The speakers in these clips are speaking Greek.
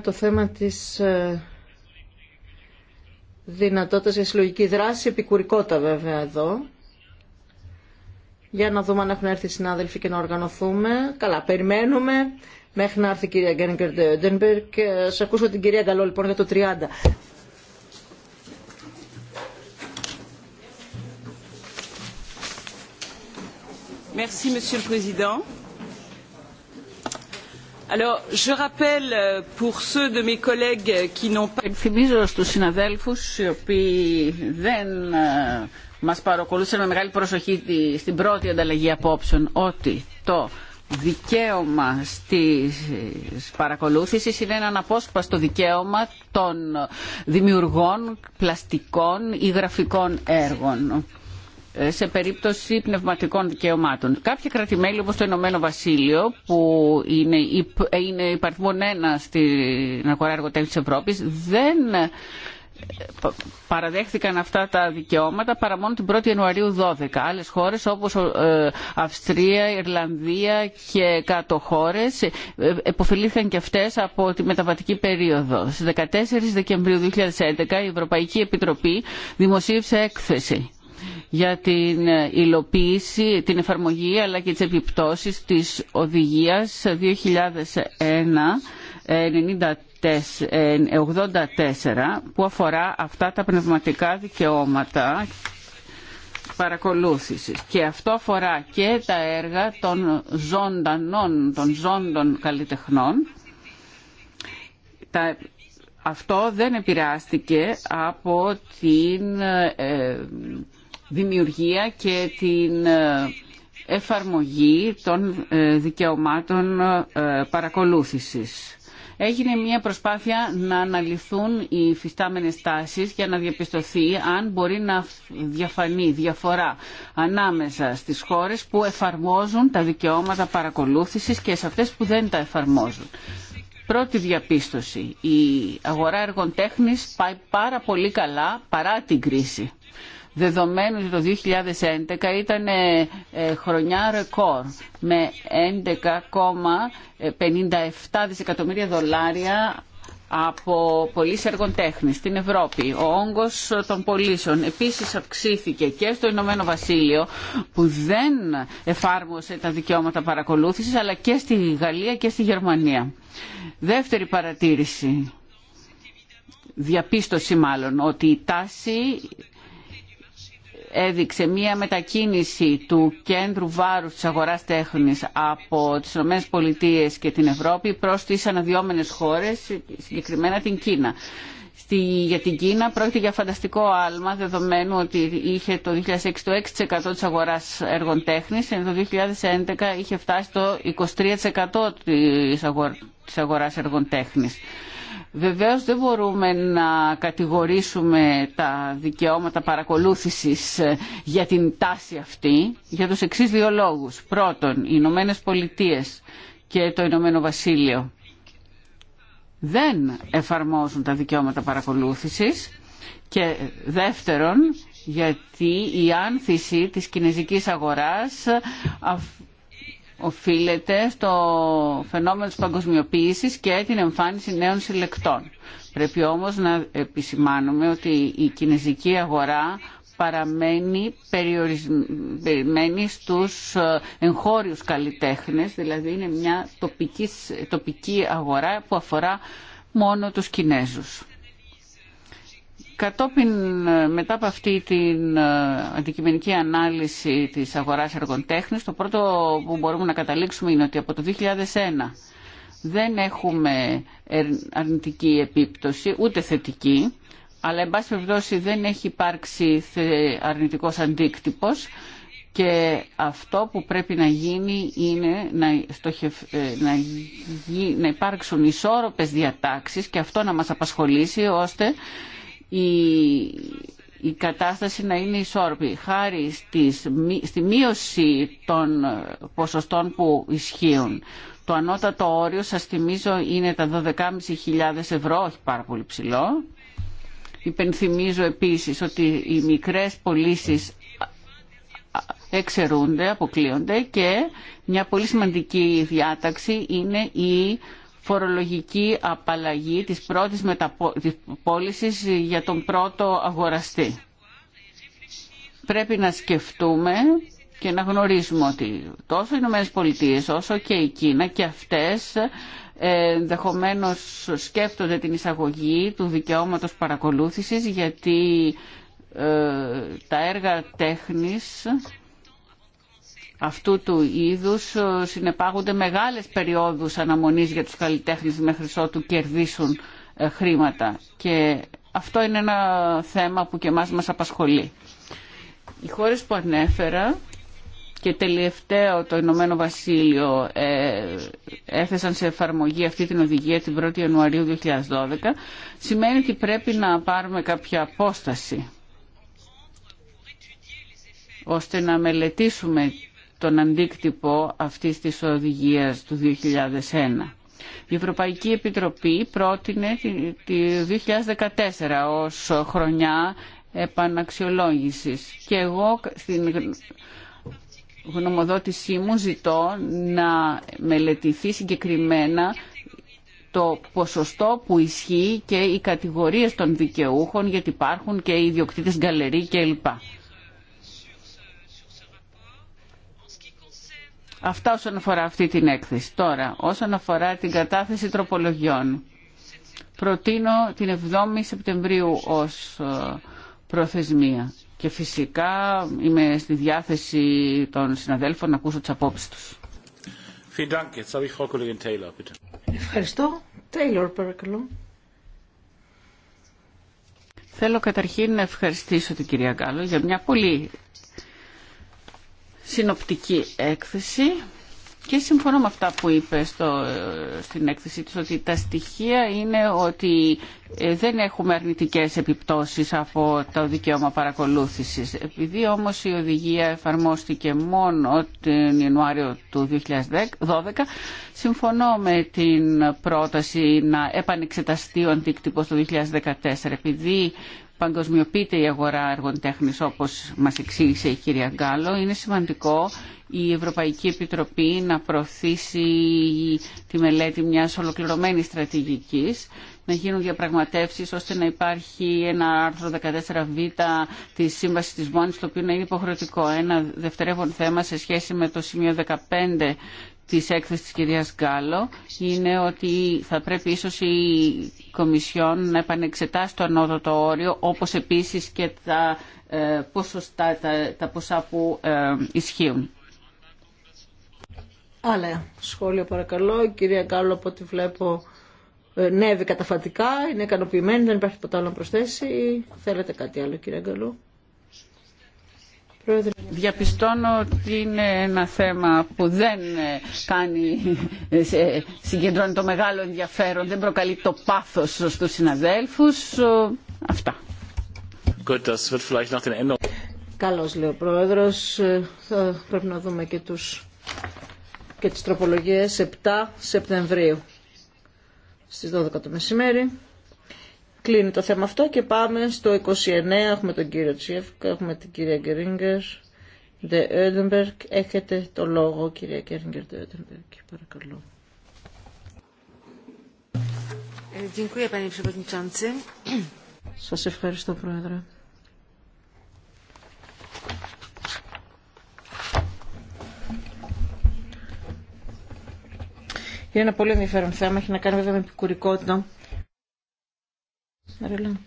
το θέμα της ε, δυνατότητας για συλλογική δράση, επικουρικότητα βέβαια εδώ. Για να δούμε αν έχουν έρθει οι συνάδελφοι και να οργανωθούμε. Καλά, περιμένουμε μέχρι να έρθει η κυρία Γκένγκερ Ντέντεμπεργκ. και σε ακούσω την κυρία Γκαλό λοιπόν για το 30. Merci, Monsieur le Président. Alors, je rappelle euh, στους συναδέλφους οι οποίοι δεν ε, μας παρακολούσαν με μεγάλη προσοχή στην πρώτη ανταλλαγή απόψεων ότι το δικαίωμα της παρακολούθησης είναι ένα αναπόσπαστο δικαίωμα των δημιουργών πλαστικών ή γραφικών έργων σε περίπτωση πνευματικών δικαιωμάτων. Κάποια κρατημέλη όπως το Ηνωμένο Βασίλειο που είναι, είναι υπαρθμόν ένα στην αγορά εργοτέχνης της Ευρώπης δεν ε, παραδέχθηκαν αυτά τα δικαιώματα παρά μόνο την 1η Ιανουαρίου 12. Άλλες χώρες όπως ε, Αυστρία, Ιρλανδία και κάτω χώρες ε, εποφελήθηκαν και αυτές από τη μεταβατική περίοδο. Στις 14 Δεκεμβρίου 2011 η Ευρωπαϊκή Επιτροπή δημοσίευσε έκθεση για την υλοποίηση, την εφαρμογή αλλά και τις επιπτώσεις της οδηγίας 2001 84 που αφορά αυτά τα πνευματικά δικαιώματα παρακολούθησης και αυτό αφορά και τα έργα των ζωντανών, των ζώντων καλλιτεχνών. Τα, αυτό δεν επηρεάστηκε από την ε, δημιουργία και την ε, εφαρμογή των ε, δικαιωμάτων ε, παρακολούθησης. Έγινε μια προσπάθεια να αναλυθούν οι φυστάμενες τάσεις για να διαπιστωθεί αν μπορεί να διαφανεί διαφορά ανάμεσα στις χώρες που εφαρμόζουν τα δικαιώματα παρακολούθησης και σε αυτές που δεν τα εφαρμόζουν. Πρώτη διαπίστωση, η αγορά εργών πάει πάρα πολύ καλά παρά την κρίση δεδομένου ότι το 2011 ήταν ε, χρονιά ρεκόρ με 11,57 δισεκατομμύρια δολάρια από πωλήσει έργων στην Ευρώπη. Ο όγκος των πωλήσεων επίσης αυξήθηκε και στο Ηνωμένο Βασίλειο που δεν εφάρμοσε τα δικαιώματα παρακολούθησης αλλά και στη Γαλλία και στη Γερμανία. Δεύτερη παρατήρηση διαπίστωση μάλλον ότι η τάση έδειξε μία μετακίνηση του κέντρου βάρους της αγοράς τέχνης από τις ΗΠΑ και την Ευρώπη προς τις αναδυόμενες χώρες, συγκεκριμένα την Κίνα. Στη, για την Κίνα πρόκειται για φανταστικό άλμα δεδομένου ότι είχε το 2006 το 6% της αγοράς έργων τέχνης ενώ το 2011 είχε φτάσει το 23% της, αγοράς έργων τέχνης. Βεβαίως δεν μπορούμε να κατηγορήσουμε τα δικαιώματα παρακολούθησης ε, για την τάση αυτή για τους εξής δύο λόγους. Πρώτον, οι Ηνωμένε Πολιτείε και το Ηνωμένο Βασίλειο δεν εφαρμόζουν τα δικαιώματα παρακολούθησης και δεύτερον γιατί η άνθηση της κινέζικης αγοράς οφείλεται στο φαινόμενο της παγκοσμιοποίησης και την εμφάνιση νέων συλλεκτών. Πρέπει όμως να επισημάνουμε ότι η κινέζικη αγορά παραμένει περιορισμένη στους ε, εγχώριους καλλιτέχνες, δηλαδή είναι μια τοπική, τοπική αγορά που αφορά μόνο τους Κινέζους. Κατόπιν ε, μετά από αυτή την ε, αντικειμενική ανάλυση της αγοράς εργοτέχνης, το πρώτο που μπορούμε να καταλήξουμε είναι ότι από το 2001 δεν έχουμε αρνητική επίπτωση, ούτε θετική, αλλά εν πάση περιπτώσει δεν έχει υπάρξει αρνητικός αντίκτυπος και αυτό που πρέπει να γίνει είναι να, ε, να... να υπάρξουν ισόρροπες διατάξεις και αυτό να μας απασχολήσει ώστε η, η κατάσταση να είναι ισόρροπη Χάρη στη μείωση των ποσοστών που ισχύουν. Το ανώτατο όριο, σας θυμίζω, είναι τα 12.500 ευρώ, όχι πάρα πολύ ψηλό. Υπενθυμίζω επίσης ότι οι μικρές πωλήσει εξαιρούνται, αποκλείονται και μια πολύ σημαντική διάταξη είναι η φορολογική απαλλαγή της πρώτης μεταπόλησης για τον πρώτο αγοραστή. Πρέπει να σκεφτούμε και να γνωρίζουμε ότι τόσο οι Ηνωμένες Πολιτείες όσο και η Κίνα και αυτές ε, ενδεχομένω σκέφτονται την εισαγωγή του δικαιώματος παρακολούθησης γιατί ε, τα έργα τέχνης αυτού του είδους ε, συνεπάγονται μεγάλες περιόδους αναμονής για τους καλλιτέχνες μέχρι ότου κερδίσουν ε, χρήματα. Και αυτό είναι ένα θέμα που και εμάς μας απασχολεί. Οι χώρες που ανέφερα και τελευταίο το Ηνωμένο Βασίλειο ε, έθεσαν σε εφαρμογή αυτή την οδηγία την 1η Ιανουαρίου 2012 σημαίνει ότι πρέπει να πάρουμε κάποια απόσταση ώστε να μελετήσουμε τον αντίκτυπο αυτής της οδηγίας του 2001. Η Ευρωπαϊκή Επιτροπή πρότεινε τη 2014 ως χρονιά επαναξιολόγησης και εγώ στην γνωμοδότησή μου ζητώ να μελετηθεί συγκεκριμένα το ποσοστό που ισχύει και οι κατηγορίες των δικαιούχων γιατί υπάρχουν και οι ιδιοκτήτες γκαλερί κλπ. Αυτά όσον αφορά αυτή την έκθεση. Τώρα, όσον αφορά την κατάθεση τροπολογιών, προτείνω την 7η Σεπτεμβρίου ως ε, προθεσμία. Και φυσικά είμαι στη διάθεση των συναδέλφων να ακούσω τις απόψεις τους. Ευχαριστώ. Τέιλορ, παρακαλώ. Θέλω καταρχήν να ευχαριστήσω την κυρία Γκάλο για μια πολύ συνοπτική έκθεση και συμφωνώ με αυτά που είπε στο, στην έκθεση του ότι τα στοιχεία είναι ότι ε, δεν έχουμε αρνητικές επιπτώσεις από το δικαίωμα παρακολούθησης. Επειδή όμως η οδηγία εφαρμόστηκε μόνο τον Ιανουάριο του 2012, συμφωνώ με την πρόταση να επανεξεταστεί ο αντίκτυπος το 2014. Επειδή παγκοσμιοποιείται η αγορά έργων τέχνης όπως μας εξήγησε η κυρία Γκάλο, είναι σημαντικό η Ευρωπαϊκή Επιτροπή να προωθήσει τη μελέτη μιας ολοκληρωμένης στρατηγικής, να γίνουν διαπραγματεύσεις ώστε να υπάρχει ένα άρθρο 14β της Σύμβασης της Μόνης, το οποίο να είναι υποχρεωτικό. Ένα δευτερεύον θέμα σε σχέση με το σημείο 15 της έκθεσης της κυρίας Γκάλο είναι ότι θα πρέπει ίσως η Κομισιόν να επανεξετάσει το ανώτατο όριο όπως επίσης και τα, ε, τα, τα ποσά που ε, ισχύουν. Άλλα σχόλια παρακαλώ. Η κυρία Γκάλο από ό,τι βλέπω ε, νεύει καταφατικά, είναι ικανοποιημένη, δεν υπάρχει ποτέ άλλο να προσθέσει. Θέλετε κάτι άλλο κυρία Γκάλο. Διαπιστώνω ότι είναι ένα θέμα που δεν ε, κάνει, ε, συγκεντρώνει το μεγάλο ενδιαφέρον, δεν προκαλεί το πάθος στους συναδέλφους. Αυτά. Καλώς λέει ο Πρόεδρος. Ε, θα πρέπει να δούμε και, τους, και τις τροπολογίες 7 Σεπτεμβρίου στις 12 το μεσημέρι. Κλείνει το θέμα αυτό και πάμε στο 29. Έχουμε τον κύριο Τσιεύκα, έχουμε την κυρία Γκερίνγκερ. Δε Ödenberg. Έχετε το λόγο, κυρία Γκερίνγκερ Δε Ödenberg. Παρακαλώ. Ε, Σας ευχαριστώ, Πρόεδρε. Είναι ένα πολύ ενδιαφέρον θέμα. Έχει να κάνει βέβαια με επικουρικότητα. Λοιπόν,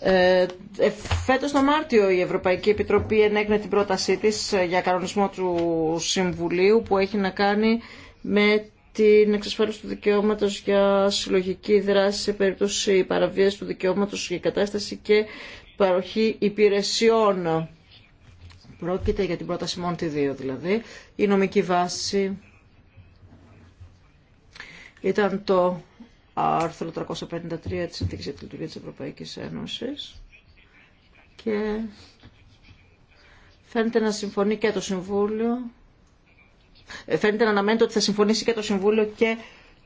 ε, ε, φέτος το Μάρτιο η Ευρωπαϊκή Επιτροπή ενέκρινε την πρότασή της ε, για κανονισμό του Συμβουλίου που έχει να κάνει με την εξασφάλιση του δικαιώματος για συλλογική δράση σε περίπτωση παραβίαση του δικαιώματος για κατάσταση και παροχή υπηρεσιών. Πρόκειται για την πρόταση τη δύο δηλαδή. Η νομική βάση ήταν το άρθρο 353 της Συνθήκης για τη Λειτουργία της Ευρωπαϊκής Ένωσης και φαίνεται να συμφωνεί και το Συμβούλιο ε, φαίνεται να αναμένεται ότι θα συμφωνήσει και το Συμβούλιο και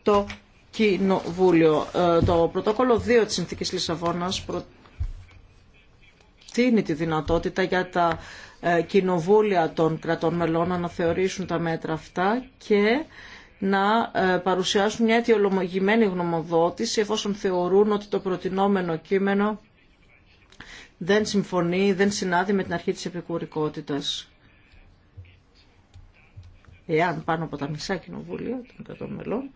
το Κοινοβούλιο. Ε, το πρωτόκολλο 2 της Συνθήκης Λισαβόνας προτείνει τη δυνατότητα για τα ε, κοινοβούλια των κρατών μελών να θεωρήσουν τα μέτρα αυτά και να ε, παρουσιάσουν μια αιτιολογημένη γνωμοδότηση εφόσον θεωρούν ότι το προτινόμενο κείμενο δεν συμφωνεί, δεν συνάδει με την αρχή της επικουρικότητας. Εάν πάνω από τα μισά κοινοβούλια των 100 μελών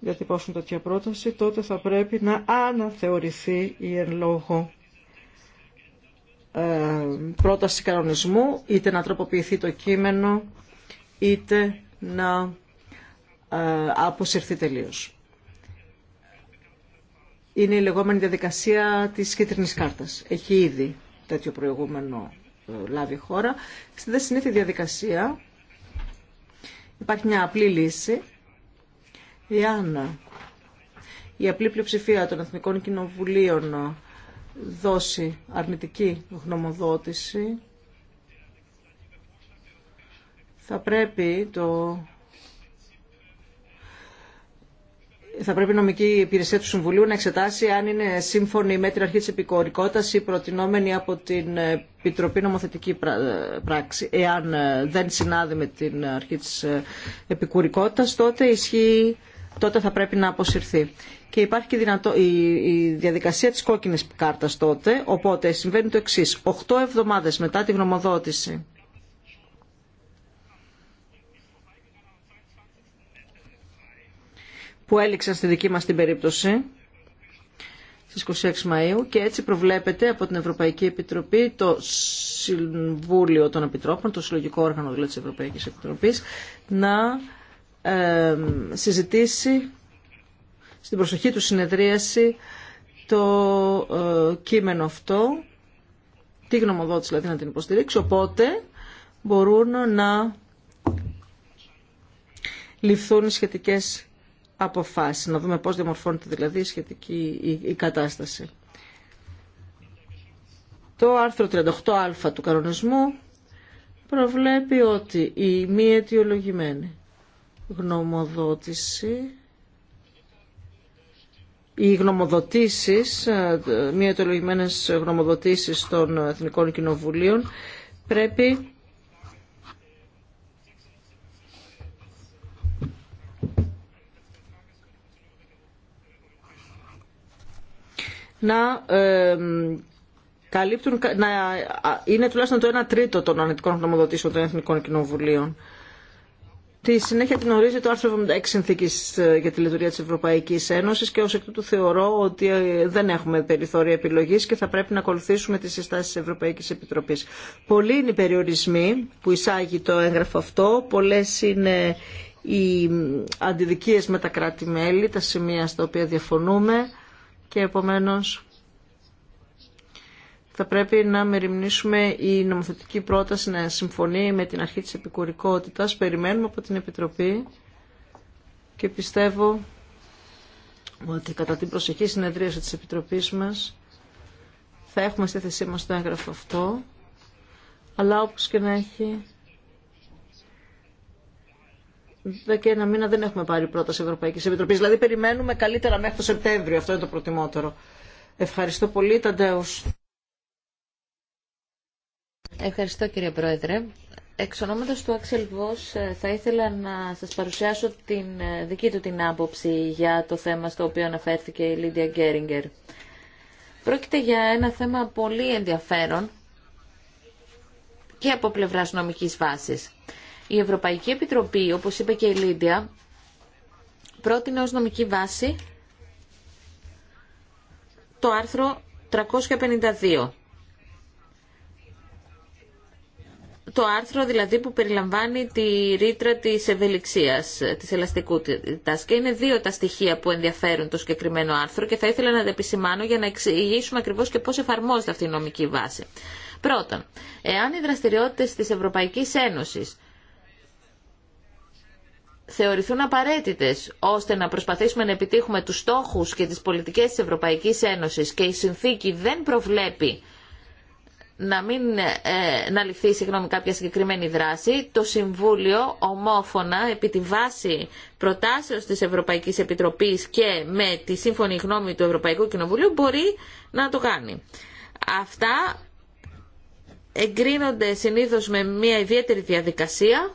διατυπώσουν τέτοια πρόταση, τότε θα πρέπει να αναθεωρηθεί η εν λόγω ε, πρόταση κανονισμού, είτε να τροποποιηθεί το κείμενο, είτε να ε, αποσυρθεί τελείως. Είναι η λεγόμενη διαδικασία της κίτρινης κάρτας. Έχει ήδη τέτοιο προηγούμενο ε, λάβει η χώρα. Στην δε διαδικασία υπάρχει μια απλή λύση. Εάν η απλή πλειοψηφία των Εθνικών Κοινοβουλίων δώσει αρνητική γνωμοδότηση, θα πρέπει το θα πρέπει η νομική υπηρεσία του Συμβουλίου να εξετάσει αν είναι σύμφωνη με την αρχή της επικορικότητα ή προτινόμενη από την Επιτροπή Νομοθετική Πράξη. Εάν ε, δεν συνάδει με την αρχή της ε, επικουρικότητας, τότε ισχύει τότε θα πρέπει να αποσυρθεί. Και υπάρχει και η, η διαδικασία της κόκκινης κάρτας τότε, οπότε συμβαίνει το εξής. Οχτώ εβδομάδες μετά τη γνωμοδότηση που έληξαν στη δική μας την περίπτωση στις 26 Μαΐου και έτσι προβλέπεται από την Ευρωπαϊκή Επιτροπή το Συμβούλιο των Επιτρόπων, το συλλογικό όργανο δηλαδή της Ευρωπαϊκής Επιτροπής, να συζητήσει στην προσοχή του συνεδρίαση το ε, κείμενο αυτό, τη γνωμοδότηση δηλαδή να την υποστηρίξει, οπότε μπορούν να ληφθούν σχετικές αποφάσει. Να δούμε πώς διαμορφώνεται δηλαδή η σχετική η, η κατάσταση. Το άρθρο 38α του κανονισμού προβλέπει ότι η μη αιτιολογημένη γνωμοδότηση οι γνωμοδοτήσεις, ε, μη αιτιολογημένες γνωμοδοτήσεις των Εθνικών Κοινοβουλίων πρέπει να καλύπτουν, να είναι τουλάχιστον το 1 τρίτο των ανετικών γνωμοδοτήσεων των Εθνικών Κοινοβουλίων. Τη συνέχεια την ορίζει το άρθρο 76 συνθήκη ε, για τη λειτουργία τη Ευρωπαϊκή Ένωση και ω εκ τούτου θεωρώ ότι ε, δεν έχουμε περιθώρια επιλογή και θα πρέπει να ακολουθήσουμε τι συστάσει τη Ευρωπαϊκή Επιτροπή. Πολλοί είναι οι περιορισμοί που εισάγει το έγγραφο αυτό, πολλέ είναι οι αντιδικίε με τα κράτη-μέλη, τα σημεία στα οποία διαφωνούμε και επομένως θα πρέπει να μεριμνήσουμε η νομοθετική πρόταση να συμφωνεί με την αρχή της επικουρικότητας. Περιμένουμε από την Επιτροπή και πιστεύω ότι κατά την προσεχή συνεδρίαση της Επιτροπής μας θα έχουμε στη θέσή μας το έγγραφο αυτό, αλλά όπως και να έχει Δε και ένα μήνα δεν έχουμε πάρει πρόταση Ευρωπαϊκή Επιτροπή. Δηλαδή περιμένουμε καλύτερα μέχρι το Σεπτέμβριο. Αυτό είναι το προτιμότερο. Ευχαριστώ πολύ, Ταντέους. Ευχαριστώ κύριε Πρόεδρε. Εξ του Άξελ Βος ε, θα ήθελα να σας παρουσιάσω την ε, δική του την άποψη για το θέμα στο οποίο αναφέρθηκε η Λίντια Γκέριγκερ. Πρόκειται για ένα θέμα πολύ ενδιαφέρον και από πλευράς νομικής βάσης. Η Ευρωπαϊκή Επιτροπή, όπως είπε και η Λίντια, πρότεινε ως νομική βάση το άρθρο 352. το άρθρο δηλαδή που περιλαμβάνει τη ρήτρα της ευελιξίας, της ελαστικότητας και είναι δύο τα στοιχεία που ενδιαφέρουν το συγκεκριμένο άρθρο και θα ήθελα να τα επισημάνω για να εξηγήσουμε ακριβώς και πώς εφαρμόζεται αυτή η νομική βάση. Πρώτον, εάν οι δραστηριότητες της Ευρωπαϊκής Ένωσης θεωρηθούν απαραίτητες ώστε να προσπαθήσουμε να επιτύχουμε τους στόχους και τις πολιτικές της Ευρωπαϊκής Ένωσης και η συνθήκη δεν προβλέπει να, μην, ε, να ληφθεί συγγνώμη, κάποια συγκεκριμένη δράση, το Συμβούλιο ομόφωνα επί τη βάση προτάσεως της Ευρωπαϊκής Επιτροπής και με τη σύμφωνη γνώμη του Ευρωπαϊκού Κοινοβουλίου μπορεί να το κάνει. Αυτά εγκρίνονται συνήθως με μια ιδιαίτερη διαδικασία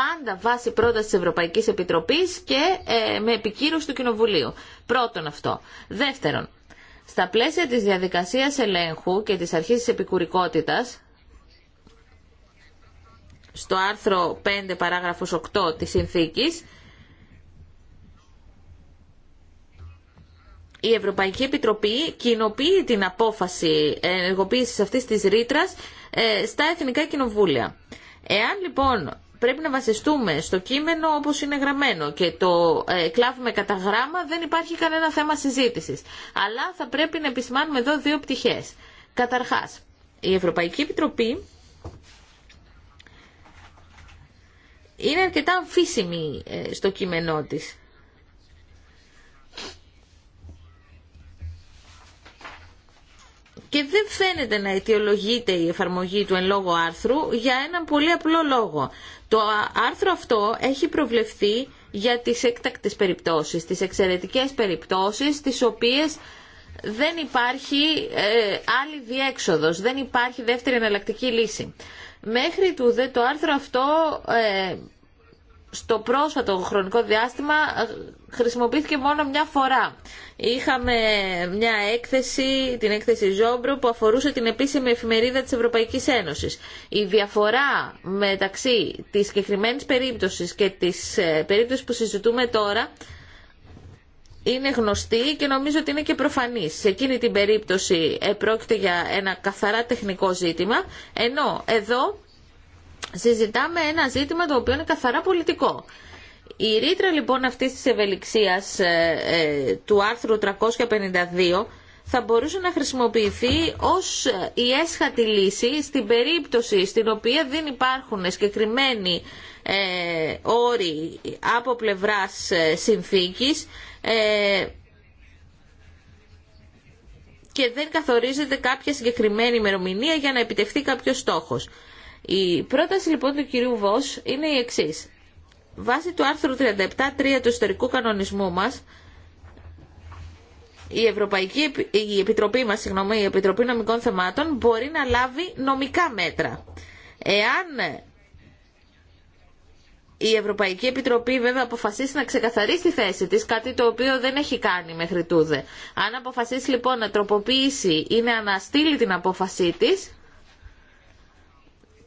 πάντα βάσει πρόταση τη ευρωπαϊκή Επιτροπή και ε, με επικύρωση του Κοινοβουλίου. Πρώτον αυτό. Δεύτερον, στα πλαίσια της διαδικασία ελέγχου και της αρχής της επικουρικότητας, στο άρθρο 5 παράγραφος 8 της Συνθήκης, η Ευρωπαϊκή Επιτροπή κοινοποιεί την απόφαση ενεργοποίησης αυτής της ρήτρα ε, στα Εθνικά Κοινοβούλια. Εάν λοιπόν πρέπει να βασιστούμε στο κείμενο όπως είναι γραμμένο και το ε, κλάβουμε κατά γράμμα δεν υπάρχει κανένα θέμα συζήτησης. Αλλά θα πρέπει να επισημάνουμε εδώ δύο πτυχές. Καταρχάς, η Ευρωπαϊκή Επιτροπή είναι αρκετά αμφίσιμη ε, στο κείμενό της. και δεν φαίνεται να αιτιολογείται η εφαρμογή του εν λόγω άρθρου για έναν πολύ απλό λόγο. Το άρθρο αυτό έχει προβλεφθεί για τις έκτακτες περιπτώσεις, τις εξαιρετικές περιπτώσεις, τις οποίες δεν υπάρχει ε, άλλη διέξοδος, δεν υπάρχει δεύτερη εναλλακτική λύση. Μέχρι του δε το άρθρο αυτό ε, στο πρόσφατο χρονικό διάστημα ε, χρησιμοποιήθηκε μόνο μια φορά. Είχαμε μια έκθεση, την έκθεση Ζόμπρου, που αφορούσε την επίσημη εφημερίδα της Ευρωπαϊκής Ένωσης. Η διαφορά μεταξύ της συγκεκριμένη περίπτωσης και της ε, περίπτωσης που συζητούμε τώρα είναι γνωστή και νομίζω ότι είναι και προφανής. Σε εκείνη την περίπτωση πρόκειται για ένα καθαρά τεχνικό ζήτημα, ενώ εδώ συζητάμε ένα ζήτημα το οποίο είναι καθαρά πολιτικό. Η ρήτρα λοιπόν αυτή τη ευελιξίας ε, ε, του άρθρου 352 θα μπορούσε να χρησιμοποιηθεί ως ε, η έσχατη λύση στην περίπτωση στην οποία δεν υπάρχουν συγκεκριμένοι ε, όροι από πλευράς συνθήκης ε, και δεν καθορίζεται κάποια συγκεκριμένη ημερομηνία για να επιτευχθεί κάποιος στόχος. Η πρόταση λοιπόν του κυρίου Βος είναι η εξής. Βάσει του άρθρου 37.3 του ιστορικού κανονισμού μας, η, Ευρωπαϊκή, η Επιτροπή μας, η Επιτροπή Νομικών Θεμάτων μπορεί να λάβει νομικά μέτρα. Εάν η Ευρωπαϊκή Επιτροπή βέβαια αποφασίσει να ξεκαθαρίσει τη θέση της, κάτι το οποίο δεν έχει κάνει μέχρι τούδε. Αν αποφασίσει λοιπόν να τροποποιήσει ή να αναστείλει την απόφασή της,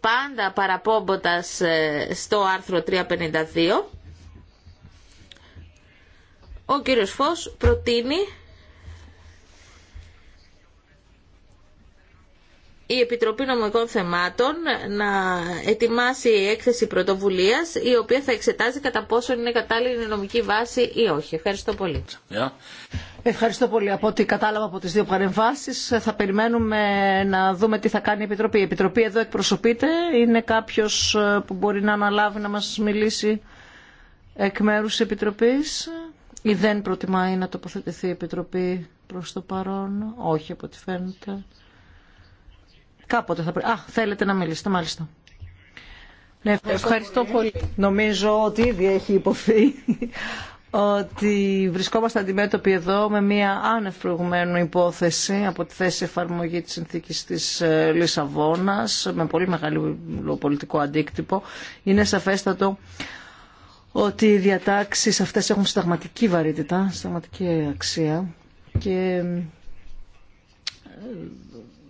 πάντα παραπόμποντας ε, στο άρθρο 352, ο κύριος Φως προτείνει η Επιτροπή Νομικών Θεμάτων να ετοιμάσει έκθεση πρωτοβουλίας η οποία θα εξετάζει κατά πόσο είναι κατάλληλη η νομική βάση ή όχι. Ευχαριστώ πολύ. Ευχαριστώ πολύ. Από ό,τι κατάλαβα από τις δύο παρεμβάσεις θα περιμένουμε να δούμε τι θα κάνει η Επιτροπή. Η Επιτροπή εδώ εκπροσωπείται. Είναι κάποιος ε, που μπορεί να αναλάβει να μας μιλήσει εκ μέρου επιτροπή. Ή τη Επιτροπής ή δεν προτιμάει να τοποθετηθεί η Επιτροπή προς το παρόν. Όχι από ό,τι φαίνεται. Κάποτε θα πρέπει. Α, θέλετε να μιλήσετε, μάλιστα. Ναι, ευχαριστώ, πολύ. πολύ. Νομίζω ότι ήδη έχει υποθεί ότι βρισκόμαστε αντιμέτωποι εδώ με μια άνευ προηγουμένου υπόθεση από τη θέση εφαρμογή της συνθήκης της ε, Λισαβόνας με πολύ μεγάλο πολιτικό αντίκτυπο. Είναι σαφέστατο ότι οι διατάξεις αυτές έχουν σταγματική βαρύτητα, σταγματική αξία και ε,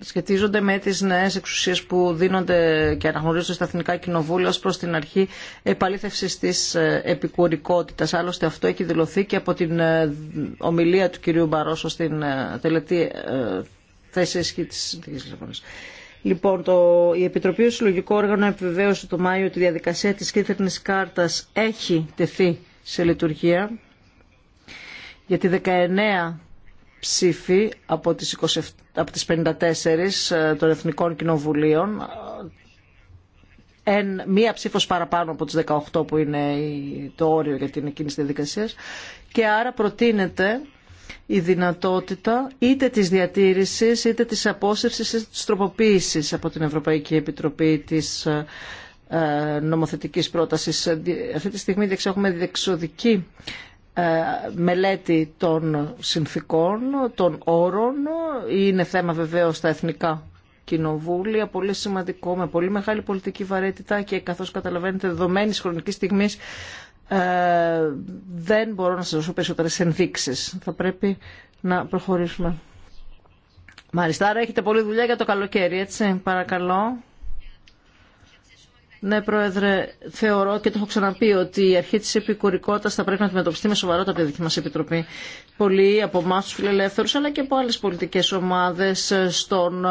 σχετίζονται με τις νέες εξουσίες που δίνονται και αναγνωρίζονται στα εθνικά κοινοβούλια ως προς την αρχή επαλήθευσης της ε, επικουρικότητας. Άλλωστε αυτό έχει δηλωθεί και από την ε, ομιλία του κυρίου Μπαρόσο στην ε, τελετή θέση ισχύ της συνθήκης Λοιπόν, το, η Επιτροπή Συλλογικό Όργανο επιβεβαίωσε το Μάιο ότι η διαδικασία της κίτρινης κάρτας έχει τεθεί σε λειτουργία. Γιατί 19 ψήφοι από τις, τις 54 ε, των Εθνικών Κοινοβουλίων, ε, εν, μία ψήφος παραπάνω από τις 18 που είναι το όριο για την εκείνη τη και άρα προτείνεται η δυνατότητα είτε της διατήρησης είτε της απόσυρσης είτε της τροποποίησης από την Ευρωπαϊκή Επιτροπή της ε, νομοθετικής πρότασης. Αυτή τη στιγμή έχουμε διεξοδική ε, μελέτη των συνθήκων, των όρων. Είναι θέμα βεβαίως στα εθνικά κοινοβούλια, πολύ σημαντικό, με πολύ μεγάλη πολιτική βαρύτητα και καθώς καταλαβαίνετε δεδομένης χρονικής στιγμής ε, δεν μπορώ να σας δώσω περισσότερες ενδείξεις. Θα πρέπει να προχωρήσουμε. Μάλιστα, άρα έχετε πολλή δουλειά για το καλοκαίρι, έτσι, παρακαλώ. Ναι, Πρόεδρε, θεωρώ και το έχω ξαναπεί ότι η αρχή τη επικουρικότητα θα πρέπει να αντιμετωπιστεί με σοβαρότητα από τη δική μα Επιτροπή. Πολλοί από εμά, του φιλελεύθερου, αλλά και από άλλε πολιτικέ ομάδε, στον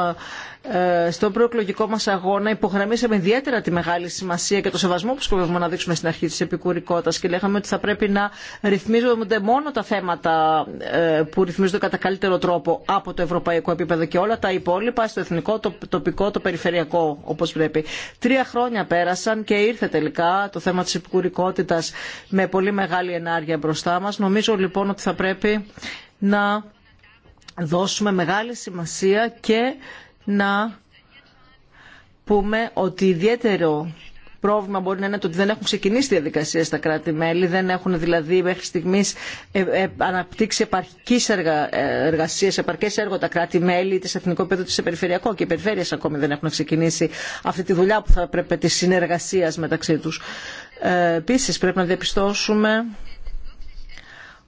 ε, στον προεκλογικό μα αγώνα υπογραμμίσαμε ιδιαίτερα τη μεγάλη σημασία και το σεβασμό που σκοπεύουμε να δείξουμε στην αρχή τη επικούρικότητα. και λέγαμε ότι θα πρέπει να ρυθμίζονται μόνο τα θέματα ε, που ρυθμίζονται κατά καλύτερο τρόπο από το ευρωπαϊκό επίπεδο και όλα τα υπόλοιπα στο εθνικό, το τοπικό, το περιφερειακό όπω πρέπει. Τρία χρόνια πέρασαν και ήρθε τελικά το θέμα τη επικούρικότητα με πολύ μεγάλη ενάργεια μπροστά μα. Νομίζω λοιπόν ότι θα πρέπει να δώσουμε μεγάλη σημασία και να πούμε ότι ιδιαίτερο πρόβλημα μπορεί να είναι το ότι δεν έχουν ξεκινήσει τη διαδικασία στα κράτη-μέλη, δεν έχουν δηλαδή μέχρι στιγμή ε, ε, αναπτύξει επαρκή ε, εργασία, επαρκέ έργο τα κράτη-μέλη, είτε σε εθνικό επίπεδο είτε σε περιφερειακό και οι περιφέρειε ακόμη δεν έχουν ξεκινήσει αυτή τη δουλειά που θα έπρεπε τη συνεργασία μεταξύ του. Ε, Επίση πρέπει να διαπιστώσουμε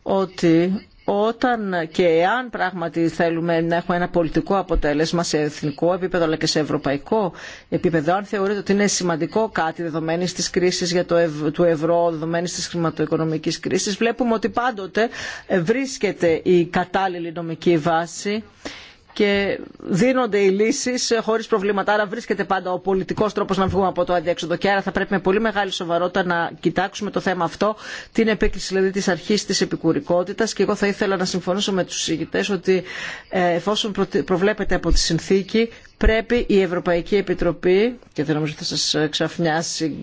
ότι όταν και εάν πράγματι θέλουμε να έχουμε ένα πολιτικό αποτέλεσμα σε εθνικό επίπεδο αλλά και σε ευρωπαϊκό επίπεδο, αν θεωρείτε ότι είναι σημαντικό κάτι δεδομένη της κρίση για το του ευρώ, δεδομένη τη χρηματοοικονομική κρίση, βλέπουμε ότι πάντοτε βρίσκεται η κατάλληλη νομική βάση και δίνονται οι λύσει χωρί προβλήματα. Άρα βρίσκεται πάντα ο πολιτικό τρόπο να βγούμε από το αδιέξοδο. Και άρα θα πρέπει με πολύ μεγάλη σοβαρότητα να κοιτάξουμε το θέμα αυτό, την επίκριση δηλαδή τη αρχή τη επικουρικότητα. Και εγώ θα ήθελα να συμφωνήσω με του συζητητέ ότι ε, εφόσον προβλέπεται από τη συνθήκη, πρέπει η Ευρωπαϊκή Επιτροπή, και δεν νομίζω θα σα ξαφνιάσει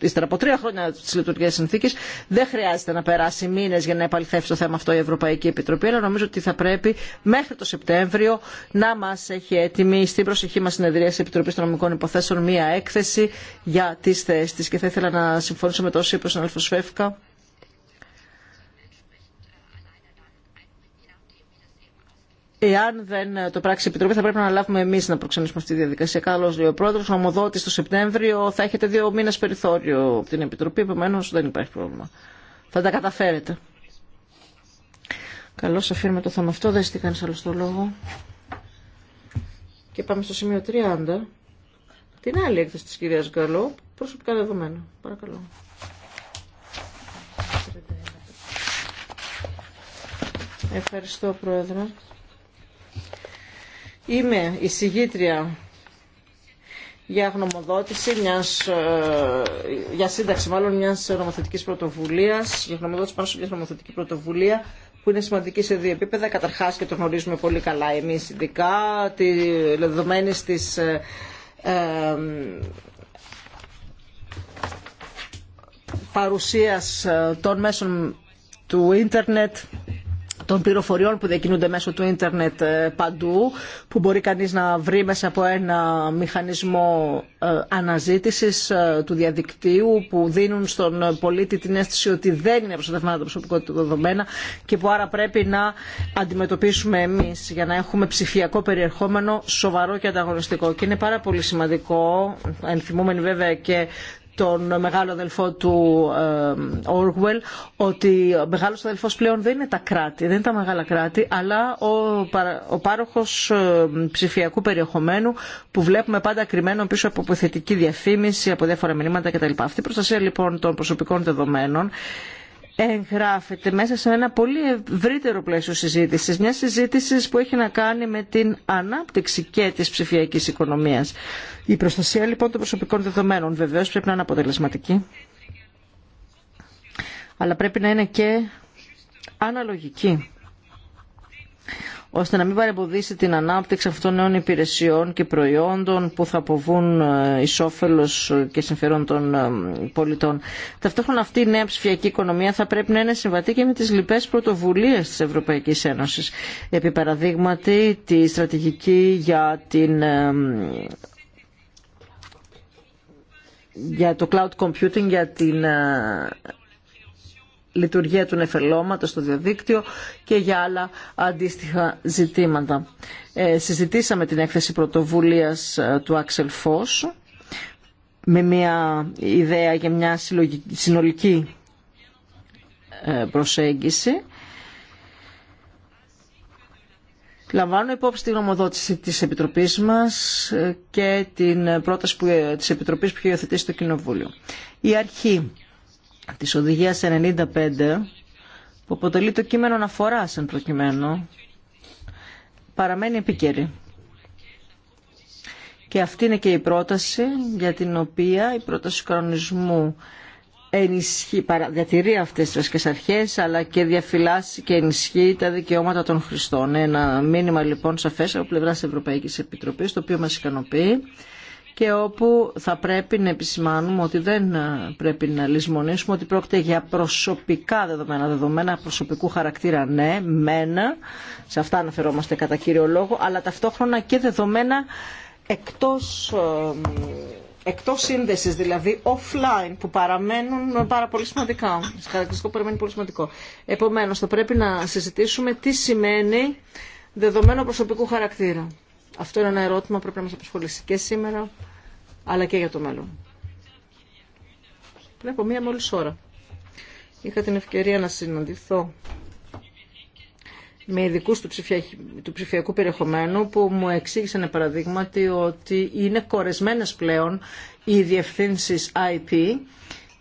ύστερα από τρία χρόνια της λειτουργίας συνθήκη, δεν χρειάζεται να περάσει μήνε για να επαληθεύσει το θέμα αυτό η Ευρωπαϊκή Επιτροπή, αλλά νομίζω ότι θα πρέπει μέχρι το Σεπτέμβριο να μα έχει έτοιμη στην προσεχή μα συνεδρία τη Επιτροπή των Νομικών Υποθέσεων μία έκθεση για τι θέσει τη Και θα ήθελα να συμφωνήσω με το όσοι είπε ο Εάν δεν ε, το πράξει η Επιτροπή, θα πρέπει να λάβουμε εμεί να προξενήσουμε αυτή τη διαδικασία. Καλώ λέει ο πρόεδρο. Νομοδότη το Σεπτέμβριο θα έχετε δύο μήνε περιθώριο από την Επιτροπή, επομένω δεν υπάρχει πρόβλημα. Θα τα καταφέρετε. Καλώ αφήνουμε το θέμα αυτό. Δεν κανεί άλλο το λόγο. Και πάμε στο σημείο 30. Την άλλη έκθεση τη κυρία Γκαλό, προσωπικά δεδομένα. Παρακαλώ. Ευχαριστώ, Πρόεδρε. Είμαι η συγγήτρια για γνωμοδότηση μιας, ε, για σύνταξη μάλλον μιας νομοθετικής πρωτοβουλίας, για γνωμοδότηση πάνω σε μια νομοθετική πρωτοβουλία που είναι σημαντική σε δύο επίπεδα. Καταρχάς και το γνωρίζουμε πολύ καλά εμείς ειδικά, τη, δεδομένη της ε, ε παρουσίας ε, των μέσων του ίντερνετ των πληροφοριών που διακινούνται μέσω του ίντερνετ ε, παντού, που μπορεί κανείς να βρει μέσα από ένα μηχανισμό ε, αναζήτησης ε, του διαδικτύου, που δίνουν στον πολίτη την αίσθηση ότι δεν είναι προστατευμένα τα προσωπικό του δεδομένα και που άρα πρέπει να αντιμετωπίσουμε εμείς για να έχουμε ψηφιακό περιεχόμενο σοβαρό και ανταγωνιστικό. Και είναι πάρα πολύ σημαντικό, ενθυμούμενοι βέβαια και τον μεγάλο αδελφό του ε, Orwell ότι ο μεγάλος αδελφός πλέον δεν είναι τα κράτη, δεν είναι τα μεγάλα κράτη αλλά ο, ο πάροχος ε, ψηφιακού περιεχομένου που βλέπουμε πάντα κρυμμένο πίσω από υποθετική διαφήμιση, από διάφορα μηνύματα κτλ. Αυτή η προστασία λοιπόν των προσωπικών δεδομένων εγγράφεται μέσα σε ένα πολύ ευρύτερο πλαίσιο συζήτησης, μια συζήτηση που έχει να κάνει με την ανάπτυξη και της ψηφιακής οικονομίας. Η προστασία λοιπόν των προσωπικών δεδομένων βεβαίως πρέπει να είναι αποτελεσματική, αλλά πρέπει να είναι και αναλογική ώστε να μην παρεμποδίσει την ανάπτυξη αυτών νέων υπηρεσιών και προϊόντων που θα αποβούν ε, εις όφελος και συμφερόν των ε, πολιτών. Ταυτόχρονα αυτή η νέα ψηφιακή οικονομία θα πρέπει να είναι συμβατή και με τις λοιπές πρωτοβουλίες της Ευρωπαϊκής Ένωσης. Επί παραδείγματι τη στρατηγική για την ε, για το cloud computing, για την λειτουργία του νεφελώματος στο διαδίκτυο και για άλλα αντίστοιχα ζητήματα. Ε, συζητήσαμε την έκθεση πρωτοβουλίας ε, του Άξελ Φως με μια ιδέα για μια συνολική ε, προσέγγιση. Λαμβάνω υπόψη την γνωμοδότηση της Επιτροπής μας και την πρόταση που, της Επιτροπής που έχει υιοθετήσει το Κοινοβούλιο. Η αρχή της Οδηγίας 95 που αποτελεί το κείμενο αναφορά εν προκειμένου παραμένει επίκαιρη. Και αυτή είναι και η πρόταση για την οποία η πρόταση του κανονισμού ενισχύει, διατηρεί αυτές τις βασικές αρχές αλλά και διαφυλάσσει και ενισχύει τα δικαιώματα των χρηστών. Ένα μήνυμα λοιπόν σαφές από πλευράς της Ευρωπαϊκής Επιτροπής το οποίο μας ικανοποιεί και όπου θα πρέπει να επισημάνουμε ότι δεν ε, πρέπει να λησμονήσουμε ότι πρόκειται για προσωπικά δεδομένα, δεδομένα προσωπικού χαρακτήρα ναι, μένα, σε αυτά αναφερόμαστε κατά κύριο λόγο, αλλά ταυτόχρονα και δεδομένα εκτός ε, εκτός σύνδεσης, δηλαδή offline, που παραμένουν πάρα πολύ σημαντικά. Χαρακτηριστικό που παραμένει πολύ σημαντικό. Επομένως, θα πρέπει να συζητήσουμε τι σημαίνει δεδομένο προσωπικού χαρακτήρα. Αυτό είναι ένα ερώτημα που πρέπει να μας απασχολήσει και σήμερα αλλά και για το μέλλον. Βλέπω μία μόλις ώρα είχα την ευκαιρία να συναντηθώ με ειδικού του, ψηφιακού περιεχομένου που μου εξήγησαν παραδείγματι ότι είναι κορεσμένες πλέον οι διευθύνσεις IP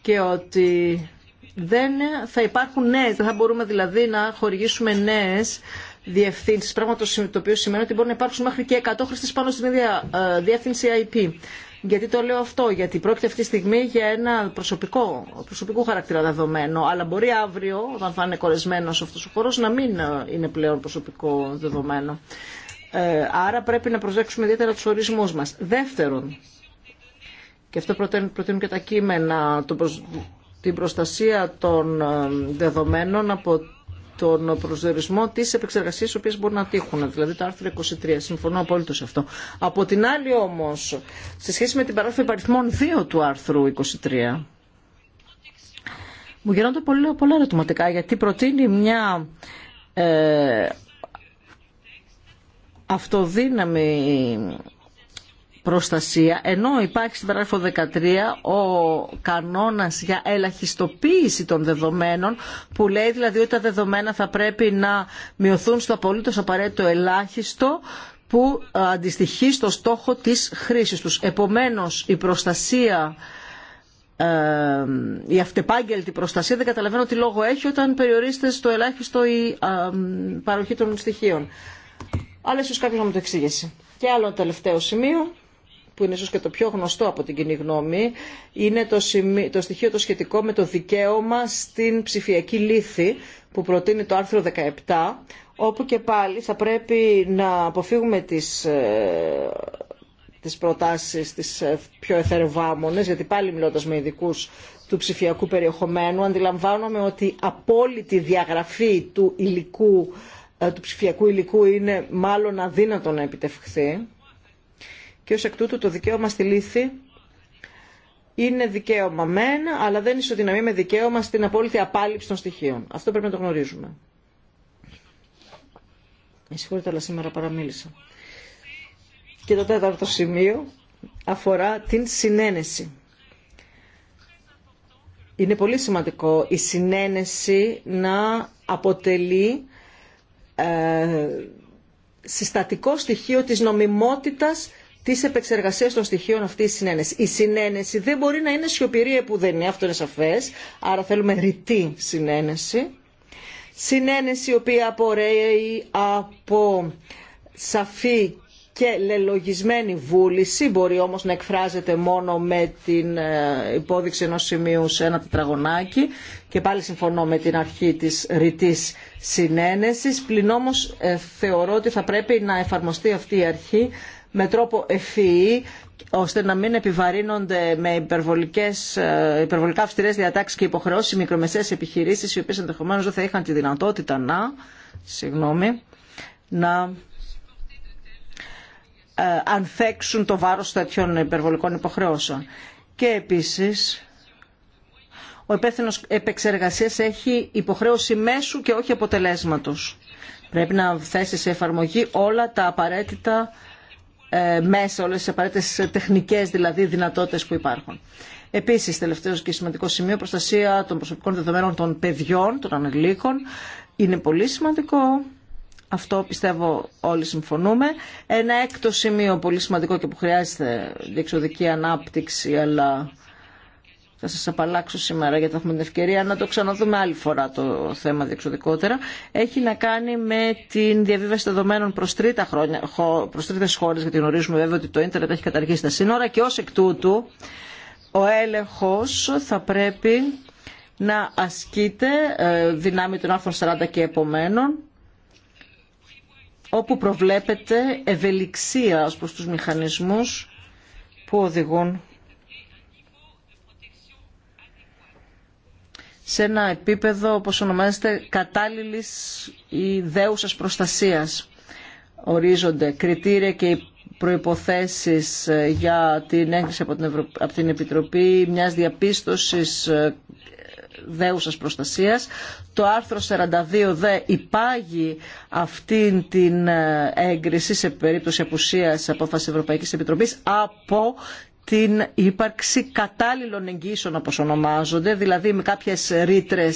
και ότι δεν θα υπάρχουν νέες, δεν θα μπορούμε δηλαδή να χορηγήσουμε νέες διευθύνσεις, πράγμα το οποίο σημαίνει ότι μπορεί να υπάρξουν μέχρι και 100 χρήστες πάνω στην ίδια ε, διεύθυνση IP. Γιατί το λέω αυτό, γιατί πρόκειται αυτή τη στιγμή για ένα προσωπικό, προσωπικού χαρακτήρα δεδομένο, αλλά μπορεί αύριο, όταν θα είναι κορεσμένο αυτό ο χώρο, να μην ε, είναι πλέον προσωπικό δεδομένο. Ε, άρα πρέπει να προσέξουμε ιδιαίτερα του ορισμού μα. Δεύτερον, και αυτό προτείνουν και τα κείμενα, την προστασία των ε, δεδομένων από τον προσδιορισμό τη επεξεργασία οι οποίε μπορούν να τύχουν, δηλαδή το άρθρο 23. Συμφωνώ απόλυτο σε αυτό. Από την άλλη όμω, σε σχέση με την παράδοση υπαριθμών 2 του άρθρου 23, μου γινόνται πολλά, πολλά ερωτηματικά γιατί προτείνει μια ε, αυτοδύναμη προστασία, ενώ υπάρχει στην παράγραφο 13 ο κανόνας για ελαχιστοποίηση των δεδομένων, που λέει δηλαδή ότι τα δεδομένα θα πρέπει να μειωθούν στο απολύτως απαραίτητο ελάχιστο, που αντιστοιχεί στο στόχο της χρήσης τους. Επομένως, η προστασία ε, η αυτεπάγγελτη προστασία δεν καταλαβαίνω τι λόγο έχει όταν περιορίζεται στο ελάχιστο η ε, παροχή των στοιχείων. Αλλά ίσως κάποιος να μου το εξήγησε. Και άλλο τελευταίο σημείο που είναι ίσως και το πιο γνωστό από την κοινή γνώμη, είναι το, το στοιχείο το σχετικό με το δικαίωμα στην ψηφιακή λύθη που προτείνει το άρθρο 17, όπου και πάλι θα πρέπει να αποφύγουμε τις ε, τις προτάσεις τις ε, πιο εθερβάμονες, γιατί πάλι μιλώντας με ειδικού του ψηφιακού περιεχομένου, αντιλαμβάνομαι ότι απόλυτη διαγραφή του, ε, του ψηφιακού υλικού είναι μάλλον αδύνατο να επιτευχθεί και ως εκ τούτου το δικαίωμα στη λύθη είναι δικαίωμα μεν, αλλά δεν ισοδυναμεί με δικαίωμα στην απόλυτη απάλληψη των στοιχείων. Αυτό πρέπει να το γνωρίζουμε. Με συγχωρείτε, αλλά σήμερα παραμίλησα. Και το τέταρτο σημείο αφορά την συνένεση. Είναι πολύ σημαντικό η συνένεση να αποτελεί ε, συστατικό στοιχείο της νομιμότητας τη επεξεργασία των στοιχείων αυτή τη συνένεση. Η συνένεση δεν μπορεί να είναι σιωπηρή που δεν είναι, αυτό είναι σαφέ. Άρα θέλουμε ρητή συνένεση. Συνένεση η οποία απορρέει από σαφή και λελογισμένη βούληση μπορεί όμως να εκφράζεται μόνο με την ε, υπόδειξη ενός σημείου σε ένα τετραγωνάκι και πάλι συμφωνώ με την αρχή της ρητής συνένεσης πλην όμως ε, θεωρώ ότι θα πρέπει να εφαρμοστεί αυτή η αρχή με τρόπο ευφυή ώστε να μην επιβαρύνονται με υπερβολικές, ε, υπερβολικά αυστηρές διατάξεις και υποχρεώσεις μικρομεσαίες επιχειρήσεις οι οποίες ενδεχομένως δεν θα είχαν τη δυνατότητα να, συγγνώμη, να ε, ανθέξουν το βάρος τέτοιων υπερβολικών υποχρεώσεων. Και επίσης ο υπεύθυνο επεξεργασίας έχει υποχρέωση μέσου και όχι αποτελέσματος. Πρέπει να θέσει σε εφαρμογή όλα τα απαραίτητα ε, μέσα, όλες τις απαραίτητες τεχνικές δηλαδή δυνατότητες που υπάρχουν. Επίσης, τελευταίο και σημαντικό σημείο, προστασία των προσωπικών δεδομένων των παιδιών, των ανελίκων, είναι πολύ σημαντικό. Αυτό πιστεύω όλοι συμφωνούμε. Ένα έκτο σημείο πολύ σημαντικό και που χρειάζεται διεξοδική ανάπτυξη αλλά θα σας απαλλάξω σήμερα γιατί θα έχουμε την ευκαιρία να το ξαναδούμε άλλη φορά το θέμα διεξοδικότερα, έχει να κάνει με την διαβίβαση δεδομένων προς, τρίτα χρόνια, προς τρίτες χώρες, γιατί γνωρίζουμε βέβαια ότι το ίντερνετ έχει καταργήσει τα σύνορα και ως εκ τούτου ο έλεγχος θα πρέπει να ασκείται ε, δυνάμει των άρθρων 40 και επομένων όπου προβλέπεται ευελιξία ως προς τους μηχανισμούς που οδηγούν σε ένα επίπεδο, όπως ονομάζεται, κατάλληλης ή δέουσας προστασίας. Ορίζονται κριτήρια και προϋποθέσεις ε, για την έγκριση από την, Επιτροπή μιας διαπίστωσης ε, δέουσας προστασίας. Το άρθρο 42 δε υπάγει αυτήν την ε, έγκριση σε περίπτωση απουσίας απόφασης Ευρωπαϊκής Επιτροπής από την ύπαρξη κατάλληλων εγγύσεων όπως ονομάζονται, δηλαδή με κάποιες ρήτρε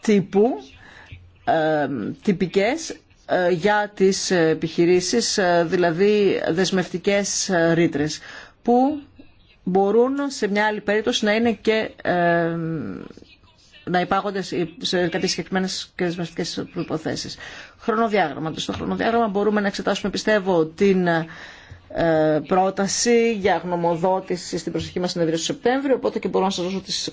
τύπου, ε, τυπικές, για τις επιχειρήσεις, ε, δηλαδή δεσμευτικές ε, ρήτρε που μπορούν σε μια άλλη περίπτωση να είναι και να υπάγονται σε κάποιες συγκεκριμένες και δεσμευτικές προϋποθέσεις. Χρονοδιάγραμμα. Στο χρονοδιάγραμμα μπορούμε να εξετάσουμε, πιστεύω, την ε, πρόταση για γνωμοδότηση στην προσεχή μας συνεδρία του Σεπτέμβριο, οπότε και μπορώ να σας δώσω τις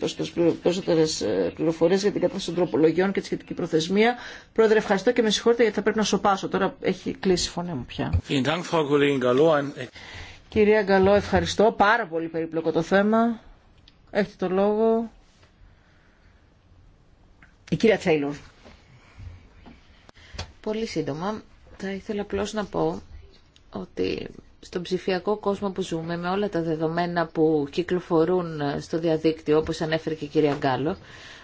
περισσότερες πληροφορίες για την κατάσταση των τροπολογιών και τη σχετική προθεσμία. Πρόεδρε, ευχαριστώ και με συγχωρείτε γιατί θα πρέπει να σοπάσω. Τώρα έχει κλείσει η φωνή μου πια. Κυρία Γκαλό, ευχαριστώ. Πάρα πολύ περίπλοκο το θέμα. Έχετε το λόγο. Η κυρία Τσέιλορ. Πολύ σύντομα, θα ήθελα απλώς να πω ότι στον ψηφιακό κόσμο που ζούμε, με όλα τα δεδομένα που κυκλοφορούν στο διαδίκτυο, όπως ανέφερε και η κυρία Γκάλο,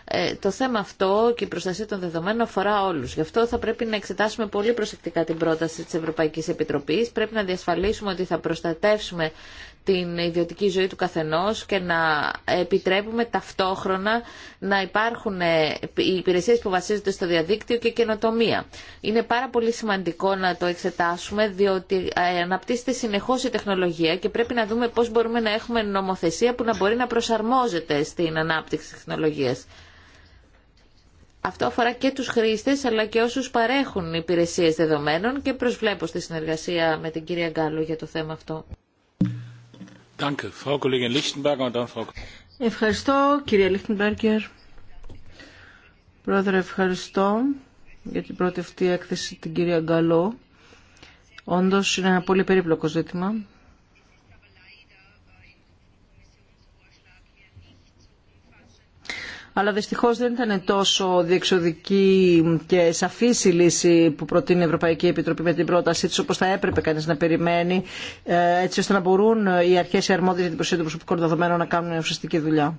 ε, το θέμα αυτό και η προστασία των δεδομένων αφορά όλους. Γι' αυτό θα πρέπει να εξετάσουμε πολύ προσεκτικά την πρόταση της Ευρωπαϊκής Επιτροπής. Πρέπει να διασφαλίσουμε ότι θα προστατεύσουμε την ιδιωτική ζωή του καθενός και να επιτρέπουμε ταυτόχρονα να υπάρχουν ε, οι υπηρεσίες που βασίζονται στο διαδίκτυο και καινοτομία. Είναι πάρα πολύ σημαντικό να το εξετάσουμε διότι ε, αναπτύσσεται συνεχώς η τεχνολογία και πρέπει να δούμε πώς μπορούμε να έχουμε νομοθεσία που να μπορεί να προσαρμόζεται στην ανάπτυξη της τεχνολογίας. Αυτό αφορά και τους χρήστες αλλά και όσους παρέχουν υπηρεσίες δεδομένων και προσβλέπω στη συνεργασία με την κυρία Γκάλου για το θέμα αυτό. Ευχαριστώ κυρία Λίχτενμπέργκερ. Πρόεδρε ευχαριστώ για την πρώτη αυτή έκθεση την κυρία Γκαλό. Όντως είναι ένα πολύ περίπλοκο ζήτημα αλλά δυστυχώς δεν ήταν τόσο διεξοδική και σαφής η λύση που προτείνει η Ευρωπαϊκή Επιτροπή με την πρότασή της, όπως θα έπρεπε κανείς να περιμένει, ε, έτσι ώστε να μπορούν οι αρχές οι αρμόδιες για την προσοχή των προσωπικών δεδομένων να κάνουν ουσιαστική δουλειά.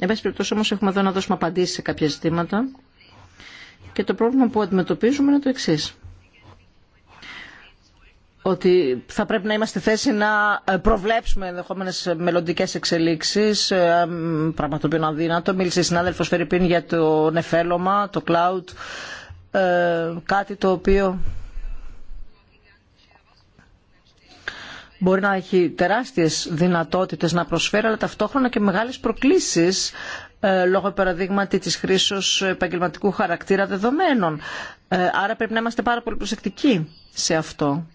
Εν πάση περιπτώσει όμως έχουμε εδώ να δώσουμε απαντήσεις σε κάποια ζητήματα και το πρόβλημα που αντιμετωπίζουμε είναι το εξής ότι θα πρέπει να είμαστε θέση να ε, προβλέψουμε ενδεχόμενε μελλοντικέ εξελίξει, ε, πράγμα το οποίο είναι αδύνατο. Μίλησε η συνάδελφο Φερρυπίν για το νεφέλωμα, το cloud, ε, κάτι το οποίο μπορεί να έχει τεράστιες δυνατότητες να προσφέρει, αλλά ταυτόχρονα και μεγάλες προκλήσεις λόγω παραδείγματι της χρήσης επαγγελματικού χαρακτήρα δεδομένων. Άρα πρέπει να είμαστε πάρα πολύ προσεκτικοί σε αυτό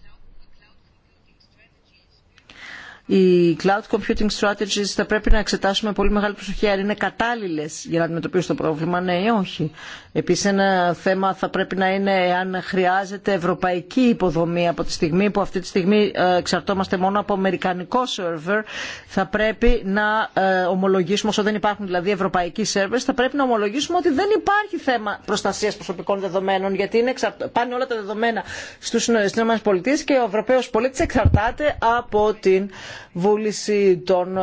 οι cloud computing strategies θα πρέπει να εξετάσουμε πολύ μεγάλη προσοχή αν είναι κατάλληλε για να αντιμετωπίσουν το πρόβλημα, ναι ή όχι. Επίση, ένα θέμα θα πρέπει να είναι αν χρειάζεται ευρωπαϊκή υποδομή από τη στιγμή που αυτή τη στιγμή ε, εξαρτώμαστε μόνο από αμερικανικό server. Θα πρέπει να ε, ομολογήσουμε, όσο δεν υπάρχουν δηλαδή ευρωπαϊκοί servers, θα πρέπει να ομολογήσουμε ότι δεν υπάρχει θέμα προστασία προσωπικών δεδομένων, γιατί είναι πάνε όλα τα δεδομένα στου ε, ΗΠΑ και ο Ευρωπαίο πολίτη εξαρτάται από την βούληση των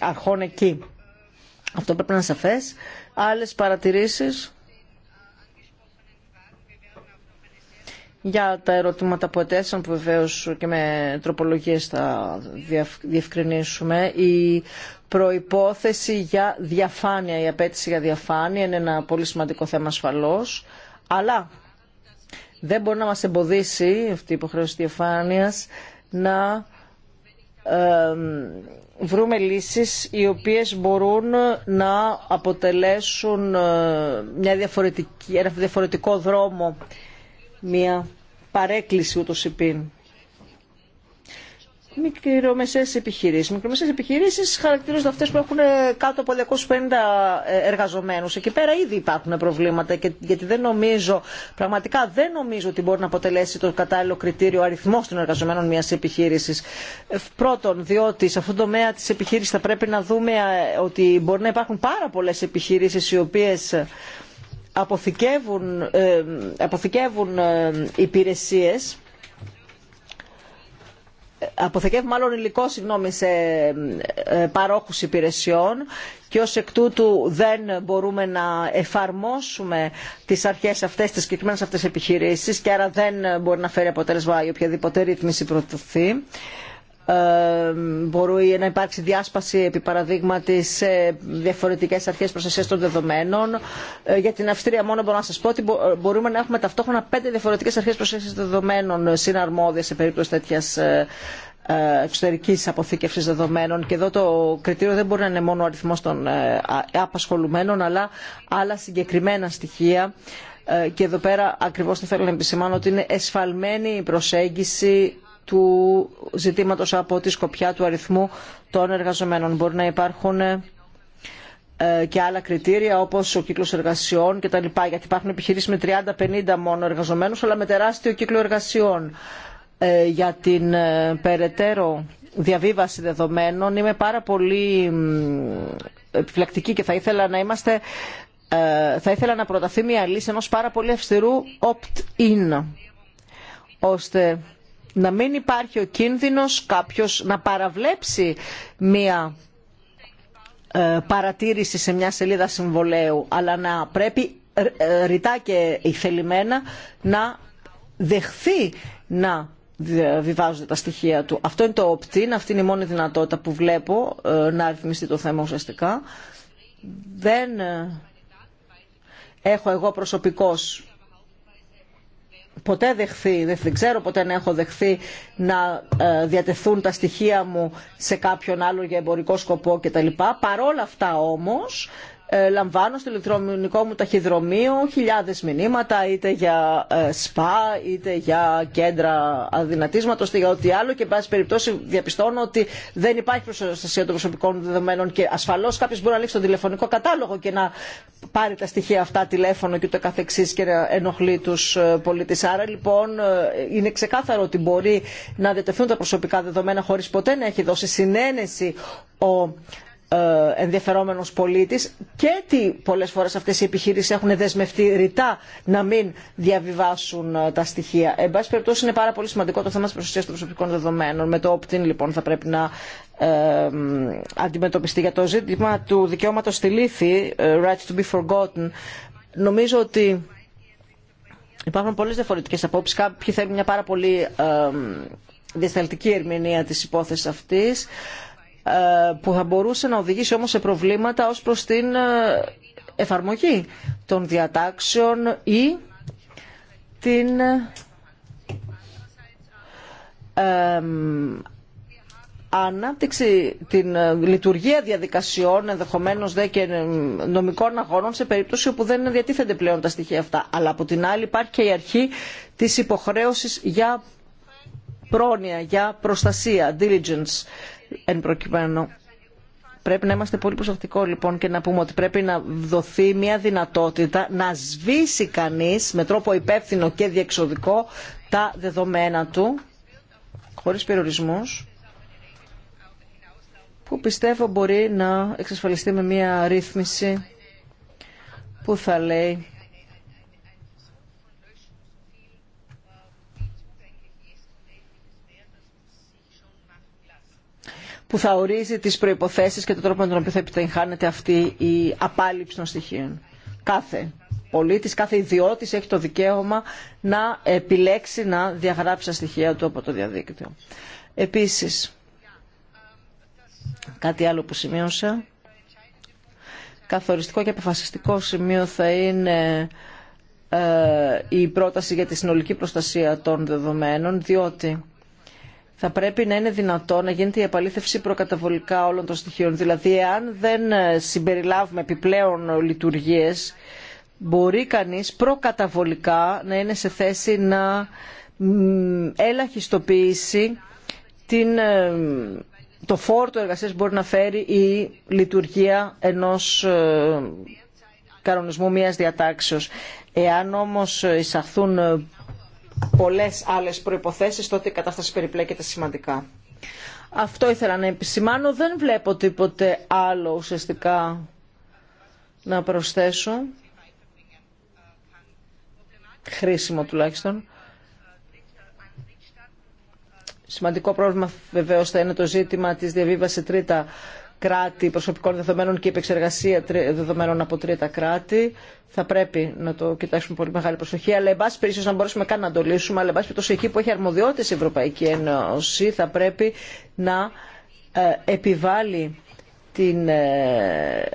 αρχών εκεί. Αυτό πρέπει να είναι σαφές. Άλλες παρατηρήσεις για τα ερωτήματα που ετέθησαν που βεβαίως και με τροπολογίες θα διευκρινίσουμε. Η προϋπόθεση για διαφάνεια, η απέτηση για διαφάνεια είναι ένα πολύ σημαντικό θέμα ασφαλώς. Αλλά δεν μπορεί να μας εμποδίσει αυτή η υποχρέωση διαφάνειας να βρούμε λύσεις οι οποίες μπορούν να αποτελέσουν ε, μια διαφορετική, ένα διαφορετικό δρόμο, μια παρέκκληση ούτως υπήν μικρομεσαίε επιχειρήσει. Μικρομεσαίε επιχειρήσει χαρακτηρίζονται αυτέ που έχουν ε, κάτω από 250 ε, εργαζομένου Εκεί πέρα ήδη υπάρχουν προβλήματα και, γιατί δεν νομίζω, πραγματικά δεν νομίζω ότι μπορεί να αποτελέσει το κατάλληλο κριτήριο αριθμό των εργαζομένων μια επιχείρηση. Ε, πρώτον, διότι σε αυτό το τομέα τη επιχείρηση θα πρέπει να δούμε ότι μπορεί να υπάρχουν πάρα πολλέ επιχείρησει οι οποίε αποθηκεύουν, ε, αποθηκεύουν υπηρεσίες αποθηκεύει μάλλον υλικό συγγνώμη, σε ε, παρόχους υπηρεσιών και ως εκ τούτου δεν μπορούμε να εφαρμόσουμε τις αρχές αυτές, τις συγκεκριμένες αυτές επιχειρήσεις και άρα δεν μπορεί να φέρει αποτέλεσμα η οποιαδήποτε ρύθμιση προτεθεί. Ε, μπορεί να υπάρξει διάσπαση επί παραδείγματι σε διαφορετικές αρχές προστασίας των δεδομένων. Ε, για την Αυστρία μόνο μπορώ να σας πω ότι ε, μπορούμε να έχουμε ταυτόχρονα πέντε διαφορετικές αρχές προστασίας των δεδομένων συναρμόδια σε περίπτωση τέτοιας εξωτερική αποθήκευση δεδομένων και εδώ το κριτήριο δεν μπορεί να είναι μόνο ο αριθμό των απασχολουμένων αλλά άλλα συγκεκριμένα στοιχεία και εδώ πέρα ακριβώς θα θέλω να επισημάνω ότι είναι εσφαλμένη η προσέγγιση του ζητήματος από τη σκοπιά του αριθμού των εργαζομένων. Μπορεί να υπάρχουν ε, και άλλα κριτήρια όπως ο κύκλος εργασιών λοιπά Γιατί υπάρχουν επιχειρήσεις με 30-50 μόνο εργαζομένους αλλά με τεράστιο κύκλο εργασιών. Ε, για την ε, περαιτέρω διαβίβαση δεδομένων είμαι πάρα πολύ επιφυλακτική και θα ήθελα να είμαστε θα ήθελα να προταθεί μια λύση ενός πάρα πολύ αυστηρού opt-in ώστε να μην υπάρχει ο κίνδυνος κάποιος να παραβλέψει μία ε, παρατήρηση σε μια σελίδα συμβολέου, αλλά να πρέπει ε, ε, ρητά και ηθελημένα να δεχθεί να βιβάζονται τα στοιχεία του. Αυτό είναι το opt αυτή είναι η μόνη δυνατότητα που βλέπω να αριθμιστεί το θέμα ουσιαστικά. Δεν έχω εγώ προσωπικός ποτέ δεχθεί, δεν ξέρω ποτέ να έχω δεχθεί να ε, διατεθούν τα στοιχεία μου σε κάποιον άλλο για εμπορικό σκοπό κτλ. Παρόλα αυτά όμως ε, λαμβάνω στο ηλεκτρονικό μου ταχυδρομείο χιλιάδες μηνύματα είτε για ε, σπα είτε για κέντρα αδυνατίσματος είτε για ό,τι άλλο και πάση περιπτώσει διαπιστώνω ότι δεν υπάρχει προστασία των προσωπικών δεδομένων και ασφαλώς κάποιος μπορεί να ανοίξει τον τηλεφωνικό κατάλογο και να πάρει τα στοιχεία αυτά τηλέφωνο και το καθεξής και να ενοχλεί τους ε, πολίτες. Άρα λοιπόν είναι ξεκάθαρο ότι μπορεί να διατεθούν τα προσωπικά δεδομένα χωρίς ποτέ να έχει δώσει συνένεση ο ε, ενδιαφερόμενο πολίτη και τι πολλέ φορέ αυτέ οι επιχειρήσεις έχουν δεσμευτεί ρητά να μην διαβιβάσουν ε, τα στοιχεία. Εν πάση περιπτώσει είναι πάρα πολύ σημαντικό το θέμα τη προστασία των προσωπικών δεδομένων. Με το opt-in λοιπόν θα πρέπει να ε, αντιμετωπιστεί για το ζήτημα του δικαιώματο στη λύθη, ε, right to be forgotten. Νομίζω ότι υπάρχουν πολλέ διαφορετικέ απόψει. Κάποιοι θέλουν μια πάρα πολύ ε, διασταλτική ερμηνεία της υπόθεσης αυτής. Ε, που θα μπορούσε να οδηγήσει όμως σε προβλήματα ως προς την ε, εφαρμογή των διατάξεων ή την ε, ανάπτυξη, την λειτουργία διαδικασιών, ενδεχομένως δε και νομικών αγώνων, σε περίπτωση όπου δεν διατίθενται πλέον τα στοιχεία αυτά. Αλλά από την άλλη υπάρχει και η αρχή της υποχρέωσης για πρόνοια, για προστασία, diligence εν προκειμένου. Πρέπει να είμαστε πολύ προσεκτικό λοιπόν και να πούμε ότι πρέπει να δοθεί μια δυνατότητα να σβήσει κανείς με τρόπο υπεύθυνο και διεξοδικό τα δεδομένα του χωρίς περιορισμούς που πιστεύω μπορεί να εξασφαλιστεί με μια ρύθμιση που θα λέει που θα ορίζει τις προϋποθέσεις και τον τρόπο με τον οποίο θα επιτυγχάνεται αυτή η απάλληψη των στοιχείων. Κάθε πολίτης, κάθε ιδιώτης έχει το δικαίωμα να επιλέξει να διαγράψει τα στοιχεία του από το διαδίκτυο. Επίσης, κάτι άλλο που σημείωσα, καθοριστικό και αποφασιστικό σημείο θα είναι ε, η πρόταση για τη συνολική προστασία των δεδομένων, διότι θα πρέπει να είναι δυνατό να γίνεται η επαλήθευση προκαταβολικά όλων των στοιχείων. Δηλαδή, εάν δεν ε, συμπεριλάβουμε επιπλέον λειτουργίες, μπορεί κανείς προκαταβολικά να είναι σε θέση να ελαχιστοποιήσει την, ε, το φόρτο εργασίας που μπορεί να φέρει η λειτουργία ενός ε, κανονισμού μιας διατάξεως. Εάν όμως εισαχθούν πολλές άλλες προϋποθέσεις, τότε η κατάσταση περιπλέκεται σημαντικά. Αυτό ήθελα να επισημάνω. Δεν βλέπω τίποτε άλλο ουσιαστικά να προσθέσω. Χρήσιμο τουλάχιστον. Σημαντικό πρόβλημα βεβαίως θα είναι το ζήτημα της διαβίβασης τρίτα κράτη προσωπικών δεδομένων και υπεξεργασία δεδομένων από τρίτα κράτη. Θα πρέπει να το κοιτάξουμε πολύ μεγάλη προσοχή, αλλά εν πάση να μπορέσουμε καν να το λύσουμε, αλλά εν πάση εκεί που έχει αρμοδιότητες η Ευρωπαϊκή Ένωση θα πρέπει να ε, επιβάλλει την ε,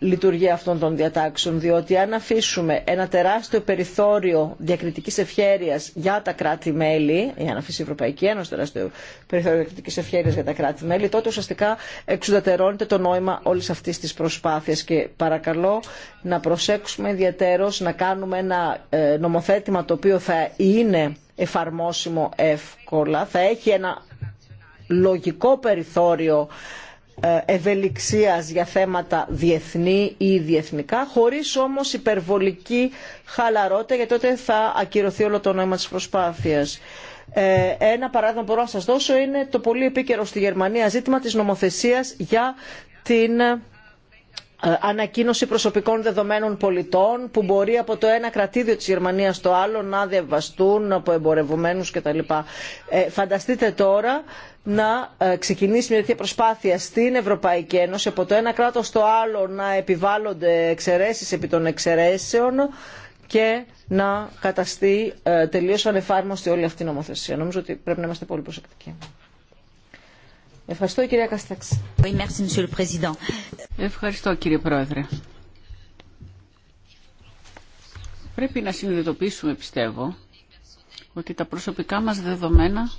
λειτουργία αυτών των διατάξεων, διότι αν αφήσουμε ένα τεράστιο περιθώριο διακριτικής ευχέρειας για τα κράτη-μέλη, η να αφήσει η Ευρωπαϊκή Ένωση τεράστιο περιθώριο διακριτικής ευχέρειας για τα κράτη-μέλη, τότε ουσιαστικά εξουδατερώνεται το νόημα όλης αυτής της προσπάθειας και παρακαλώ να προσέξουμε ιδιαίτερως να κάνουμε ένα ε, νομοθέτημα το οποίο θα είναι εφαρμόσιμο εύκολα, θα έχει ένα λογικό περιθώριο ε, ευελιξίας για θέματα διεθνή ή διεθνικά, χωρίς όμως υπερβολική χαλαρότητα, γιατί τότε θα ακυρωθεί όλο το νόημα της προσπάθειας. Ε, ένα παράδειγμα που μπορώ να σας δώσω είναι το πολύ επίκαιρο στη Γερμανία ζήτημα της νομοθεσίας για την ε, ανακοίνωση προσωπικών δεδομένων πολιτών που μπορεί από το ένα κρατήδιο της Γερμανίας στο άλλο να διαβαστούν από εμπορευομένους κτλ. Ε, φανταστείτε τώρα να ε, ξεκινήσει μια τέτοια προσπάθεια στην Ευρωπαϊκή Ένωση από το ένα κράτος στο άλλο να επιβάλλονται εξαιρέσει επί των εξαιρέσεων και να καταστεί ε, τελείως ανεφάρμοστη όλη αυτή η νομοθεσία. Νομίζω ότι πρέπει να είμαστε πολύ προσεκτικοί. Ευχαριστώ κυρία κύριε Πρόεδρε. Πρέπει να συνειδητοποιήσουμε, πιστεύω, ότι τα προσωπικά μας δεδομένα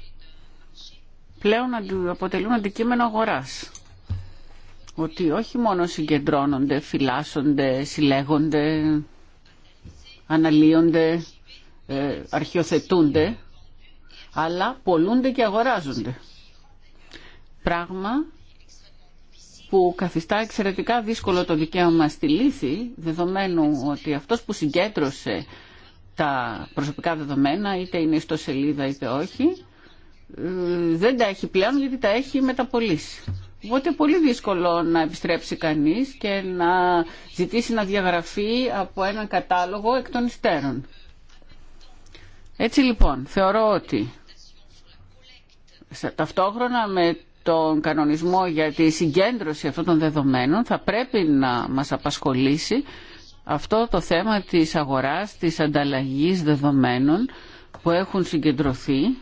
πλέον αποτελούν αντικείμενο αγοράς. Ότι όχι μόνο συγκεντρώνονται, φυλάσσονται, συλλέγονται, αναλύονται, ε, αρχιοθετούνται, αλλά πολλούνται και αγοράζονται. Πράγμα που καθιστά εξαιρετικά δύσκολο το δικαίωμα στη λύθη, δεδομένου ότι αυτός που συγκέντρωσε τα προσωπικά δεδομένα, είτε είναι στο σελίδα είτε όχι, ε, δεν τα έχει πλέον γιατί τα έχει μεταπολίσει. Οπότε πολύ δύσκολο να επιστρέψει κανείς και να ζητήσει να διαγραφεί από έναν κατάλογο εκ των υστέρων. Έτσι λοιπόν, θεωρώ ότι ταυτόχρονα με τον κανονισμό για τη συγκέντρωση αυτών των δεδομένων θα πρέπει να μας απασχολήσει αυτό το θέμα της αγοράς, της ανταλλαγής δεδομένων που έχουν συγκεντρωθεί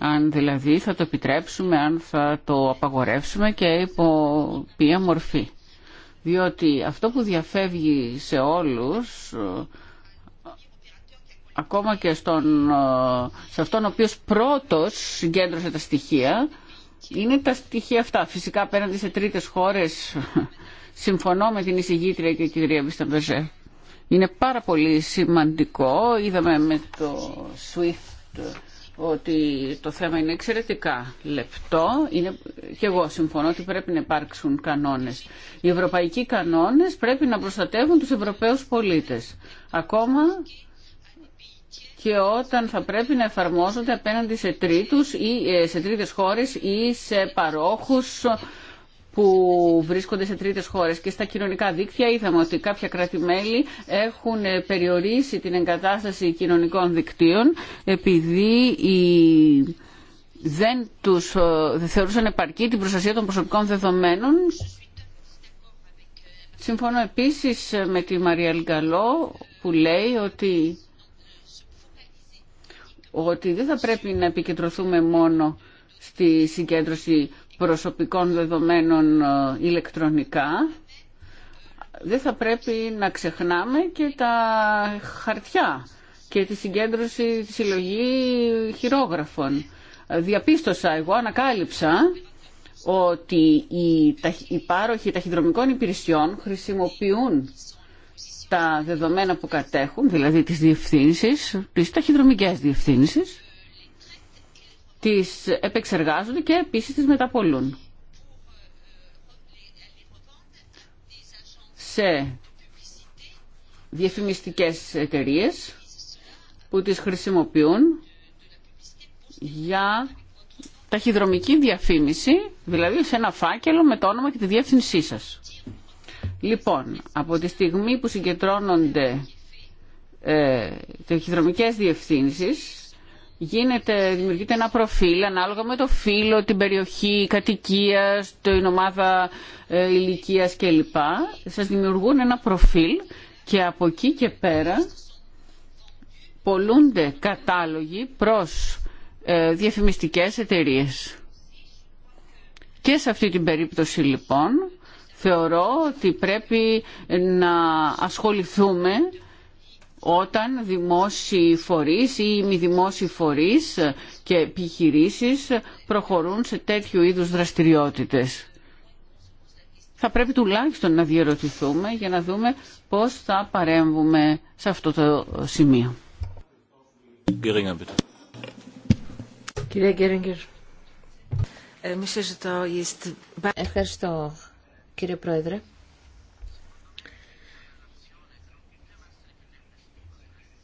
αν δηλαδή θα το επιτρέψουμε, αν θα το απαγορεύσουμε και υπό ποια μορφή. Διότι αυτό που διαφεύγει σε όλους ακόμα και στον, ε, σε αυτόν ο οποίος πρώτος συγκέντρωσε τα στοιχεία είναι τα στοιχεία αυτά. Φυσικά απέναντι σε τρίτες χώρες συμφωνώ με την εισηγήτρια και την κυρία Βισταμπεζέ. Είναι πάρα πολύ σημαντικό. Είδαμε με το SWIFT ότι το θέμα είναι εξαιρετικά λεπτό. Είναι, και εγώ συμφωνώ ότι πρέπει να υπάρξουν κανόνες. Οι ευρωπαϊκοί κανόνες πρέπει να προστατεύουν τους ευρωπαίους πολίτες. Ακόμα και όταν θα πρέπει να εφαρμόζονται απέναντι σε τρίτους ή ε, σε τρίτες χώρες ή σε παρόχους που βρίσκονται σε τρίτες χώρες και στα κοινωνικά δίκτυα είδαμε ότι κάποια κράτη-μέλη έχουν ε, περιορίσει την εγκατάσταση κοινωνικών δικτύων επειδή οι... δεν τους ε, θεωρούσαν επαρκή την προστασία των προσωπικών δεδομένων. Συμφωνώ επίσης με τη Μαρία Λγκαλό που λέει ότι ότι δεν θα πρέπει να επικεντρωθούμε μόνο στη συγκέντρωση προσωπικών δεδομένων ε, ηλεκτρονικά. Δεν θα πρέπει να ξεχνάμε και τα χαρτιά και τη συγκέντρωση, τη συλλογή χειρόγραφων. Ε, διαπίστωσα, εγώ ανακάλυψα ότι οι, οι πάροχοι ταχυδρομικών υπηρεσιών χρησιμοποιούν τα δεδομένα που κατέχουν, δηλαδή τις διευθύνσεις, τις ταχυδρομικές διευθύνσεις, τις επεξεργάζονται και επίσης τις μεταπολούν. Σε διαφημιστικές εταιρείε που τις χρησιμοποιούν για ταχυδρομική διαφήμιση, δηλαδή σε ένα φάκελο με το όνομα και τη διεύθυνσή σας. Λοιπόν, από τη στιγμή που συγκεντρώνονται ε, ταχυδρομικές διευθύνσεις, γίνεται, δημιουργείται ένα προφίλ ανάλογα με το φύλλο, την περιοχή κατοικία, την ομάδα ε, ηλικίας ηλικία κλπ. Σα δημιουργούν ένα προφίλ και από εκεί και πέρα πολλούνται κατάλογοι προς ε, διαφημιστικές εταιρείες. Και σε αυτή την περίπτωση λοιπόν θεωρώ ότι πρέπει να ασχοληθούμε όταν δημόσιοι φορείς ή μη δημόσιοι φορείς και επιχειρήσεις προχωρούν σε τέτοιου είδους δραστηριότητες. Θα πρέπει τουλάχιστον να διερωτηθούμε για να δούμε πώς θα παρέμβουμε σε αυτό το σημείο. Ε, Ευχαριστώ κύριε Πρόεδρε.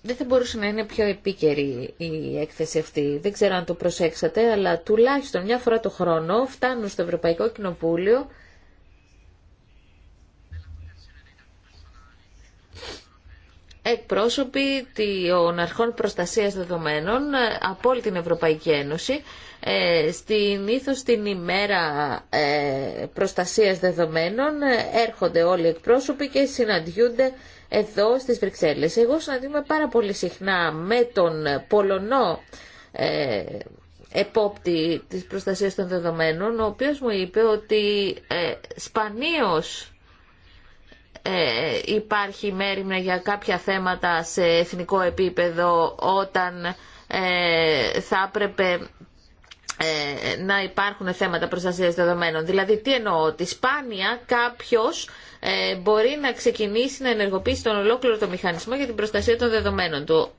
Δεν θα μπορούσε να είναι πιο επίκαιρη η έκθεση αυτή. Δεν ξέρω αν το προσέξατε, αλλά τουλάχιστον μια φορά το χρόνο φτάνουν στο Ευρωπαϊκό Κοινοβούλιο εκπρόσωποι των αρχών προστασίας δεδομένων από όλη την Ευρωπαϊκή Ένωση ε, στην ήθος την ημέρα ε, προστασίας δεδομένων ε, έρχονται όλοι οι εκπρόσωποι και συναντιούνται εδώ στις Βρυξέλλες. Εγώ συναντιούμαι πάρα πολύ συχνά με τον Πολωνό επόπτη της προστασίας των δεδομένων, ο οποίος μου είπε ότι ε, σπανίως ε, υπάρχει μέρημνα για κάποια θέματα σε εθνικό επίπεδο όταν θα έπρεπε ε, να υπάρχουν θέματα προστασίας δεδομένων. Δηλαδή τι εννοώ, ότι σπάνια κάποιο ε, μπορεί να ξεκινήσει να ενεργοποιήσει τον ολόκληρο το μηχανισμό για την προστασία των δεδομένων του.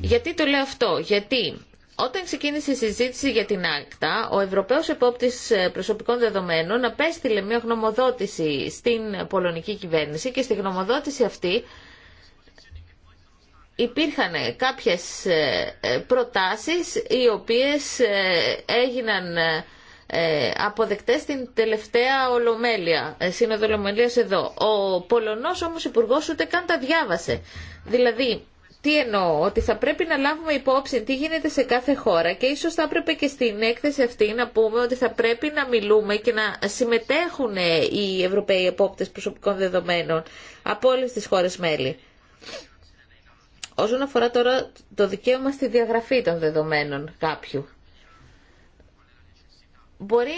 Γιατί το λέω αυτό, γιατί όταν ξεκίνησε η συζήτηση για την άκτα, ο Ευρωπαίος Επόπτης ε, Προσωπικών Δεδομένων απέστειλε μια γνωμοδότηση στην πολωνική κυβέρνηση και στη γνωμοδότηση αυτή υπήρχαν ε, κάποιες ε, ε, προτάσεις οι οποίες έγιναν αποδεκτές στην τελευταία ολομέλεια, σύνοδο ολομέλειας εδώ. Ο Πολωνός όμως υπουργό ούτε καν τα διάβασε. Δηλαδή, τι εννοώ, ότι θα πρέπει να λάβουμε υπόψη τι γίνεται σε κάθε χώρα και ίσως θα έπρεπε και στην έκθεση αυτή να πούμε ότι θα πρέπει να μιλούμε και να συμμετέχουν οι Ευρωπαίοι επόπτες προσωπικών δεδομένων από όλες τις χώρες μέλη. Όσον αφορά τώρα το δικαίωμα στη διαγραφή των δεδομένων κάποιου. Μπορεί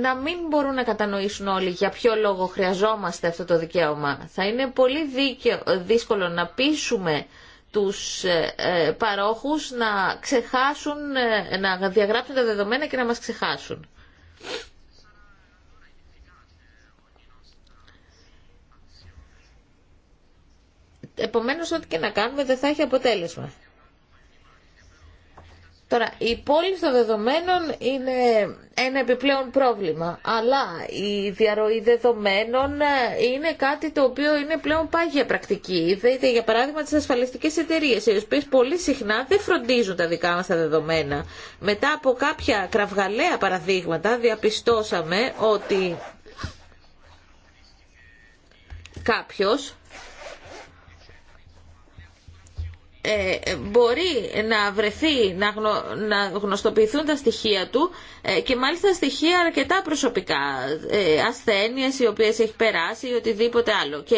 να μην μπορούν να κατανοήσουν όλοι για ποιο λόγο χρειαζόμαστε αυτό το δικαίωμα. Θα είναι πολύ δύσκολο να πείσουμε τους ε, ε, παρόχους να ξεχάσουν, ε, να διαγράψουν τα δεδομένα και να μας ξεχάσουν. Επομένως, ό,τι και να κάνουμε δεν θα έχει αποτέλεσμα. Τώρα, η πόλη των δεδομένων είναι ένα επιπλέον πρόβλημα, αλλά η διαρροή δεδομένων είναι κάτι το οποίο είναι πλέον πάγια πρακτική. Δείτε, για παράδειγμα, τις ασφαλιστικές εταιρείες, οι οποίες πολύ συχνά δεν φροντίζουν τα δικά μας τα δεδομένα. Μετά από κάποια κραυγαλαία παραδείγματα, διαπιστώσαμε ότι κάποιος ε, μπορεί να βρεθεί, να, να γνωστοποιηθούν τα στοιχεία του ε, και μάλιστα στοιχεία αρκετά προσωπικά, ε, ασθένειες οι οποίες έχει περάσει ή οτιδήποτε άλλο. Και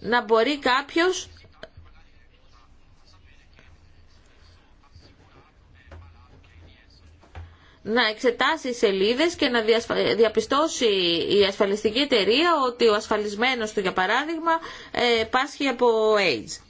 να μπορεί κάποιος να εξετάσει σελίδε και να διαπιστώσει η ασφαλιστική εταιρεία ότι ο ασφαλισμένος του, για παράδειγμα, ε, πάσχει από AIDS.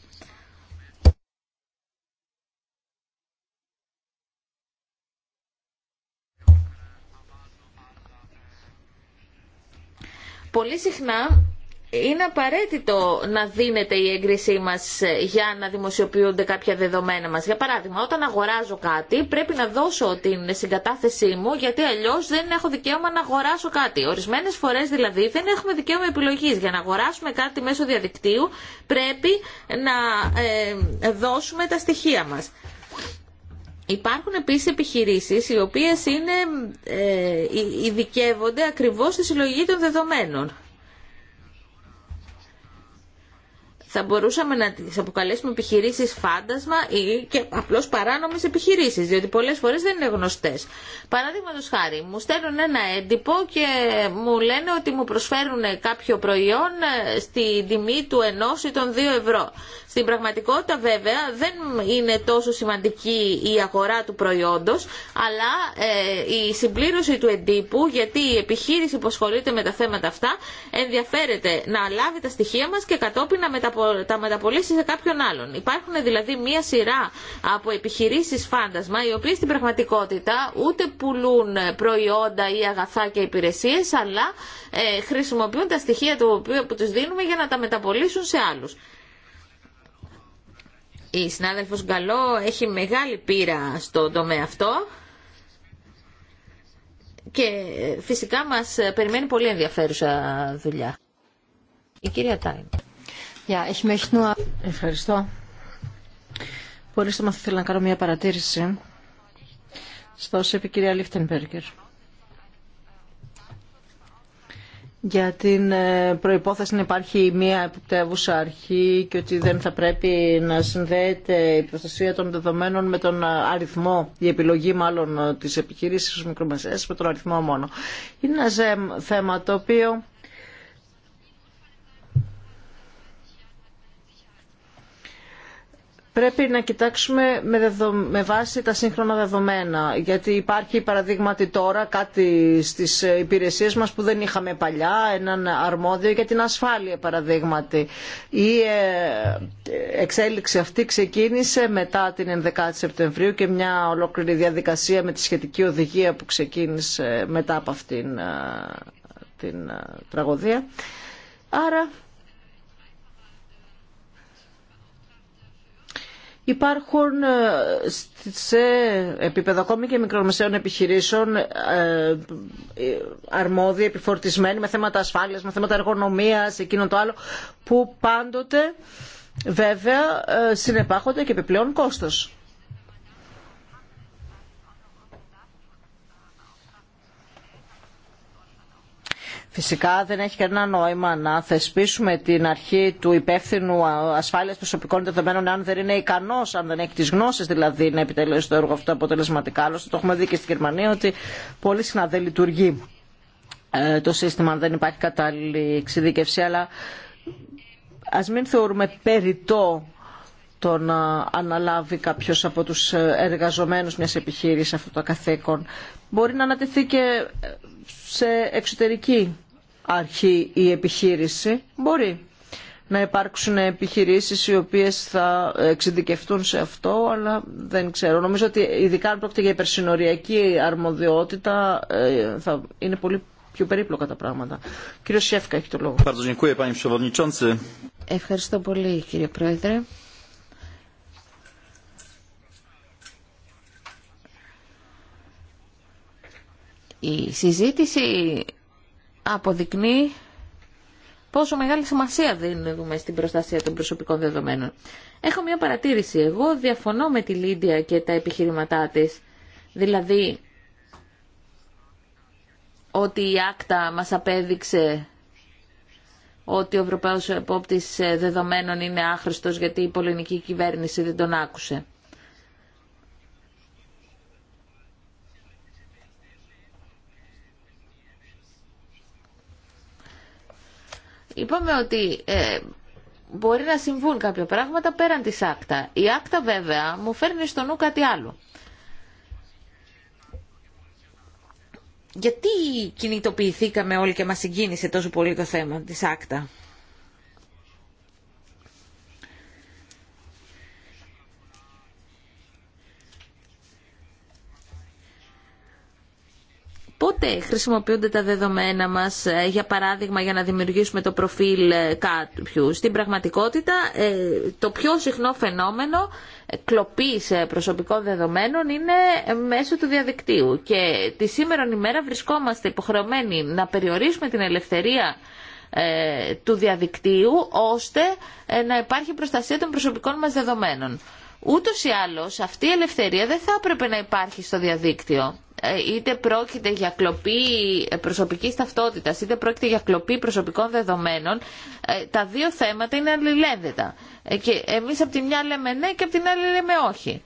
Πολύ συχνά είναι απαραίτητο να δίνεται η έγκρισή μα για να δημοσιοποιούνται κάποια δεδομένα μα. Για παράδειγμα, όταν αγοράζω κάτι πρέπει να δώσω την συγκατάθεσή μου γιατί αλλιώ δεν έχω δικαίωμα να αγοράσω κάτι. Ορισμένε φορέ δηλαδή δεν έχουμε δικαίωμα επιλογή Για να αγοράσουμε κάτι μέσω διαδικτύου πρέπει να ε, δώσουμε τα στοιχεία μα. Υπάρχουν επίσης επιχειρήσεις οι οποίες είναι, ε, ειδικεύονται ακριβώς στη συλλογή των δεδομένων. θα μπορούσαμε να τις αποκαλέσουμε επιχειρήσεις φάντασμα ή και απλώς παράνομες επιχειρήσεις, διότι πολλές φορές δεν είναι γνωστές. Παραδείγματο χάρη, μου στέλνουν ένα έντυπο και μου λένε ότι μου προσφέρουν κάποιο προϊόν ε, στη τιμή του ενός ή των δύο ευρώ. Στην πραγματικότητα βέβαια δεν είναι τόσο σημαντική η αγορά του προϊόντος, αλλά ε, η συμπλήρωση του εντύπου, γιατί η επιχείρηση που ασχολείται με τα θέματα αυτά ενδιαφέρεται να λάβει τα στοιχεία μας και κατόπιν να μεταπολεμήσει τα μεταπολίσει σε κάποιον άλλον. Υπάρχουν δηλαδή μία σειρά από επιχειρήσεις φάντασμα οι οποίες στην πραγματικότητα ούτε πουλούν προϊόντα ή αγαθά και υπηρεσίες αλλά ε, χρησιμοποιούν τα στοιχεία του που του δίνουμε για να τα μεταπολίσουν σε άλλους. Η συνάδελφο Γκαλό έχει μεγάλη πείρα στον τομέα αυτό και ε, φυσικά μας ε, περιμένει πολύ ενδιαφέρουσα δουλειά. Η κυρία Τάιν. Ευχαριστώ. Πολύ να θα θέλω να κάνω μια παρατήρηση στο όσο κυρία Για την ε, προϋπόθεση να υπάρχει μια επιπτεύουσα αρχή και ότι δεν θα πρέπει να συνδέεται η προστασία των δεδομένων με τον ε, αριθμό, η επιλογή μάλλον ε, της επιχειρήσης στους μικρομεσαίες με τον αριθμό μόνο. Είναι ένα θέμα το οποίο πρέπει να κοιτάξουμε με, με βάση τα σύγχρονα δεδομένα. Γιατί υπάρχει παραδείγματι τώρα κάτι στις υπηρεσίες μας που δεν είχαμε παλιά, έναν αρμόδιο για την ασφάλεια παραδείγματι. Η ε, εξέλιξη αυτή ξεκίνησε μετά την 11η Σεπτεμβρίου και μια ολόκληρη διαδικασία με τη σχετική οδηγία που ξεκίνησε μετά από αυτήν ε, την ε, τραγωδία. Άρα Υπάρχουν ε, σε επίπεδο ακόμη και μικρομεσαίων επιχειρήσεων ε, ε, αρμόδιοι, επιφορτισμένοι με θέματα ασφάλειας, με θέματα εργονομίας, εκείνο το άλλο, που πάντοτε βέβαια συνεπάγονται και επιπλέον κόστος. Φυσικά δεν έχει κανένα νόημα να θεσπίσουμε την αρχή του υπεύθυνου ασφάλεια προσωπικών δεδομένων αν δεν είναι ικανό, αν δεν έχει τι γνώσει δηλαδή να επιτελέσει το έργο αυτό αποτελεσματικά. Άλλωστε το έχουμε δει και στη Γερμανία ότι πολύ συχνά δεν λειτουργεί ε, το σύστημα αν δεν υπάρχει κατάλληλη εξειδίκευση. Αλλά α μην θεωρούμε περιττό το να αναλάβει κάποιος από τους ε, εργαζομένους μιας επιχείρησης αυτό το καθήκον μπορεί να ανατεθεί και σε εξωτερική αρχή η επιχείρηση. Μπορεί να υπάρξουν επιχειρήσεις οι οποίες θα εξειδικευτούν σε αυτό, αλλά δεν ξέρω. Νομίζω ότι ειδικά αν πρόκειται για υπερσυνοριακή αρμοδιότητα ε, θα είναι πολύ πιο περίπλοκα τα πράγματα. Κύριο Σιέφκα έχει το λόγο. Ευχαριστώ πολύ κύριε Πρόεδρε. Η συζήτηση αποδεικνύει πόσο μεγάλη σημασία δίνουμε στην προστασία των προσωπικών δεδομένων. Έχω μια παρατήρηση. Εγώ διαφωνώ με τη Λίντια και τα επιχειρηματά της. Δηλαδή, ότι η άκτα μας απέδειξε ότι ο Ευρωπαίος Επόπτης Δεδομένων είναι άχρηστος γιατί η πολιτική κυβέρνηση δεν τον άκουσε. Είπαμε ότι ε, μπορεί να συμβούν κάποια πράγματα πέραν της άκτα. Η άκτα βέβαια μου φέρνει στο νου κάτι άλλο. Γιατί κινητοποιηθήκαμε όλοι και μας συγκίνησε τόσο πολύ το θέμα της άκτα. πότε χρησιμοποιούνται τα δεδομένα μας, ε, για παράδειγμα, για να δημιουργήσουμε το προφίλ ε, κάποιου. Στην πραγματικότητα, ε, το πιο συχνό φαινόμενο κλοπής προσωπικών δεδομένων είναι μέσω του διαδικτύου. Και τη σήμερα ημέρα βρισκόμαστε υποχρεωμένοι να περιορίσουμε την ελευθερία του διαδικτύου, ώστε να υπάρχει προστασία των προσωπικών μας δεδομένων. Ούτως ή άλλως αυτή η ελευθερία δεν θα έπρεπε να υπάρχει στο διαδίκτυο είτε πρόκειται για κλοπή προσωπικής ταυτότητας, είτε πρόκειται για κλοπή προσωπικών δεδομένων, ε, τα δύο θέματα είναι αλληλένδετα. Ε, και εμείς από τη μια λέμε ναι και από την άλλη λέμε όχι.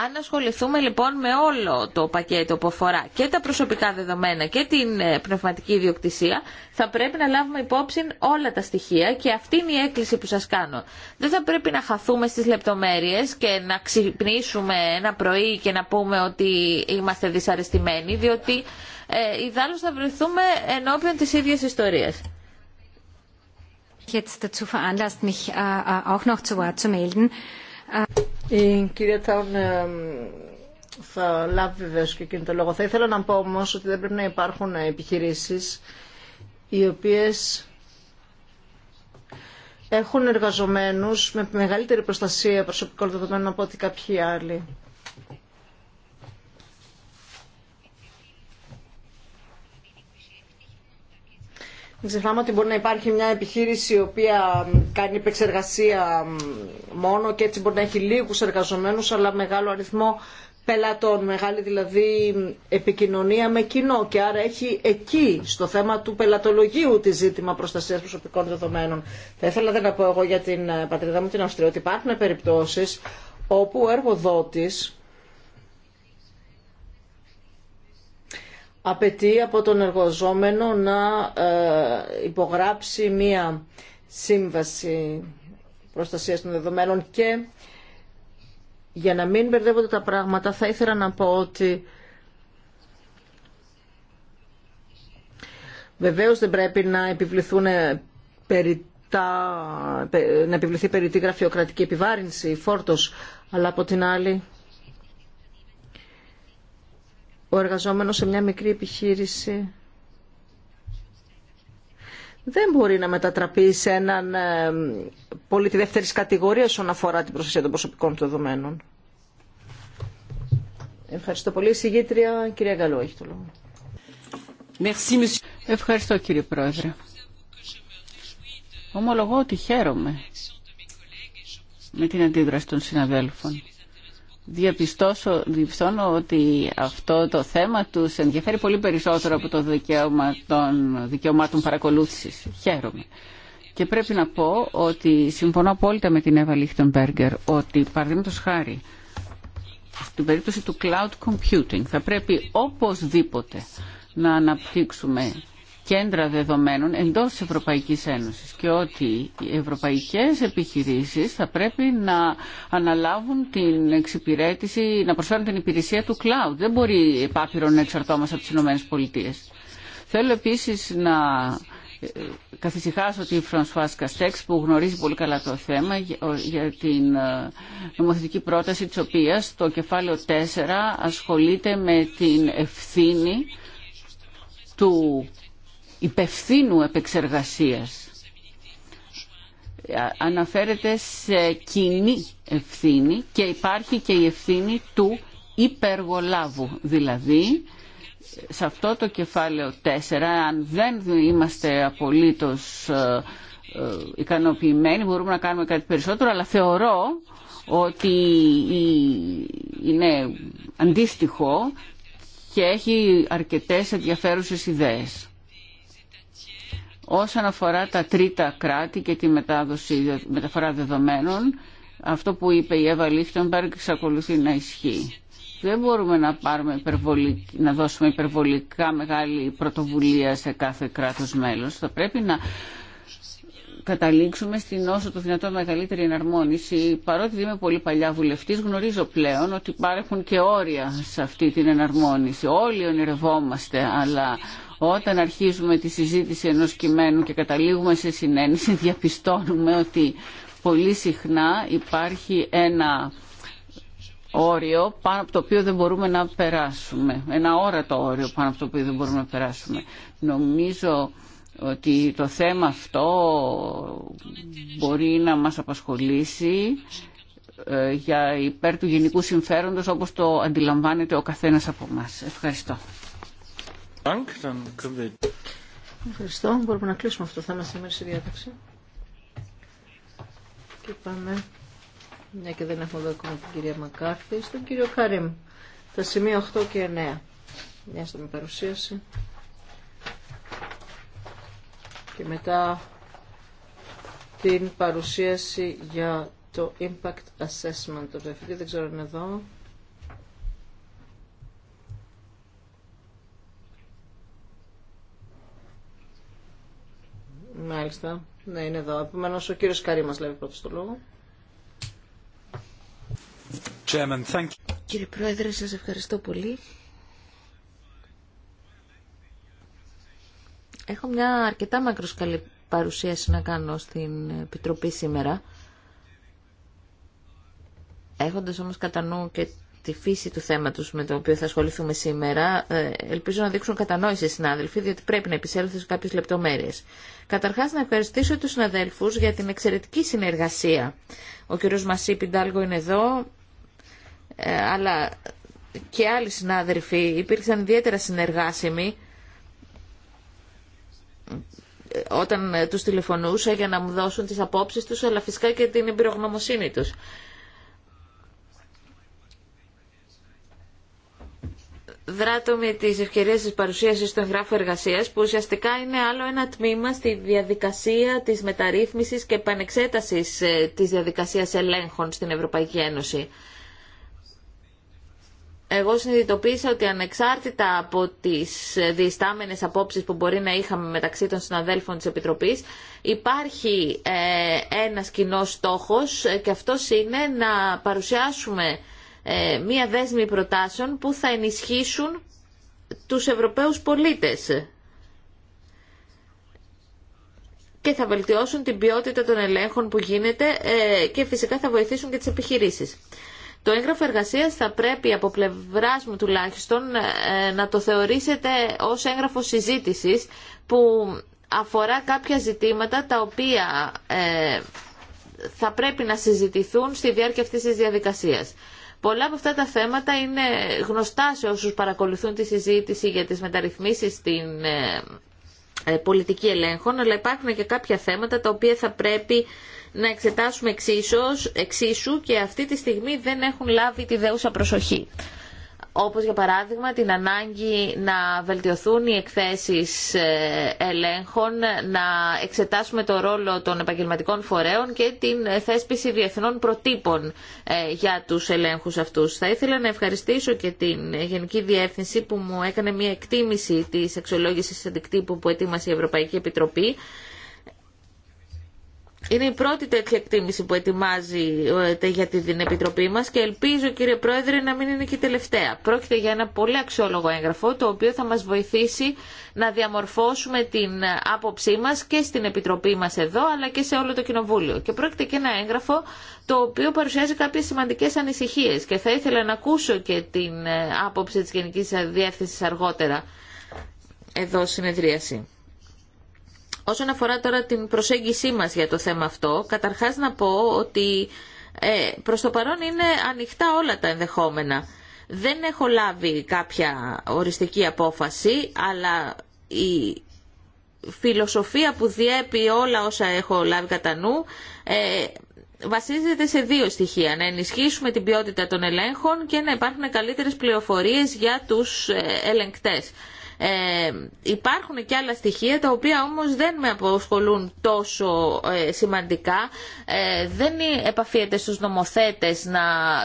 Αν ασχοληθούμε λοιπόν με όλο το πακέτο που αφορά και τα προσωπικά δεδομένα και την ε, πνευματική ιδιοκτησία, θα πρέπει να λάβουμε υπόψη όλα τα στοιχεία και αυτή είναι η έκκληση που σας κάνω. Δεν θα πρέπει να χαθούμε στις λεπτομέρειες και να ξυπνήσουμε ένα πρωί και να πούμε ότι είμαστε δυσαρεστημένοι, διότι ε, θα βρεθούμε ενώπιον της ίδιας ιστορίας. Jetzt dazu veranlasst mich äh, äh, auch noch zu Wort zu melden. Äh, η κυρία Τάουν ε, θα λάβει βεβαίω και εκείνη το λόγο. Θα ήθελα να πω όμω ότι δεν πρέπει να υπάρχουν επιχειρήσει οι οποίε έχουν εργαζομένους με μεγαλύτερη προστασία προσωπικών δεδομένων από ό,τι κάποιοι άλλοι. Μην ξεχνάμε ότι μπορεί να υπάρχει μια επιχείρηση η οποία κάνει επεξεργασία μόνο και έτσι μπορεί να έχει λίγους εργαζομένους αλλά μεγάλο αριθμό πελατών, μεγάλη δηλαδή επικοινωνία με κοινό και άρα έχει εκεί στο θέμα του πελατολογίου τη ζήτημα προστασίας προσωπικών δεδομένων. Θα ήθελα δεν να πω εγώ για την ε, πατρίδα μου την Αυστρία ότι υπάρχουν περιπτώσεις όπου ο εργοδότης απαιτεί από τον εργοζόμενο να ε, υπογράψει μία σύμβαση προστασίας των δεδομένων και για να μην μπερδεύονται τα πράγματα θα ήθελα να πω ότι βεβαίως δεν πρέπει να επιβληθούν περί να επιβληθεί περί τη γραφειοκρατική επιβάρυνση, φόρτος, αλλά από την άλλη ο εργαζόμενος σε μια μικρή επιχείρηση δεν μπορεί να μετατραπεί σε έναν ε, πολίτη δεύτερης κατηγορίας όσον αφορά την προστασία των προσωπικών του δεδομένων. Ευχαριστώ πολύ. συγγήτρια, κυρία Γκαλό, έχει το λόγο. Ευχαριστώ κύριε Πρόεδρε. Ομολογώ ότι χαίρομαι με την αντίδραση των συναδέλφων διαπιστώσω, διαπιστώνω ότι αυτό το θέμα του ενδιαφέρει πολύ περισσότερο από το δικαίωμα των δικαιωμάτων παρακολούθησης. Χαίρομαι. Και πρέπει να πω ότι συμφωνώ απόλυτα με την Εύα ότι ότι παραδείγματο χάρη στην περίπτωση του cloud computing θα πρέπει οπωσδήποτε να αναπτύξουμε κέντρα δεδομένων εντός της Ευρωπαϊκής Ένωσης και ότι οι ευρωπαϊκές επιχειρήσεις θα πρέπει να αναλάβουν την εξυπηρέτηση, να προσφέρουν την υπηρεσία του cloud. Δεν μπορεί επάπειρο να εξαρτώμαστε από τις Ηνωμένες Πολιτείες. Θέλω επίσης να ε, καθησυχάσω τη Φρανσουάς Καστέξ που γνωρίζει πολύ καλά το θέμα για την ε, νομοθετική πρόταση της οποίας το κεφάλαιο 4 ασχολείται με την ευθύνη του υπευθύνου επεξεργασίας. Αναφέρεται σε κοινή ευθύνη και υπάρχει και η ευθύνη του υπεργολάβου. Δηλαδή, σε αυτό το κεφάλαιο 4, αν δεν είμαστε απολύτως ε, ε, ικανοποιημένοι, μπορούμε να κάνουμε κάτι περισσότερο, αλλά θεωρώ ότι είναι αντίστοιχο και έχει αρκετές ενδιαφέρουσες ιδέες. Όσον αφορά τα τρίτα κράτη και τη μετάδοση, μεταφορά δεδομένων, αυτό που είπε η Εύα Λίχτεμπεργκ εξακολουθεί να ισχύει. Δεν μπορούμε να, πάρουμε να δώσουμε υπερβολικά μεγάλη πρωτοβουλία σε κάθε κράτος μέλος. Θα πρέπει να καταλήξουμε στην όσο το δυνατόν μεγαλύτερη εναρμόνιση. Παρότι είμαι πολύ παλιά βουλευτής, γνωρίζω πλέον ότι υπάρχουν και όρια σε αυτή την εναρμόνιση. Όλοι ονειρευόμαστε, αλλά όταν αρχίζουμε τη συζήτηση ενός κειμένου και καταλήγουμε σε συνένεση, διαπιστώνουμε ότι πολύ συχνά υπάρχει ένα όριο πάνω από το οποίο δεν μπορούμε να περάσουμε. Ένα όρατο όριο πάνω από το οποίο δεν μπορούμε να περάσουμε. Νομίζω ότι το θέμα αυτό μπορεί να μας απασχολήσει ε, για υπέρ του γενικού συμφέροντος όπως το αντιλαμβάνεται ο καθένας από μας. Ευχαριστώ. Ευχαριστώ. Μπορούμε να κλείσουμε αυτό το θέμα σήμερα στη διάταξη. Και πάμε, μια και δεν έχουμε εδώ ακόμα την κυρία Μακάρθη, στον κύριο Καρύμ. Τα σημεία 8 και 9. Μια στον παρουσίαση. Και μετά την παρουσίαση για το Impact Assessment. Το δεν ξέρω αν είναι εδώ. Μάλιστα. Ναι, είναι εδώ. Επομένω, ο κύριο Καρή μα λέει πρώτο το λόγο. Chairman, thank you. Κύριε Πρόεδρε, σα ευχαριστώ πολύ. Έχω μια αρκετά μακροσκαλή παρουσίαση να κάνω στην Επιτροπή σήμερα. Έχοντας όμως κατά νου και τη φύση του θέματος με το οποίο θα ασχοληθούμε σήμερα, ε, ελπίζω να δείξουν κατανόηση οι συνάδελφοι, διότι πρέπει να επισέλθω σε κάποιες λεπτομέρειες. Καταρχάς, να ευχαριστήσω τους συναδέλφους για την εξαιρετική συνεργασία. Ο κ. Μασί Πιντάλγο είναι εδώ, ε, αλλά και άλλοι συνάδελφοι υπήρξαν ιδιαίτερα συνεργάσιμοι ε, όταν τους τηλεφωνούσα για να μου δώσουν τις απόψεις τους, αλλά φυσικά και την εμπειρογνωμοσύνη τους. δράτω με τις ευκαιρίες της παρουσίασης του εγγράφου εργασίας που ουσιαστικά είναι άλλο ένα τμήμα στη διαδικασία της μεταρρύθμισης και επανεξέτασης ε, της διαδικασίας ελέγχων στην Ευρωπαϊκή Ένωση. Εγώ συνειδητοποίησα ότι ανεξάρτητα από τις ε, διστάμενες απόψεις που μπορεί να είχαμε μεταξύ των συναδέλφων της Επιτροπής, υπάρχει ε, ένας κοινός στόχος και αυτός είναι να παρουσιάσουμε ε, μία δέσμη προτάσεων που θα ενισχύσουν τους Ευρωπαίους πολίτες και θα βελτιώσουν την ποιότητα των ελέγχων που γίνεται ε, και φυσικά θα βοηθήσουν και τις επιχειρήσεις. Το έγγραφο εργασία θα πρέπει από πλευρά μου τουλάχιστον ε, να το θεωρήσετε ως έγγραφο συζήτησης που αφορά κάποια ζητήματα τα οποία θα πρέπει να συζητηθούν στη διάρκεια αυτής της διαδικασίας. Πολλά από αυτά τα θέματα είναι γνωστά σε όσους παρακολουθούν τη συζήτηση για τις μεταρρυθμίσεις στην ε, ε, πολιτική ελέγχων, αλλά υπάρχουν και κάποια θέματα τα οποία θα πρέπει να εξετάσουμε εξίσου, εξίσου και αυτή τη στιγμή δεν έχουν λάβει τη δέουσα προσοχή όπως για παράδειγμα την ανάγκη να βελτιωθούν οι εκθέσεις ε, ελέγχων, να εξετάσουμε το ρόλο των επαγγελματικών φορέων και την θέσπιση διεθνών προτύπων ε, για τους ελέγχους αυτούς. Θα ήθελα να ευχαριστήσω και την Γενική Διεύθυνση που μου έκανε μια εκτίμηση της αξιολόγησης αντικτύπου που ετοίμασε η Ευρωπαϊκή Επιτροπή είναι η πρώτη τέτοια εκτίμηση που ετοιμάζει ε, για την Επιτροπή μας και ελπίζω κύριε Πρόεδρε να μην είναι και η τελευταία. Πρόκειται για ένα πολύ αξιόλογο έγγραφο το οποίο θα μας βοηθήσει να διαμορφώσουμε την άποψή μας και στην Επιτροπή μας εδώ αλλά και σε όλο το Κοινοβούλιο. Και πρόκειται και ένα έγγραφο το οποίο παρουσιάζει κάποιες σημαντικές ανησυχίες και θα ήθελα να ακούσω και την ε, άποψη της Γενικής Διεύθυνσης αργότερα εδώ συνεδρίαση. Όσον αφορά τώρα την προσέγγισή μας για το θέμα αυτό, καταρχάς να πω ότι ε, προς το παρόν είναι ανοιχτά όλα τα ενδεχόμενα. Δεν έχω λάβει κάποια οριστική απόφαση, αλλά η φιλοσοφία που διέπει όλα όσα έχω λάβει κατά νου ε, βασίζεται σε δύο στοιχεία. Να ενισχύσουμε την ποιότητα των ελέγχων και να υπάρχουν καλύτερες πληροφορίες για τους ε, ελεγκτές. Ε, υπάρχουν και άλλα στοιχεία τα οποία όμως δεν με αποσχολούν τόσο ε, σημαντικά. Ε, δεν ε, επαφίεται στους νομοθέτες να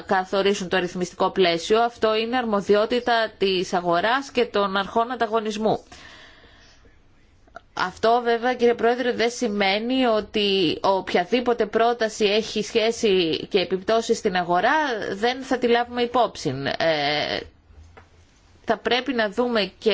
καθορίσουν το αριθμιστικό πλαίσιο. Αυτό είναι αρμοδιότητα της αγοράς και των αρχών ανταγωνισμού. Αυτό βέβαια κύριε Πρόεδρε δεν σημαίνει ότι οποιαδήποτε πρόταση έχει σχέση και επιπτώσει στην αγορά δεν θα τη λάβουμε υπόψη. Ε, θα πρέπει να δούμε και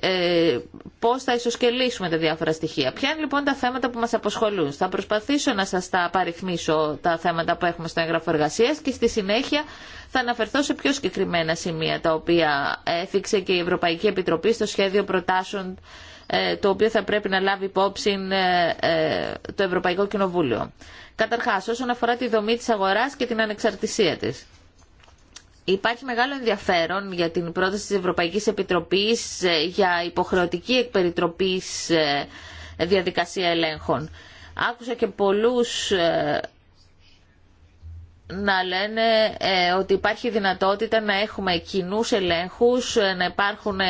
ε, πώς θα ισοσκελίσουμε τα διάφορα στοιχεία. Ποια είναι λοιπόν τα θέματα που μας αποσχολούν. Θα προσπαθήσω να σας τα απαριθμίσω τα θέματα που έχουμε στο έγγραφο εργασία και στη συνέχεια θα αναφερθώ σε πιο συγκεκριμένα σημεία τα οποία έθιξε και η Ευρωπαϊκή Επιτροπή στο σχέδιο προτάσεων ε, το οποίο θα πρέπει να λάβει υπόψη ε, ε, το Ευρωπαϊκό Κοινοβούλιο. Καταρχάς, όσον αφορά τη δομή της αγοράς και την ανεξαρτησία της. Υπάρχει μεγάλο ενδιαφέρον για την πρόταση της Ευρωπαϊκής Επιτροπής ε, για υποχρεωτική εκπεριτροπής ε, διαδικασία ελέγχων. Άκουσα και πολλούς ε, να λένε ότι υπάρχει δυνατότητα να έχουμε κοινούς ελέγχους, να υπάρχουν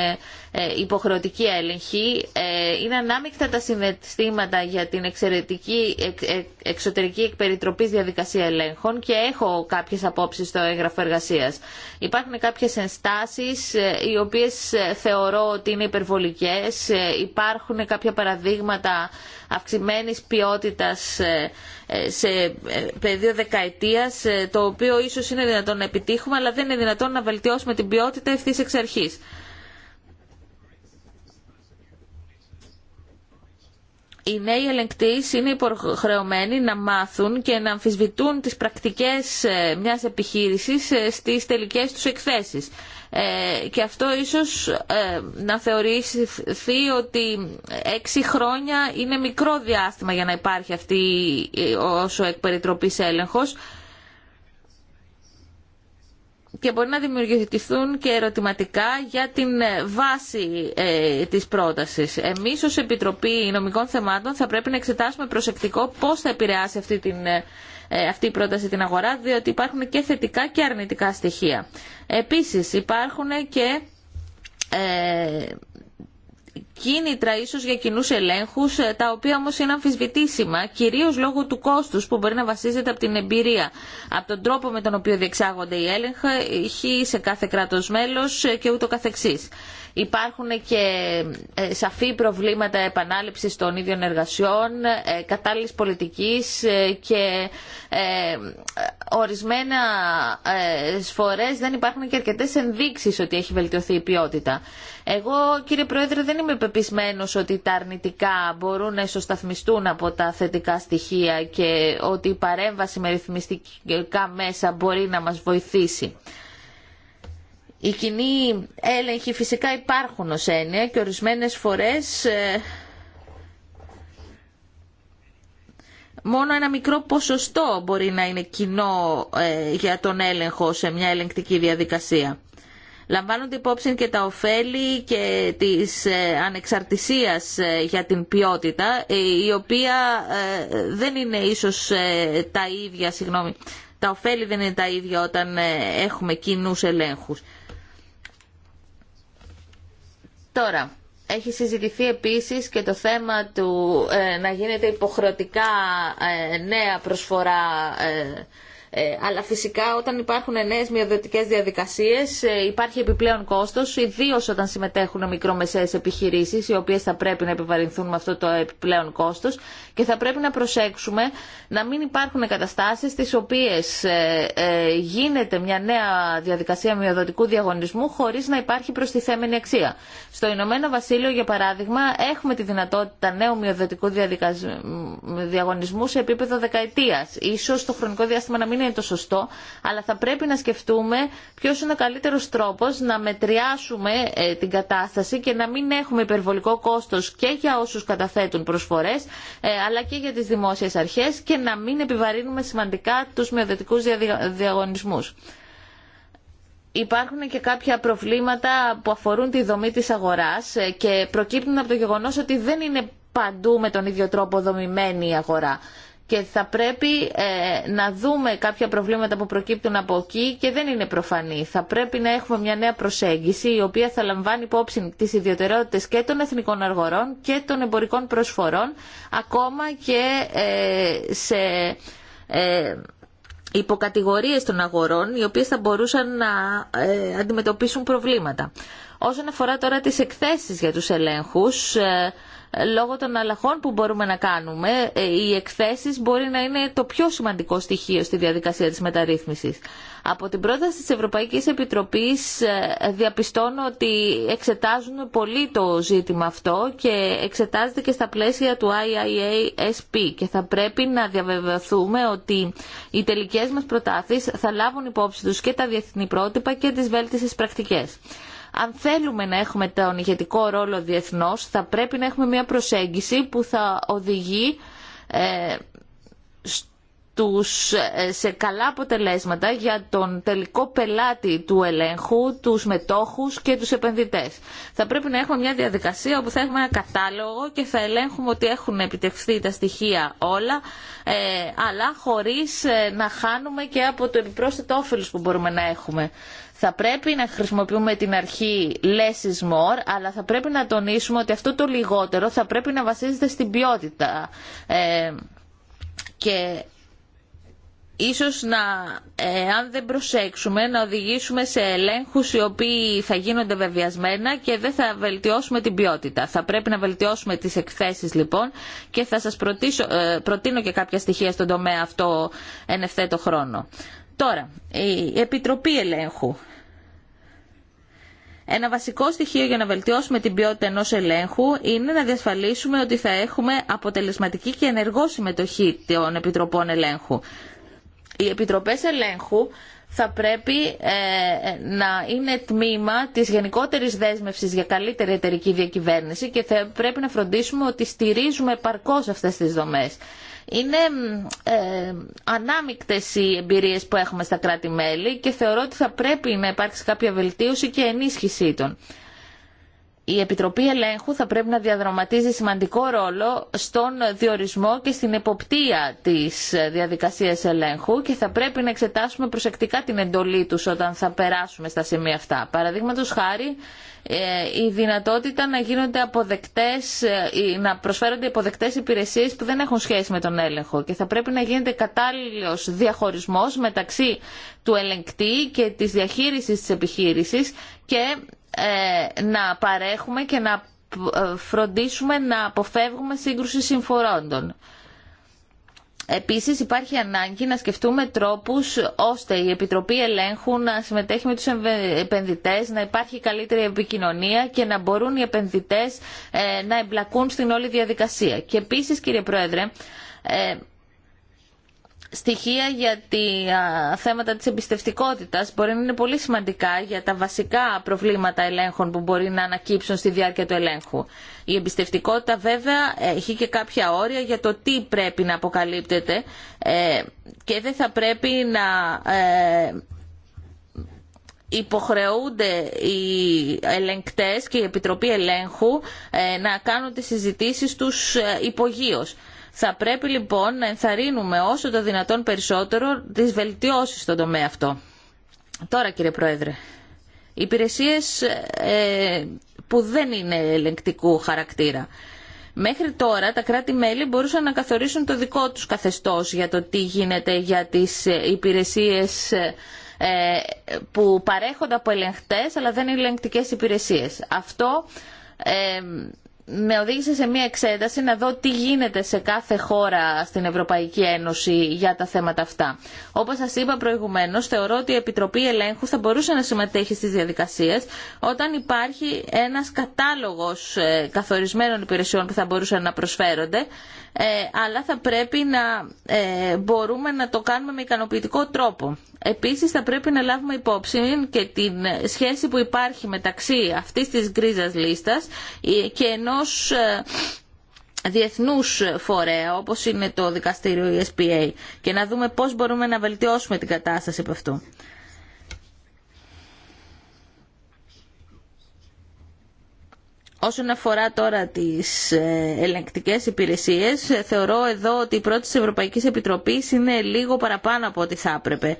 ε, υποχρεωτική έλεγχη. Ε, είναι ανάμεικτα τα συναισθήματα για την εξαιρετική ε, εξωτερική εκπεριτροπή διαδικασία ελέγχων και έχω κάποιες απόψεις στο έγγραφο εργασίας. Υπάρχουν κάποιες ενστάσεις οι οποίες θεωρώ ότι είναι υπερβολικές. Υπάρχουν κάποια παραδείγματα αυξημένης ποιότητας σε πεδίο δεκαετίας το οποίο ίσως είναι δυνατόν να επιτύχουμε αλλά δεν είναι δυνατόν να βελτιώσουμε την ποιότητα ευθύ εξ αρχής. οι νέοι ελεγκτείς είναι υποχρεωμένοι να μάθουν και να αμφισβητούν τις πρακτικές ε, μιας επιχείρησης ε, στις τελικές τους εκθέσεις. Ε, και αυτό ίσως να θεωρηθεί ότι έξι χρόνια είναι μικρό διάστημα για να υπάρχει αυτή όσο εκπεριτροπής έλεγχος και μπορεί να δημιουργηθούν και ερωτηματικά για την ε, βάση ε, της πρότασης. Εμείς ως Επιτροπή Νομικών Θεμάτων θα πρέπει να εξετάσουμε προσεκτικό πώς θα επηρεάσει αυτή, ε, ε, η πρόταση την αγορά, διότι υπάρχουν και θετικά και αρνητικά στοιχεία. Επίσης υπάρχουν και κίνητρα ίσως για κοινού ελέγχου, ε, τα οποία όμως είναι αμφισβητήσιμα, κυρίως λόγω του κόστους που μπορεί να βασίζεται από την εμπειρία, από τον τρόπο με τον οποίο διεξάγονται οι έλεγχοι σε κάθε κράτος μέλος ε, και ούτω καθεξής. Υπάρχουν και ε, σαφή προβλήματα επανάληψης των ίδιων εργασιών, ε, κατάλληλης πολιτικής ε, και ορισμένα φορές δεν υπάρχουν και αρκετές ενδείξεις ότι έχει βελτιωθεί η ποιότητα. Εγώ κύριε Πρόεδρε δεν είμαι πεπισμένος ότι τα αρνητικά μπορούν να ισοσταθμιστούν από τα θετικά στοιχεία και ότι η παρέμβαση με ρυθμιστικά μέσα μπορεί να μας βοηθήσει. Οι κοινοί έλεγχοι φυσικά υπάρχουν ως έννοια και ορισμένες φορές ε, μόνο ένα μικρό ποσοστό μπορεί να είναι κοινό ε, για τον έλεγχο σε μια ελεγκτική διαδικασία. Λαμβάνονται υπόψη και τα ωφέλη και της ε, ανεξαρτησίας για την ποιότητα, η οποία δεν είναι ίσως τα ίδια, συγγνώμη, τα ωφέλη δεν είναι τα ίδια όταν έχουμε κοινούς ελέγχους. Τώρα, έχει συζητηθεί επίσης και το θέμα του ε, να γίνεται υποχρεωτικά ε, νέα προσφορά ε, αλλά φυσικά όταν υπάρχουν νέε μειοδοτικέ διαδικασίε υπάρχει επιπλέον κόστο, ιδίω όταν συμμετέχουν μικρομεσαίες επιχειρήσει, οι οποίε θα πρέπει να επιβαρυνθούν με αυτό το επιπλέον κόστο και θα πρέπει να προσέξουμε να μην υπάρχουν καταστάσεις στις οποίες ε, ε, γίνεται μια νέα διαδικασία μειοδοτικού διαγωνισμού χωρίς να υπάρχει προστιθέμενη αξία. Στο Ηνωμένο Βασίλειο, για παράδειγμα, έχουμε τη δυνατότητα νέου μειοδοτικού διαγωνισμού σε επίπεδο δεκαετίας. Ίσως το χρονικό διάστημα να μην είναι το σωστό, αλλά θα πρέπει να σκεφτούμε ποιο είναι ο καλύτερος τρόπος να μετριάσουμε ε, την κατάσταση και να μην έχουμε υπερβολικό κόστος και για όσους καταθέτουν προσφορές, αλλά και για τις δημόσιες αρχές και να μην επιβαρύνουμε σημαντικά τους μειοδετικούς διαγωνισμούς. Υπάρχουν και κάποια προβλήματα που αφορούν τη δομή της αγοράς ε, και προκύπτουν από το γεγονός ότι δεν είναι παντού με τον ίδιο τρόπο δομημένη η αγορά και θα πρέπει ε, να δούμε κάποια προβλήματα που προκύπτουν από εκεί και δεν είναι προφανή. Θα πρέπει να έχουμε μια νέα προσέγγιση η οποία θα λαμβάνει υπόψη τις ιδιωτερότητες και των εθνικών αργορών και των εμπορικών προσφορών ακόμα και ε, σε ε, υποκατηγορίες των αγορών οι οποίες θα μπορούσαν να ε, αντιμετωπίσουν προβλήματα. Όσον αφορά τώρα τις εκθέσεις για τους ελέγχους λόγω των αλλαχών που μπορούμε να κάνουμε, ε, οι εκθέσεις μπορεί να είναι το πιο σημαντικό στοιχείο στη διαδικασία της μεταρρύθμισης. Από την πρόταση της Ευρωπαϊκής Επιτροπής ε, διαπιστώνω ότι εξετάζουν πολύ το ζήτημα αυτό και εξετάζεται και στα πλαίσια του IIASP και θα πρέπει να διαβεβαιωθούμε ότι οι τελικές μας προτάσεις θα λάβουν υπόψη τους και τα διεθνή πρότυπα και τις βέλτιστες πρακτικές αν θέλουμε να έχουμε τον ηγετικό ρόλο διεθνώς, θα πρέπει να έχουμε μια προσέγγιση που θα οδηγεί ε, ε, σε καλά αποτελέσματα για τον τελικό πελάτη του ελέγχου, τους μετόχους και τους επενδυτές. Θα πρέπει να έχουμε μια διαδικασία όπου θα έχουμε ένα κατάλογο και θα ελέγχουμε ότι έχουν επιτευχθεί τα στοιχεία όλα, ε, αλλά χωρίς να χάνουμε και από το επιπρόσθετο όφελος που μπορούμε να έχουμε. Θα πρέπει να χρησιμοποιούμε την αρχή less is more, αλλά θα πρέπει να τονίσουμε ότι αυτό το λιγότερο θα πρέπει να βασίζεται στην ποιότητα. Ε, και ίσως να, ε, αν δεν προσέξουμε, να οδηγήσουμε σε ελέγχους οι οποίοι θα γίνονται βεβαιασμένα και δεν θα βελτιώσουμε την ποιότητα. Θα πρέπει να βελτιώσουμε τις εκθέσεις λοιπόν και θα σας ε, προτείνω και κάποια στοιχεία στον τομέα αυτό εν ευθέτω χρόνο. Τώρα, η Επιτροπή Ελέγχου. Ένα βασικό στοιχείο για να βελτιώσουμε την ποιότητα ενός ελέγχου είναι να διασφαλίσουμε ότι θα έχουμε αποτελεσματική και ενεργό συμμετοχή των Επιτροπών Ελέγχου. Οι Επιτροπές Ελέγχου θα πρέπει ε, να είναι τμήμα της γενικότερης δέσμευσης για καλύτερη εταιρική διακυβέρνηση και θα πρέπει να φροντίσουμε ότι στηρίζουμε παρκώς αυτές τις δομές. Είναι ε, ανάμεικτες οι εμπειρίες που έχουμε στα κράτη-μέλη και θεωρώ ότι θα πρέπει να υπάρξει κάποια βελτίωση και ενίσχυσή των. Η Επιτροπή Ελέγχου θα πρέπει να διαδραματίζει σημαντικό ρόλο στον διορισμό και στην εποπτεία της διαδικασίας ελέγχου και θα πρέπει να εξετάσουμε προσεκτικά την εντολή τους όταν θα περάσουμε στα σημεία αυτά. Παραδείγματο χάρη, ε, η δυνατότητα να γίνονται αποδεκτές, ε, να προσφέρονται αποδεκτές υπηρεσίες που δεν έχουν σχέση με τον έλεγχο και θα πρέπει να γίνεται κατάλληλος διαχωρισμός μεταξύ του ελεγκτή και της διαχείρισης της επιχείρησης και ε, να παρέχουμε και να φροντίσουμε να αποφεύγουμε σύγκρουση συμφορώντων. Επίσης υπάρχει ανάγκη να σκεφτούμε τρόπους ώστε η Επιτροπή Ελέγχου να συμμετέχει με τους επενδυτές, να υπάρχει καλύτερη επικοινωνία και να μπορούν οι επενδυτές ε, να εμπλακούν στην όλη διαδικασία. Και επίσης κύριε Πρόεδρε, ε, στοιχεία για τα θέματα της εμπιστευτικότητας μπορεί να είναι πολύ σημαντικά για τα βασικά προβλήματα ελέγχων που μπορεί να ανακύψουν στη διάρκεια του ελέγχου. Η εμπιστευτικότητα βέβαια έχει και κάποια όρια για το τι πρέπει να αποκαλύπτεται ε, και δεν θα πρέπει να ε, υποχρεούνται οι ελεγκτές και η Επιτροπή Ελέγχου ε, να κάνουν τις συζητήσεις τους υπογείως. Θα πρέπει λοιπόν να ενθαρρύνουμε όσο το δυνατόν περισσότερο τις βελτιώσεις στον τομέα αυτό. Τώρα κύριε Πρόεδρε, οι υπηρεσίες που δεν είναι ελεγκτικού χαρακτήρα. Μέχρι τώρα τα κράτη-μέλη μπορούσαν να καθορίσουν το δικό τους καθεστώς για το τι γίνεται για τις ε, υπηρεσίες ε, ε, που παρέχονται από ελεγχτές αλλά δεν είναι ελεγκτικές υπηρεσίες. Αυτό ε, με οδήγησε σε μία εξέταση να δω τι γίνεται σε κάθε χώρα στην Ευρωπαϊκή Ένωση για τα θέματα αυτά. Όπω σα είπα προηγουμένω, θεωρώ ότι η Επιτροπή Ελέγχου θα μπορούσε να συμμετέχει στι διαδικασίε όταν υπάρχει ένα κατάλογο ε, καθορισμένων υπηρεσιών που θα μπορούσαν να προσφέρονται, ε, αλλά θα πρέπει να ε, μπορούμε να το κάνουμε με ικανοποιητικό τρόπο. Επίσης θα πρέπει να λάβουμε υπόψη και την σχέση που υπάρχει μεταξύ αυτής της γκρίζας λίστας και ενώ ενός ε, διεθνούς φορέα όπως είναι το δικαστήριο ESPA και να δούμε πώς μπορούμε να βελτιώσουμε την κατάσταση από αυτού. Όσον αφορά τώρα τις ε, ελεγκτικές υπηρεσίες, θεωρώ εδώ ότι η πρώτη της Ευρωπαϊκής Επιτροπής είναι λίγο παραπάνω από ό,τι θα έπρεπε.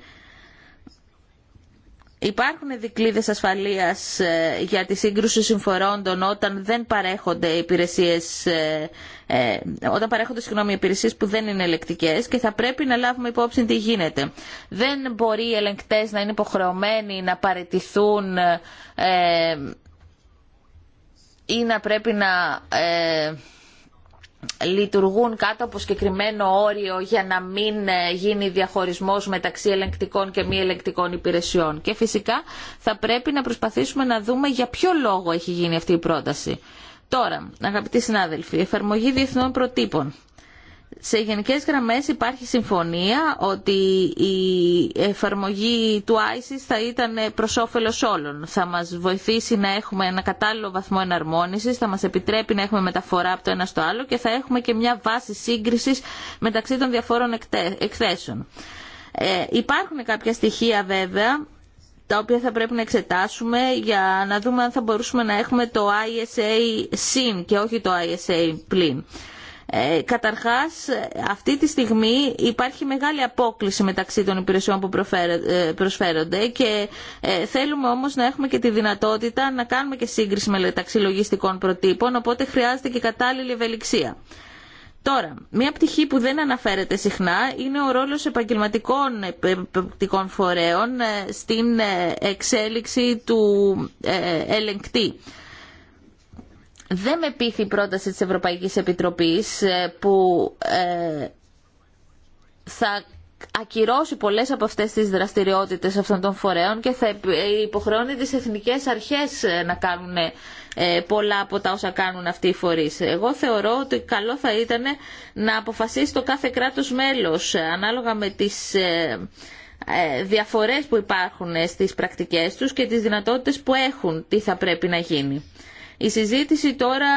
Υπάρχουν δικλείδες ασφαλείας ε, για τη σύγκρουση συμφορώντων όταν δεν παρέχονται υπηρεσίες, ε, ε, όταν παρέχονται συγγνώμη, υπηρεσίες που δεν είναι ελεκτικές και θα πρέπει να λάβουμε υπόψη τι γίνεται. Δεν μπορεί οι ελεγκτές να είναι υποχρεωμένοι να παρετηθούν ή να πρέπει να λειτουργούν κάτω από συγκεκριμένο όριο για να μην ε, γίνει διαχωρισμός μεταξύ ελεγκτικών και μη ελεγκτικών υπηρεσιών. Και φυσικά θα πρέπει να προσπαθήσουμε να δούμε για ποιο λόγο έχει γίνει αυτή η πρόταση. Τώρα, αγαπητοί συνάδελφοι, εφαρμογή διεθνών προτύπων σε γενικές γραμμές υπάρχει συμφωνία ότι η εφαρμογή του ISIS θα ήταν προς όφελος όλων. Θα μας βοηθήσει να έχουμε ένα κατάλληλο βαθμό εναρμόνισης, θα μας επιτρέπει να έχουμε μεταφορά από το ένα στο άλλο και θα έχουμε και μια βάση σύγκρισης μεταξύ των διαφόρων εκθέσεων. Ε, υπάρχουν κάποια στοιχεία βέβαια τα οποία θα πρέπει να εξετάσουμε για να δούμε αν θα μπορούσαμε να έχουμε το ISA συν και όχι το ISA πλην. Ε, καταρχάς, αυτή τη στιγμή υπάρχει μεγάλη απόκληση μεταξύ των υπηρεσιών που ε, προσφέρονται και ε, θέλουμε όμως να έχουμε και τη δυνατότητα να κάνουμε και σύγκριση μεταξύ λογιστικών προτύπων, οπότε χρειάζεται και κατάλληλη ευελιξία. Τώρα, μία πτυχή που δεν αναφέρεται συχνά είναι ο ρόλος επαγγελματικών φορέων στην εξέλιξη του ελεγκτή δεν με πείθει η πρόταση της Ευρωπαϊκής Επιτροπής ε, που ε, θα ακυρώσει πολλές από αυτές τις δραστηριότητες αυτών των φορέων και θα υποχρεώνει τις εθνικές αρχές ε, να κάνουν πολλά από τα όσα κάνουν αυτοί οι φορείς. Εγώ θεωρώ ότι καλό θα ήταν να αποφασίσει το κάθε κράτος μέλος ανάλογα με τις διαφορές που υπάρχουν στις πρακτικές τους και τις δυνατότητες που έχουν τι θα πρέπει να γίνει. Η συζήτηση τώρα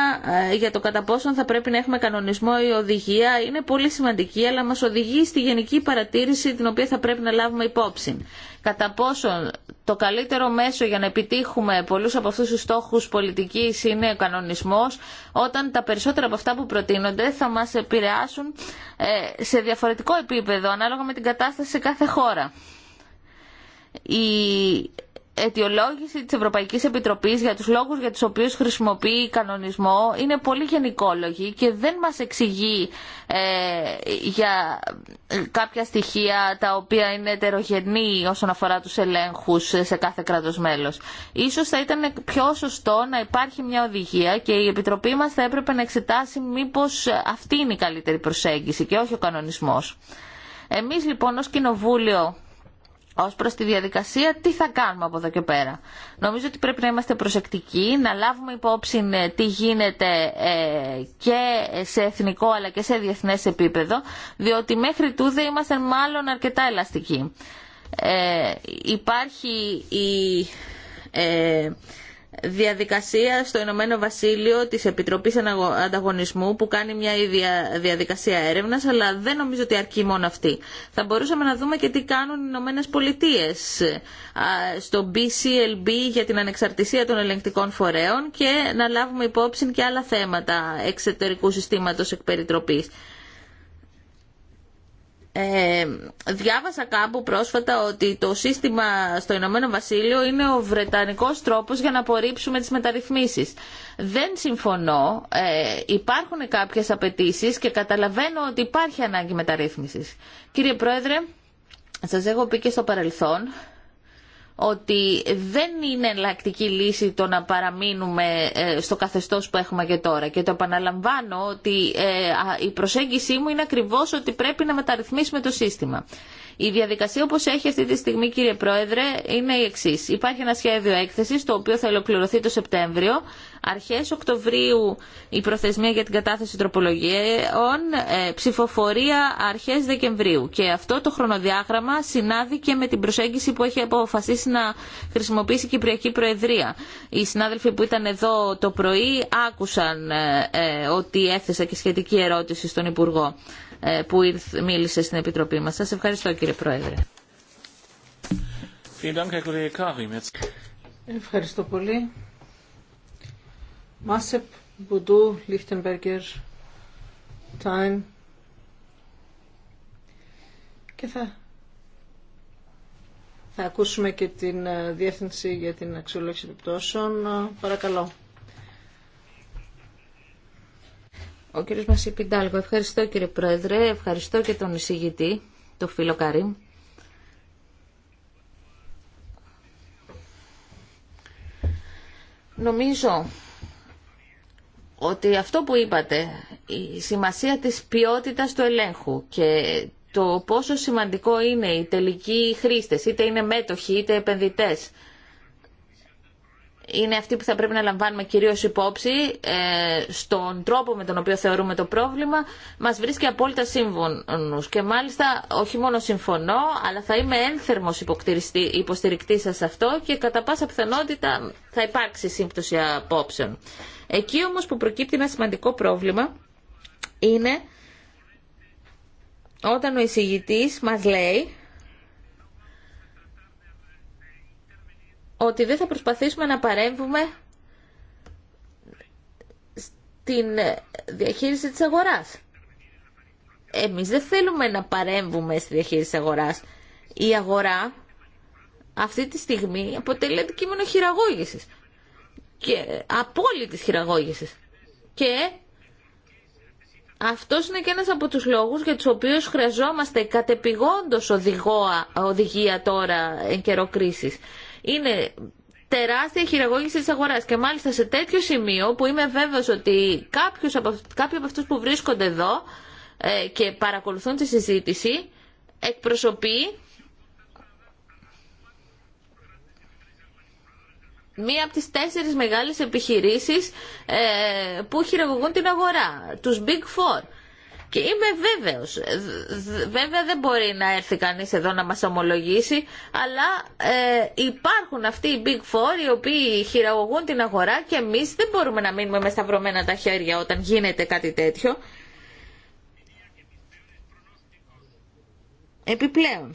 ε, για το κατά πόσον θα πρέπει να έχουμε κανονισμό ή οδηγία είναι πολύ σημαντική, αλλά μας οδηγεί στη γενική παρατήρηση την οποία θα πρέπει να λάβουμε υπόψη. Κατά πόσον το καλύτερο μέσο για να επιτύχουμε πολλούς από αυτούς τους στόχους πολιτικής είναι ο κανονισμός, όταν τα περισσότερα από αυτά που προτείνονται θα μας επηρεάσουν ε, σε διαφορετικό επίπεδο, ανάλογα με την κατάσταση σε κάθε χώρα αιτιολόγηση της Ευρωπαϊκής Επιτροπής για τους λόγους για τους οποίους χρησιμοποιεί κανονισμό είναι πολύ γενικόλογη και δεν μας εξηγεί ε, για κάποια στοιχεία τα οποία είναι ετερογενή όσον αφορά τους ελέγχους σε κάθε κράτος μέλος. Ίσως θα ήταν πιο σωστό να υπάρχει μια οδηγία και η Επιτροπή μας θα έπρεπε να εξετάσει μήπω αυτή είναι η καλύτερη προσέγγιση και όχι ο κανονισμός. Εμείς λοιπόν ως Κοινοβούλιο Ω προ τη διαδικασία, τι θα κάνουμε από εδώ και πέρα. Νομίζω ότι πρέπει να είμαστε προσεκτικοί, να λάβουμε υπόψη ε, τι γίνεται ε, και σε εθνικό αλλά και σε διεθνές επίπεδο, διότι μέχρι τούδε είμαστε μάλλον αρκετά ελαστικοί. Ε, υπάρχει η... Ε, διαδικασία στο Ηνωμένο Βασίλειο της Επιτροπής Ανταγωνισμού που κάνει μια ίδια διαδικασία έρευνας, αλλά δεν νομίζω ότι αρκεί μόνο αυτή. Θα μπορούσαμε να δούμε και τι κάνουν οι Ηνωμένε Πολιτείε στο BCLB για την ανεξαρτησία των ελεγκτικών φορέων και να λάβουμε υπόψη και άλλα θέματα εξωτερικού συστήματος εκπεριτροπής. Ε, διάβασα κάπου πρόσφατα ότι το σύστημα στο Ηνωμένο Βασίλειο είναι ο βρετανικός τρόπος για να απορρίψουμε τις μεταρρυθμίσεις. Δεν συμφωνώ. Ε, υπάρχουν κάποιες απαιτήσει και καταλαβαίνω ότι υπάρχει ανάγκη μεταρρύθμισης. Κύριε Πρόεδρε, σας έχω πει και στο παρελθόν ότι δεν είναι εναλλακτική λύση το να παραμείνουμε ε, στο καθεστώς που έχουμε και τώρα. Και το επαναλαμβάνω ότι ε, η προσέγγιση μου είναι ακριβώς ότι πρέπει να μεταρρυθμίσουμε το σύστημα. Η διαδικασία όπως έχει αυτή τη στιγμή κύριε Πρόεδρε είναι η εξή. Υπάρχει ένα σχέδιο έκθεσης το οποίο θα ολοκληρωθεί το Σεπτέμβριο αρχές Οκτωβρίου η προθεσμία για την κατάθεση τροπολογιών, ε, ψηφοφορία αρχές Δεκεμβρίου. Και αυτό το χρονοδιάγραμμα συνάδει και με την προσέγγιση που έχει αποφασίσει να χρησιμοποιήσει η Κυπριακή Προεδρία. Οι συνάδελφοι που ήταν εδώ το πρωί άκουσαν ε, ε, ότι έθεσα και σχετική ερώτηση στον Υπουργό που μίλησε στην Επιτροπή μας. Σας ευχαριστώ κύριε Πρόεδρε. Ευχαριστώ πολύ. Μάσεπ, Budu, Lichtenberger, Time. Και θα, θα ακούσουμε και την ε, Διεύθυνση για την Αξιολόγηση Επιπτώσεων. Ε, παρακαλώ. Ο κύριος Ντάλγο. ευχαριστώ κύριε Πρόεδρε, ευχαριστώ και τον εισηγητή, τον φίλο Καρύμ. Νομίζω ότι αυτό που είπατε, η σημασία της ποιότητας του ελέγχου και το πόσο σημαντικό είναι οι τελικοί χρήστες, είτε είναι μέτοχοι είτε επενδυτές, είναι αυτή που θα πρέπει να λαμβάνουμε κυρίως υπόψη ε, στον τρόπο με τον οποίο θεωρούμε το πρόβλημα μας βρίσκει απόλυτα σύμφωνους και μάλιστα όχι μόνο συμφωνώ αλλά θα είμαι ένθερμος υποστηρικτής σε αυτό και κατά πάσα πιθανότητα θα υπάρξει σύμπτωση απόψεων. Εκεί όμως που προκύπτει ένα σημαντικό πρόβλημα είναι όταν ο εισηγητής μας λέει ότι δεν θα προσπαθήσουμε να παρέμβουμε στην διαχείριση της αγοράς. Εμείς δεν θέλουμε να παρέμβουμε στη διαχείριση της αγοράς. Η αγορά αυτή τη στιγμή αποτελεί αντικείμενο χειραγώγησης. Και απόλυτης χειραγώγησης. Και αυτό είναι και ένας από τους λόγους για τους οποίους χρειαζόμαστε κατεπηγόντως οδηγό, οδηγία τώρα εν καιρό κρίσης. Είναι τεράστια χειραγώγηση της αγοράς και μάλιστα σε τέτοιο σημείο που είμαι βέβαιος ότι από, κάποιοι από αυτούς που βρίσκονται εδώ ε, και παρακολουθούν τη συζήτηση εκπροσωπεί μία από τις τέσσερις μεγάλες επιχειρήσεις ε, που χειραγωγούν την αγορά, τους Big Four. Και είμαι βέβαιο. βέβαια δεν μπορεί να έρθει κανείς εδώ να μας ομολογήσει, αλλά ε, υπάρχουν αυτοί οι big four οι οποίοι χειραγωγούν την αγορά και εμείς δεν μπορούμε να μείνουμε με σταυρωμένα τα χέρια όταν γίνεται κάτι τέτοιο. Επιπλέον,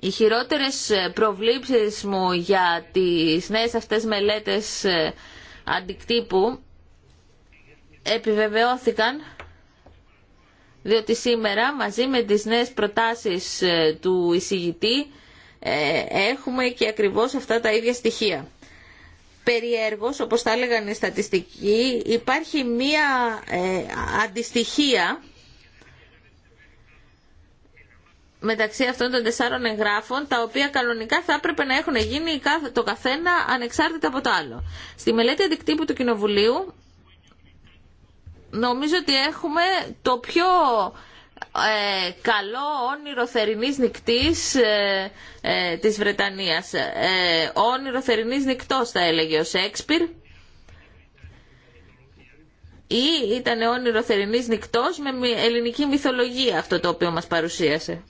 οι χειρότερες ε, προβλήψεις μου για τις νέες αυτές μελέτες ε, αντικτύπου επιβεβαιώθηκαν διότι σήμερα μαζί με τις νέες προτάσεις ε, του εισηγητή ε, έχουμε και ακριβώς αυτά τα ίδια στοιχεία. Περιέργως, όπως τα έλεγαν οι στατιστικοί, υπάρχει μία ε, αντιστοιχία μεταξύ αυτών των τεσσάρων εγγράφων, τα οποία κανονικά θα έπρεπε να έχουν γίνει το καθένα ανεξάρτητα από το άλλο. Στη μελέτη αντικτύπου του Κοινοβουλίου νομίζω ότι έχουμε το πιο ε, καλό όνειρο θερινής νυχτής ε, ε, της Βρετανίας. Όνειρο θερινής νυχτός θα έλεγε ο Σέξπιρ. Ή ήταν όνειρο θερινής νυχτός με ελληνική μυθολογία αυτό το οποίο μας παρουσίασε.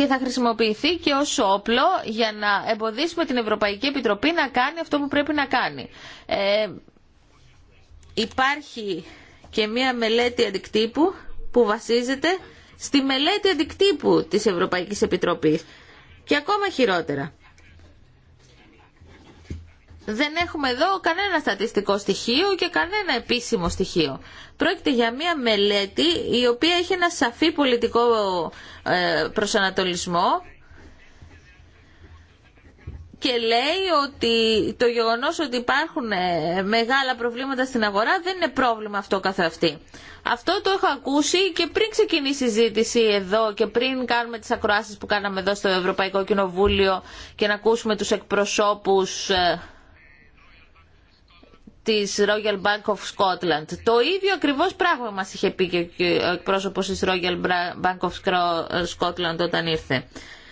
και θα χρησιμοποιηθεί και ως όπλο για να εμποδίσουμε την Ευρωπαϊκή Επιτροπή να κάνει αυτό που πρέπει να κάνει. Ε, υπάρχει και μία μελέτη αντικτύπου που βασίζεται στη μελέτη αντικτύπου της Ευρωπαϊκής Επιτροπής. Και ακόμα χειρότερα. Δεν έχουμε εδώ κανένα στατιστικό στοιχείο και κανένα επίσημο στοιχείο. Πρόκειται για μια μελέτη η οποία έχει ένα σαφή πολιτικό ε, προσανατολισμό και λέει ότι το γεγονός ότι υπάρχουν ε, μεγάλα προβλήματα στην αγορά δεν είναι πρόβλημα αυτό καθ' αυτή. Αυτό το έχω ακούσει και πριν ξεκινήσει η συζήτηση εδώ και πριν κάνουμε τις ακροάσεις που κάναμε εδώ στο Ευρωπαϊκό Κοινοβούλιο και να ακούσουμε τους εκπροσώπους ε, της Royal Bank of Scotland. Το ίδιο ακριβώς πράγμα μας είχε πει και ο εκπρόσωπος της Royal Bank of Scotland όταν ήρθε.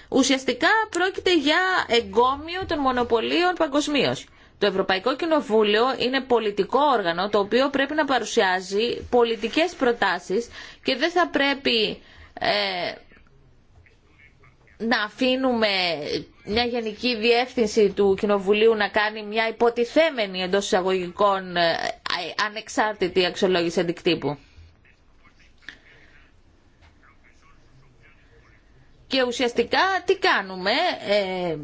Ουσιαστικά πρόκειται για εγκόμιο των μονοπωλίων παγκοσμίω. Το Ευρωπαϊκό Κοινοβούλιο είναι πολιτικό όργανο το οποίο πρέπει να παρουσιάζει πολιτικές προτάσεις και δεν θα πρέπει ε, να αφήνουμε μια γενική διεύθυνση του Κοινοβουλίου να κάνει μια υποτιθέμενη εντός εισαγωγικών ε, ανεξάρτητη αξιολόγηση αντικτύπου. Και ουσιαστικά τι κάνουμε, ε,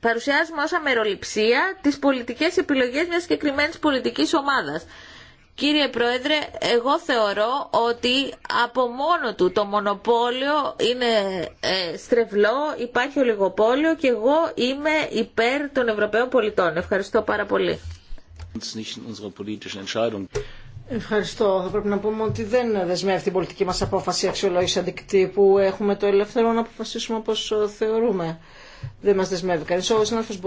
παρουσιάζουμε ως αμεροληψία τις πολιτικές επιλογές μιας συγκεκριμένη πολιτικής ομάδας. Κύριε Πρόεδρε, εγώ θεωρώ ότι από μόνο του το μονοπόλιο είναι ε, στρεβλό, υπάρχει ολιγοπόλιο και εγώ είμαι υπέρ των Ευρωπαίων πολιτών. Ευχαριστώ πάρα πολύ. Ευχαριστώ. Θα πρέπει να πούμε ότι δεν δεσμεύει η πολιτική μας απόφαση αξιολόγηση αντικτύπου. Έχουμε το ελεύθερο να αποφασίσουμε όπως ε, θεωρούμε. Δεν μας δεσμεύει κανείς. Ο συνάδελφος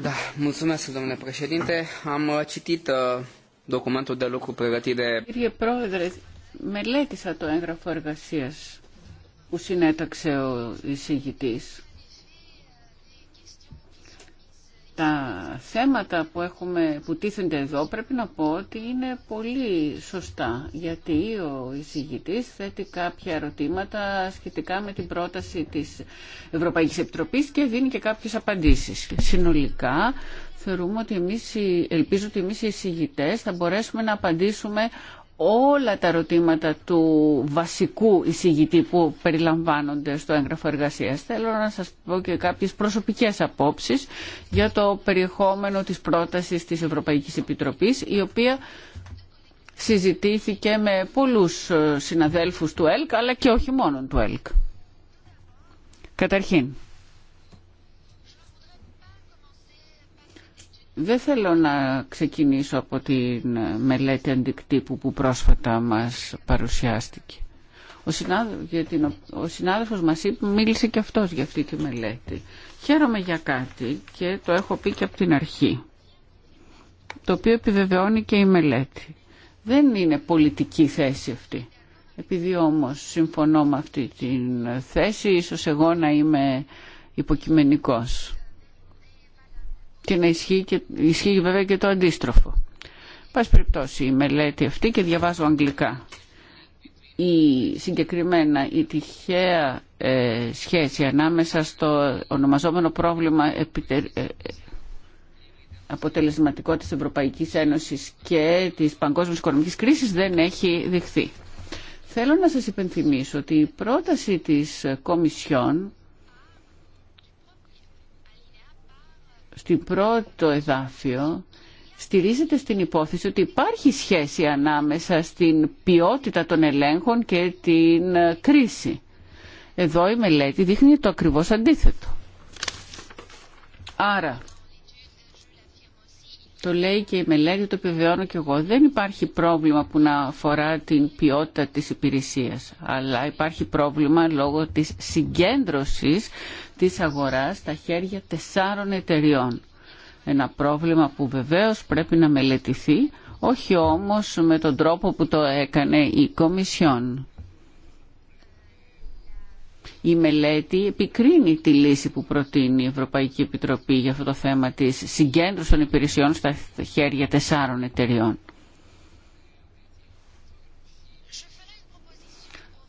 Da, mulțumesc, domnule președinte. Am citit documentul de lucru pregătit de... Κύριε Πρόεδρε, μελέτησα το έγγραφο εργασίας τα θέματα που, έχουμε, που τίθενται εδώ πρέπει να πω ότι είναι πολύ σωστά γιατί ο εισηγητής θέτει κάποια ερωτήματα σχετικά με την πρόταση της Ευρωπαϊκής Επιτροπής και δίνει και κάποιες απαντήσεις. Συνολικά θεωρούμε ότι εμείς, ελπίζω ότι εμείς οι εισηγητές θα μπορέσουμε να απαντήσουμε όλα τα ερωτήματα του βασικού εισηγητή που περιλαμβάνονται στο έγγραφο εργασίας. Θέλω να σας πω και κάποιες προσωπικές απόψεις για το περιεχόμενο της πρότασης της Ευρωπαϊκής Επιτροπής, η οποία συζητήθηκε με πολλούς συναδέλφους του ΕΛΚ, αλλά και όχι μόνο του ΕΛΚ. Καταρχήν, Δεν θέλω να ξεκινήσω από την μελέτη αντικτύπου που πρόσφατα μας παρουσιάστηκε. Ο συνάδελφος, ο συνάδελφος μας είπε, μίλησε και αυτός για αυτή τη μελέτη. Χαίρομαι για κάτι και το έχω πει και από την αρχή, το οποίο επιβεβαιώνει και η μελέτη. Δεν είναι πολιτική θέση αυτή. Επειδή όμως συμφωνώ με αυτή τη θέση, ίσως εγώ να είμαι υποκειμενικός και να ισχύει, και, ισχύει βέβαια και το αντίστροφο. Πάση περιπτώσει η μελέτη αυτή και διαβάζω αγγλικά. Η συγκεκριμένα η τυχαία ε, σχέση ανάμεσα στο ονομαζόμενο πρόβλημα επιτε, αποτελεσματικό της Ευρωπαϊκής Ένωσης και της παγκόσμιας οικονομικής κρίσης δεν έχει δειχθεί. Θέλω να σας υπενθυμίσω ότι η πρόταση της Κομισιόν στην πρώτο εδάφιο στηρίζεται στην υπόθεση ότι υπάρχει σχέση ανάμεσα στην ποιότητα των ελέγχων και την ε, κρίση. Εδώ η μελέτη δείχνει το ακριβώς αντίθετο. Άρα, το λέει και η μελέτη, το επιβεβαιώνω και εγώ, δεν υπάρχει πρόβλημα που να αφορά την ποιότητα της υπηρεσίας, αλλά υπάρχει πρόβλημα λόγω της συγκέντρωσης της αγοράς στα χέρια τεσσάρων εταιριών. Ένα πρόβλημα που βεβαίως πρέπει να μελετηθεί, όχι όμως με τον τρόπο που το έκανε η Κομισιόν. Η μελέτη επικρίνει τη λύση που προτείνει η Ευρωπαϊκή Επιτροπή για αυτό το θέμα της συγκέντρωσης των υπηρεσιών στα χέρια τεσσάρων εταιριών.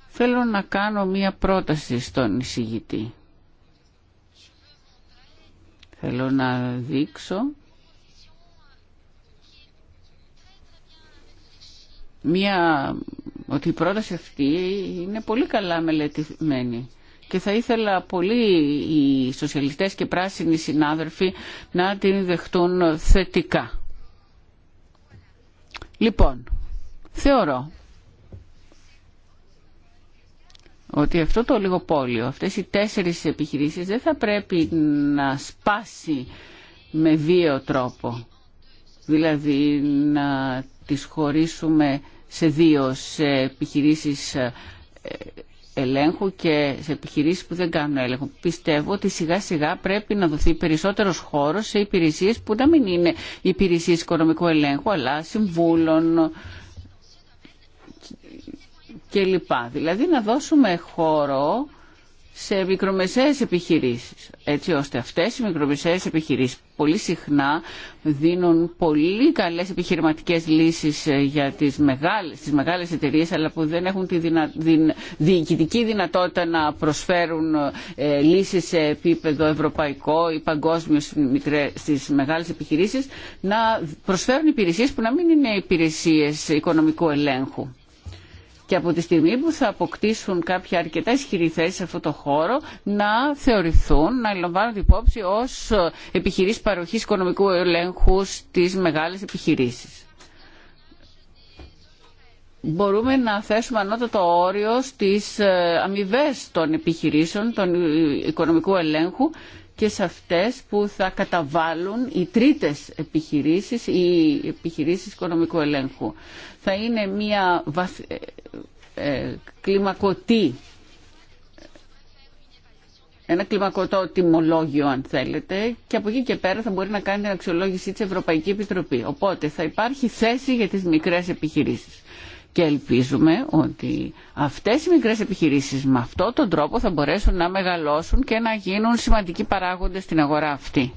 Θέλω να κάνω μία πρόταση στον εισηγητή. Θέλω να δείξω μια, ότι η πρόταση αυτή είναι πολύ καλά μελετημένη. Και θα ήθελα πολύ οι σοσιαλιστές και πράσινοι συνάδελφοι να την δεχτούν θετικά. Λοιπόν, θεωρώ ότι αυτό το λιγοπόλιο, αυτές οι τέσσερις επιχειρήσεις δεν θα πρέπει να σπάσει με δύο τρόπο. Δηλαδή να τις χωρίσουμε σε δύο, σε επιχειρήσεις ε, ελέγχου και σε επιχειρήσεις που δεν κάνουν έλεγχο. Πιστεύω ότι σιγά σιγά πρέπει να δοθεί περισσότερος χώρος σε υπηρεσίες που να μην είναι υπηρεσίες οικονομικού ελέγχου αλλά συμβούλων, Δηλαδή να δώσουμε χώρο σε μικρομεσαίες επιχειρήσεις, έτσι ώστε αυτές οι μικρομεσαίες επιχειρήσεις πολύ συχνά δίνουν πολύ καλές επιχειρηματικές λύσεις ε, για τις μεγάλες, τις μεγάλες εταιρείες, αλλά που δεν έχουν τη δυνα, διοικητική δυνατότητα να προσφέρουν ε, λύσεις σε επίπεδο ευρωπαϊκό ή παγκόσμιο στις μεγάλες επιχειρήσεις, να προσφέρουν υπηρεσίες που να μην είναι υπηρεσίες οικονομικού ελέγχου και από τη στιγμή που θα αποκτήσουν κάποια αρκετά ισχυρή θέση σε αυτό το χώρο να θεωρηθούν, να λαμβάνουν υπόψη ως επιχειρήσεις παροχής οικονομικού ελέγχου στις μεγάλες επιχειρήσεις. Μπορούμε να θέσουμε ανώτατο όριο στις ε, αμοιβέ των επιχειρήσεων, των ε, οικονομικού ελέγχου και σε αυτές που θα καταβάλουν οι τρίτες επιχειρήσεις, οι επιχειρήσεις οικονομικού ελέγχου. Θα είναι μια βαθ... Ε, ε, ένα κλιμακωτό τιμολόγιο αν θέλετε και από εκεί και πέρα θα μπορεί να κάνει την αξιολόγηση της Ευρωπαϊκή Επιτροπή. Οπότε θα υπάρχει θέση για τις μικρές επιχειρήσεις και ελπίζουμε ότι αυτές οι μικρές επιχειρήσεις με αυτόν τον τρόπο θα μπορέσουν να μεγαλώσουν και να γίνουν σημαντικοί παράγοντες στην αγορά αυτή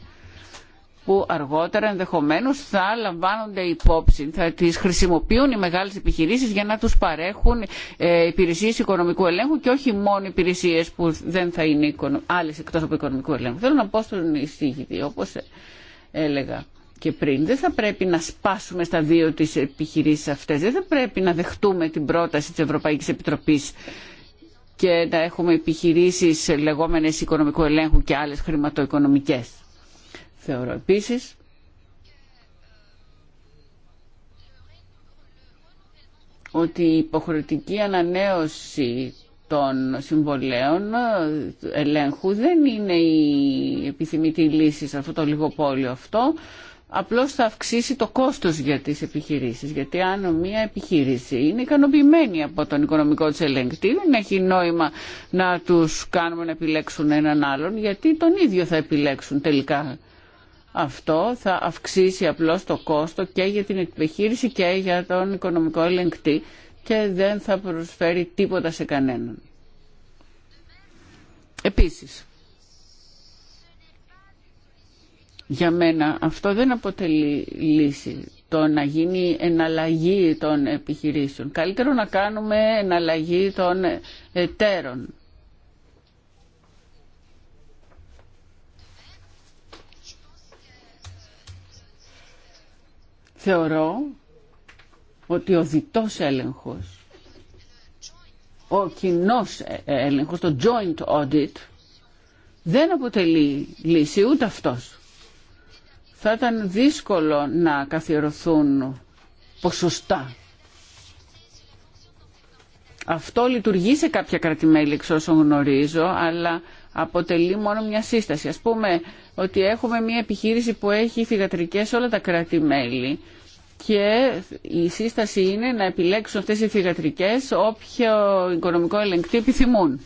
που αργότερα ενδεχομένως θα λαμβάνονται υπόψη, θα τις χρησιμοποιούν οι μεγάλες επιχειρήσεις για να τους παρέχουν ε, υπηρεσίες οικονομικού ελέγχου και όχι μόνο υπηρεσίες που δεν θα είναι άλλες εκτός από οικονομικού ελέγχου. Θέλω να πω στον εισήγητη, όπως έλεγα και πριν. Δεν θα πρέπει να σπάσουμε στα δύο τις επιχειρήσεις αυτές. Δεν θα πρέπει να δεχτούμε την πρόταση της Ευρωπαϊκής Επιτροπής και να έχουμε επιχειρήσεις λεγόμενες οικονομικού ελέγχου και άλλες χρηματοοικονομικές. Θεωρώ επίσης ότι η υποχρεωτική ανανέωση των συμβολέων ελέγχου δεν είναι η επιθυμητή λύση σε αυτό το λιγοπόλιο αυτό απλώς θα αυξήσει το κόστος για τις επιχειρήσεις. Γιατί αν μια επιχείρηση είναι ικανοποιημένη από τον οικονομικό της ελεγκτή, δεν έχει νόημα να τους κάνουμε να επιλέξουν έναν άλλον, γιατί τον ίδιο θα επιλέξουν τελικά. Αυτό θα αυξήσει απλώς το κόστο και για την επιχείρηση και για τον οικονομικό ελεγκτή και δεν θα προσφέρει τίποτα σε κανέναν. Επίσης, Για μένα αυτό δεν αποτελεί λύση το να γίνει εναλλαγή των επιχειρήσεων. Καλύτερο να κάνουμε εναλλαγή των εταίρων. Θεωρώ ότι ο διτός έλεγχος, ο κοινός έλεγχος, το joint audit, δεν αποτελεί λύση ούτε αυτός θα ήταν δύσκολο να καθιερωθούν ποσοστά. Αυτό λειτουργεί σε κάποια κρατημέλη εξ όσων γνωρίζω, αλλά αποτελεί μόνο μια σύσταση. Ας πούμε ότι έχουμε μια επιχείρηση που έχει φυγατρικές όλα τα κρατημέλη και η σύσταση είναι να επιλέξουν αυτές οι φυγατρικές όποιο οικονομικό ελεγκτή επιθυμούν.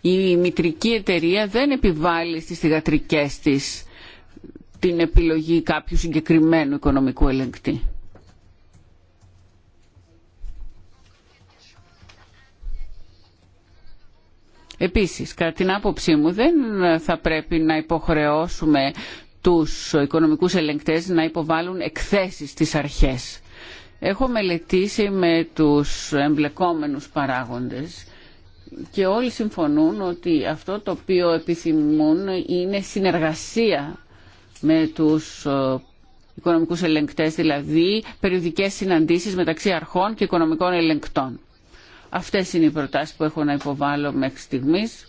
Η μητρική εταιρεία δεν επιβάλλει στις φυγατρικές της την επιλογή κάποιου συγκεκριμένου οικονομικού ελεγκτή. Επίσης, κατά την άποψή μου, δεν θα πρέπει να υποχρεώσουμε τους οικονομικούς ελεγκτές να υποβάλουν εκθέσεις στις αρχές. Έχω μελετήσει με τους εμπλεκόμενους παράγοντες και όλοι συμφωνούν ότι αυτό το οποίο επιθυμούν είναι συνεργασία με τους ε, οικονομικούς ελεγκτές, δηλαδή περιοδικές συναντήσεις μεταξύ αρχών και οικονομικών ελεγκτών. Αυτές είναι οι προτάσεις που έχω να υποβάλω μέχρι στιγμής.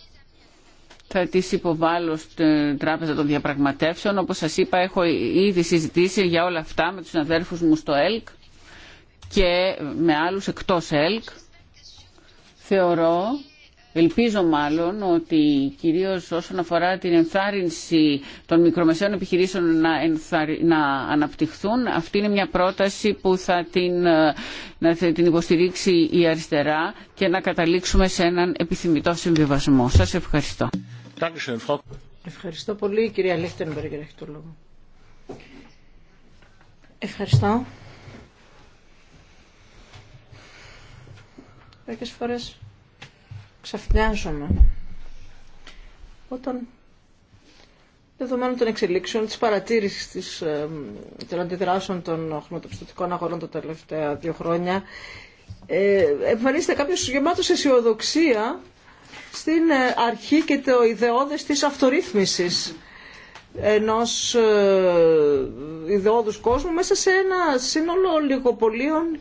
Θα τις υποβάλω στην Τράπεζα των Διαπραγματεύσεων. Όπως σας είπα, έχω ήδη συζητήσει για όλα αυτά με τους αδέρφους μου στο ΕΛΚ και με άλλους εκτός ΕΛΚ. Θεωρώ Ελπίζω μάλλον ότι κυρίως όσον αφορά την ενθάρρυνση των μικρομεσαίων επιχειρήσεων να, να αναπτυχθούν, αυτή είναι μια πρόταση που θα την, ε, να την υποστηρίξει η αριστερά και να καταλήξουμε σε έναν επιθυμητό συμβιβασμό. Σας ευχαριστώ. Ευχαριστώ πολύ κυρία να έχει το λόγο. Ευχαριστώ. φορές ξαφνιάζομαι όταν δεδομένων των εξελίξεων, της παρατήρησης της, ε, των αντιδράσεων των χρηματοπιστωτικών αγορών τα τελευταία δύο χρόνια, ε, εμφανίζεται κάποιος γεμάτος αισιοδοξία στην ε, αρχή και το ιδεώδες της αυτορύθμισης ενός ε, ιδεώδους κόσμου μέσα σε ένα σύνολο λιγοπολίων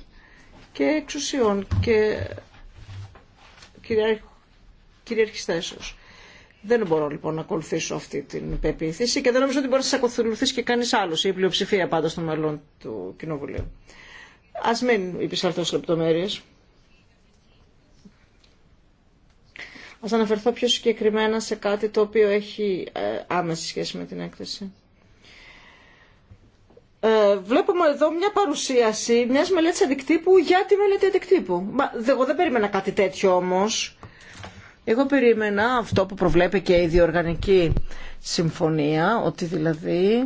και εξουσιών και κυριαρχικό κυρίαρχης θέσεως. Δεν μπορώ λοιπόν να ακολουθήσω αυτή την πεποίθηση και δεν νομίζω ότι μπορεί να σα ακολουθήσει και κανεί άλλο, η πλειοψηφία πάντα των μελλον του Κοινοβουλίου. Α μην υπησέλθω σε λεπτομέρειε. Α αναφερθώ πιο συγκεκριμένα σε κάτι το οποίο έχει ε, άμεση σχέση με την έκθεση. Ε, βλέπουμε εδώ μια παρουσίαση μια μελέτη αντικτύπου για τη μελέτη αντικτύπου. Μα, εγώ δεν περίμενα κάτι τέτοιο όμω. Εγώ περίμενα αυτό που προβλέπει και η διοργανική συμφωνία, ότι δηλαδή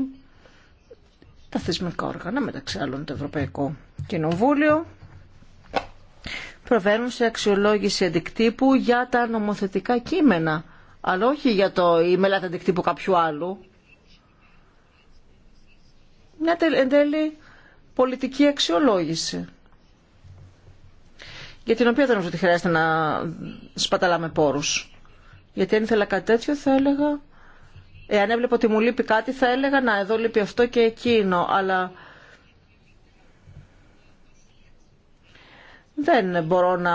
τα θεσμικά όργανα, μεταξύ άλλων το Ευρωπαϊκό Κοινοβούλιο, προβαίνουν σε αξιολόγηση αντικτύπου για τα νομοθετικά κείμενα, αλλά όχι για το η μελέτη αντικτύπου κάποιου άλλου. Μια εν τέλει πολιτική αξιολόγηση για την οποία δεν νομίζω ότι χρειάζεται να σπαταλάμε πόρους. Γιατί αν ήθελα κάτι τέτοιο θα έλεγα, εάν έβλεπα ότι μου λείπει κάτι θα έλεγα να εδώ λείπει αυτό και εκείνο, αλλά δεν μπορώ να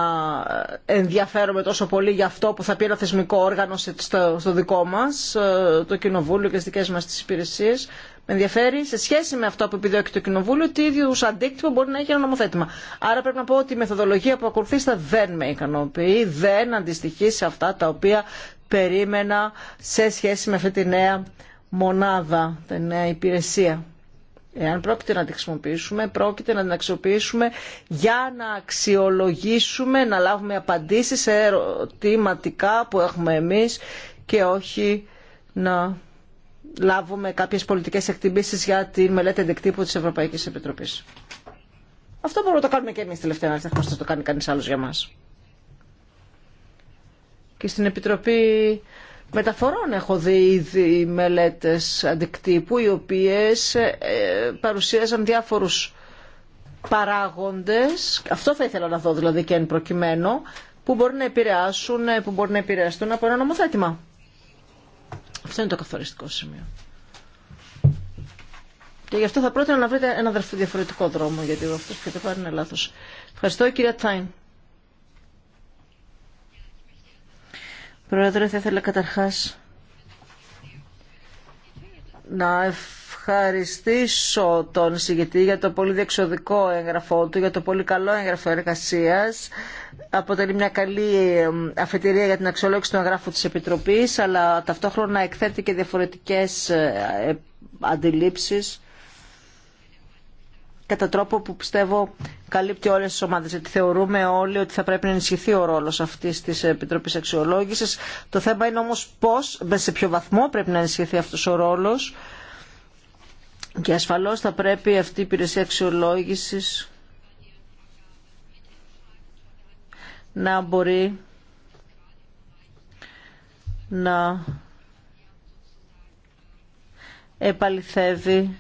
ενδιαφέρομαι τόσο πολύ για αυτό που θα πει ένα θεσμικό όργανο στο, δικό μας, ε, το Κοινοβούλιο και στις δικές μας τις υπηρεσίες με ενδιαφέρει σε σχέση με αυτό που επιδιώκει το Κοινοβούλιο, τι ίδιου αντίκτυπο μπορεί να έχει ένα νομοθέτημα. Άρα πρέπει να πω ότι η μεθοδολογία που ακολουθήσατε δεν με ικανοποιεί, δεν αντιστοιχεί σε αυτά τα οποία περίμενα σε σχέση με αυτή τη νέα μονάδα, τη νέα υπηρεσία. Εάν πρόκειται να τη χρησιμοποιήσουμε, πρόκειται να την αξιοποιήσουμε για να αξιολογήσουμε, να λάβουμε απαντήσεις σε ερωτηματικά που έχουμε εμείς και όχι να λάβουμε κάποιες πολιτικές εκτιμήσεις για τη μελέτη αντικτύπου της Ευρωπαϊκής Επιτροπής. Αυτό μπορούμε να το κάνουμε και εμείς τελευταία ανάλυση, θα το κάνει κανείς άλλος για μας. Και στην Επιτροπή Μεταφορών έχω δει ήδη μελέτες αντικτύπου, οι οποίες ε, παρουσίαζαν διάφορους παράγοντες, αυτό θα ήθελα να δω δηλαδή και εν προκειμένου, που μπορεί να επηρεάσουν, ε, που μπορεί να επηρεαστούν από ένα νομοθέτημα. Αυτό είναι το καθοριστικό σημείο. Και γι' αυτό θα πρότεινα να βρείτε ένα διαφορετικό δρόμο, γιατί αυτός που έχετε πάρει είναι λάθος. Ευχαριστώ, κυρία Τάιν. Πρόεδρε, θα ήθελα καταρχάς να ευχαριστήσω τον συγκεκριτή για το πολύ διεξοδικό έγγραφό του, για το πολύ καλό έγγραφο εργασία. Αποτελεί μια καλή αφετηρία για την αξιολόγηση του εγγράφου της Επιτροπής, αλλά ταυτόχρονα εκθέτει και διαφορετικές ε, ε, αντιλήψεις κατά τρόπο που πιστεύω καλύπτει όλες τις ομάδες, Γιατί θεωρούμε όλοι ότι θα πρέπει να ενισχυθεί ο ρόλος αυτής της Επιτροπής Αξιολόγηση. Το θέμα είναι όμω πώ, σε ποιο βαθμό πρέπει να ενισχυθεί αυτό ο ρόλο και ασφαλώς θα πρέπει αυτή η υπηρεσία αξιολόγηση να μπορεί να επαληθεύει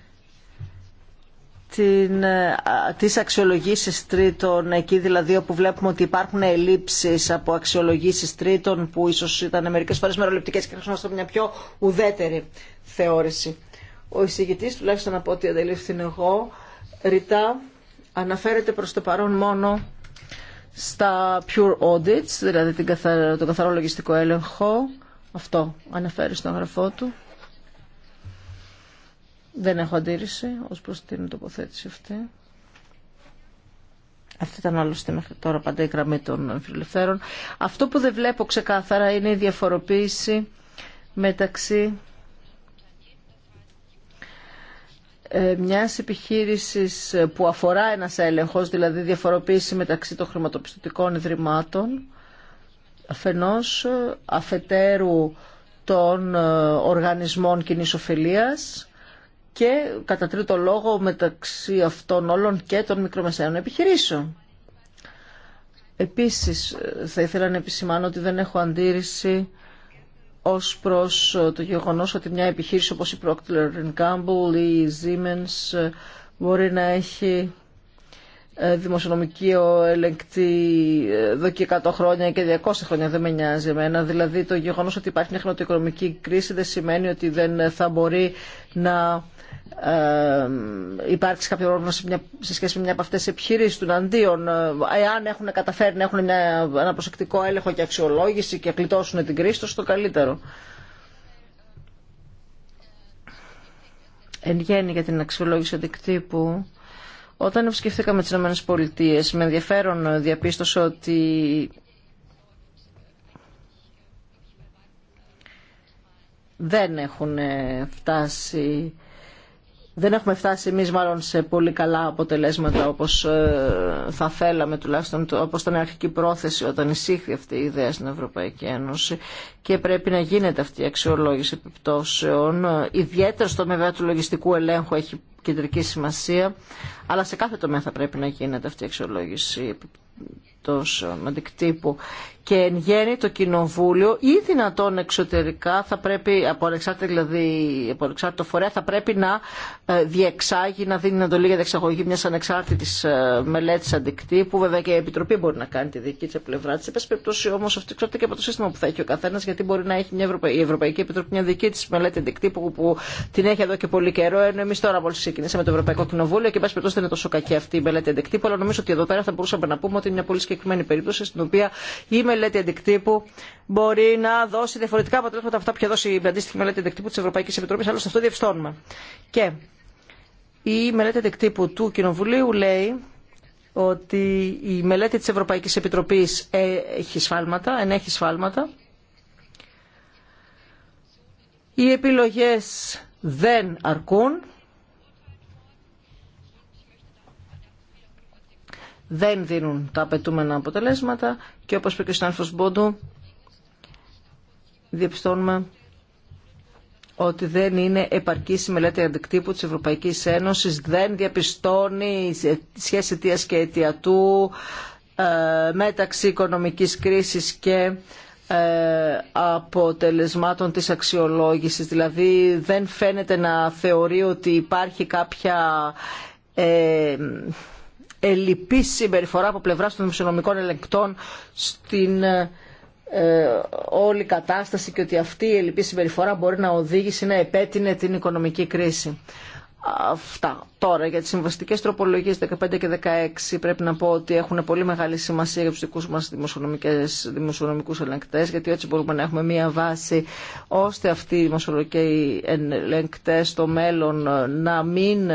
την, ε, τις αξιολογήσεις τρίτων, εκεί δηλαδή όπου βλέπουμε ότι υπάρχουν ελλείψεις από αξιολογήσεις τρίτων που ίσως ήταν μερικές φορές μεροληπτικές και χρησιμοποιούμε μια πιο ουδέτερη θεώρηση. Ο εισηγητής, τουλάχιστον από ό,τι αντελήφθην εγώ, ρητά αναφέρεται προς το παρόν μόνο στα pure audits, δηλαδή τον καθαρό λογιστικό έλεγχο. Αυτό αναφέρει στον γραφό του. Δεν έχω αντίρρηση ως προς την τοποθέτηση αυτή. Αυτή ήταν άλλωστε μέχρι τώρα πάντα η γραμμή των φιλελευθέρων. Αυτό που δεν βλέπω ξεκάθαρα είναι η διαφοροποίηση μεταξύ Ε, μιας επιχείρησης ε, που αφορά ένας έλεγχος, δηλαδή διαφοροποίηση μεταξύ των χρηματοπιστωτικών ιδρυμάτων, αφενός ε, αφετέρου των οργανισμών κοινή ωφελία και κατά τρίτο λόγο μεταξύ αυτών όλων και των μικρομεσαίων επιχειρήσεων. Επίσης θα ήθελα να επισημάνω ότι δεν έχω αντίρρηση ως προς ε, το γεγονός ότι μια επιχείρηση όπως η Procter Gamble ή η Siemens ε, μπορεί να έχει ε, δημοσιονομική ελεγκτή εδώ και 100 χρόνια και 200 χρόνια δεν με νοιάζει εμένα. Δηλαδή το γεγονός ότι υπάρχει μια χρηματοοικονομική κρίση δεν σημαίνει ότι δεν θα μπορεί να ε, υπάρξει κάποιο πρόβλημα σε σχέση με μια από αυτέ τι επιχειρήσει. αντίων ε, εάν έχουν καταφέρει να έχουν μια, ένα προσεκτικό έλεγχο και αξιολόγηση και κλειτώσουν την κρίση τόσο το καλύτερο. Εν γέννη για την αξιολόγηση αντικτύπου, όταν επισκεφθήκαμε τι ΗΠΑ, με ενδιαφέρον διαπίστωσα ότι δεν έχουν φτάσει δεν έχουμε φτάσει εμείς μάλλον σε πολύ καλά αποτελέσματα όπως ε, θα θέλαμε τουλάχιστον όπως ήταν η αρχική πρόθεση όταν εισήχθη αυτή η ιδέα στην Ευρωπαϊκή Ένωση και πρέπει να γίνεται αυτή η αξιολόγηση επιπτώσεων ιδιαίτερα στο βέβαια του λογιστικού ελέγχου έχει κεντρική σημασία αλλά σε κάθε τομέα θα πρέπει να γίνεται αυτή η αξιολόγηση επιπτώσεων ε, αντικτύπου και εν γέννη το κοινοβούλιο ή δυνατόν εξωτερικά θα πρέπει, από ανεξάρτητο, δηλαδή, από ανεξάρτητο φορέα θα πρέπει να ε, διεξάγει, να δίνει εντολή για διεξαγωγή μιας ανεξάρτητη ε, μελέτη αντικτύπου. Βέβαια και η Επιτροπή μπορεί να κάνει τη δική τη πλευρά της. πάση περιπτώσει όμω αυτό εξαρτάται και από το σύστημα που θα έχει ο καθένα, γιατί μπορεί να έχει μια Ευρωπα... η Ευρωπαϊκή Επιτροπή μια δική τη μελέτη αντικτύπου που την έχει εδώ και πολύ καιρό ενώ εμεί τώρα μόλι ξεκινήσαμε το Ευρωπαϊκό Κοινοβούλιο και πάση περιπτώσει δεν είναι τόσο κακή αυτή η μελέτη αντικτύπου αλλά νομίζω ότι εδώ πέρα θα μπορούσαμε να πούμε ότι είναι μια πολύ συγκεκριμένη περίπτωση στην οποία η μελέτη αντικτύπου μπορεί να δώσει διαφορετικά αποτελέσματα από αυτά που δώσει η αντίστοιχη μελέτη αντικτύπου τη Ευρωπαϊκή Επιτροπή. Άλλωστε αυτό διευστώνουμε. Και η μελέτη αντικτύπου του Κοινοβουλίου λέει ότι η μελέτη της Ευρωπαϊκής Επιτροπής έχει σφάλματα, ενέχει σφάλματα. Οι επιλογές δεν αρκούν δεν δίνουν τα απαιτούμενα αποτελέσματα και όπως είπε και ο Μπόντου, διαπιστώνουμε ότι δεν είναι επαρκή η μελέτη αντικτύπου της Ευρωπαϊκής Ένωσης, δεν διαπιστώνει σχέση αιτίας και αιτιατού ε, μεταξύ οικονομικής κρίσης και ε, αποτελεσμάτων της αξιολόγησης. Δηλαδή δεν φαίνεται να θεωρεί ότι υπάρχει κάποια ε, ελλειπή συμπεριφορά από πλευρά των δημοσιονομικών ελεγκτών στην ε, ε, όλη κατάσταση και ότι αυτή η ελλειπή συμπεριφορά μπορεί να οδήγησε να επέτεινε την οικονομική κρίση. Αυτά. Τώρα για τις συμβαστικέ τροπολογίες 15 και 16 πρέπει να πω ότι έχουν πολύ μεγάλη σημασία για του δικού μα δημοσιονομικού δημοσιονομικούς γιατί έτσι μπορούμε να έχουμε μία βάση ώστε αυτοί οι δημοσιονομικοί ελεγκτέ στο μέλλον να μην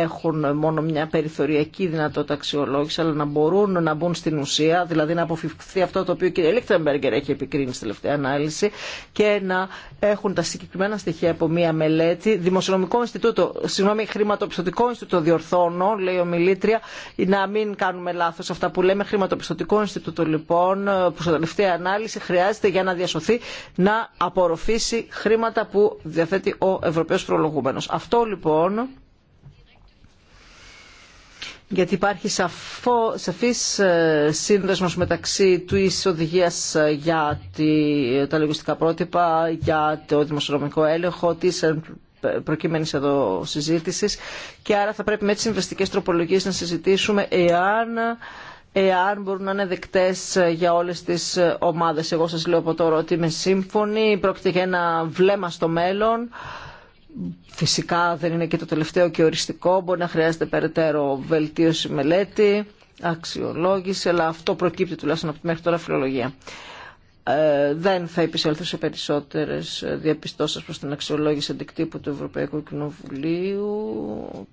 έχουν μόνο μια περιθωριακή δυνατότητα αξιολόγηση, αλλά να μπορούν να μπουν στην ουσία, δηλαδή να αποφευχθεί αυτό το οποίο η κυρία Λίχτεμπεργκερ έχει επικρίνει στη τελευταία ανάλυση και να έχουν τα συγκεκριμένα στοιχεία από μια μελέτη. Δημοσιονομικό Ινστιτούτο, συγγνώμη, Χρηματοπιστωτικό Ινστιτούτο διορθώνω, λέει ο Μιλήτρια, να μην κάνουμε λάθο αυτά που λέμε. Χρηματοπιστωτικό Ινστιτούτο, λοιπόν, που στην τελευταία ανάλυση χρειάζεται για να διασωθεί να απορροφήσει χρήματα που διαθέτει ο Ευρωπαίο Προλογούμενο. Αυτό λοιπόν γιατί υπάρχει σαφή σαφής ε, σύνδεσμος μεταξύ του οδηγία ε, για τη, τα λογιστικά πρότυπα, για το δημοσιονομικό έλεγχο, της ε, προκείμενης εδώ συζήτησης και άρα θα πρέπει με τις συμβεστικές τροπολογίες να συζητήσουμε εάν εάν μπορούν να είναι δεκτέ για όλες τις ομάδες. Εγώ σας λέω από τώρα ότι είμαι σύμφωνη. Πρόκειται για ένα βλέμμα στο μέλλον. Φυσικά δεν είναι και το τελευταίο και οριστικό, μπορεί να χρειάζεται περαιτέρω βελτίωση μελέτη, αξιολόγηση, αλλά αυτό προκύπτει τουλάχιστον από τη μέχρι τώρα φιλολογία. Ε, δεν θα επισέλθω σε περισσότερες διαπιστώσεις προς την αξιολόγηση αντικτύπου του Ευρωπαϊκού Κοινοβουλίου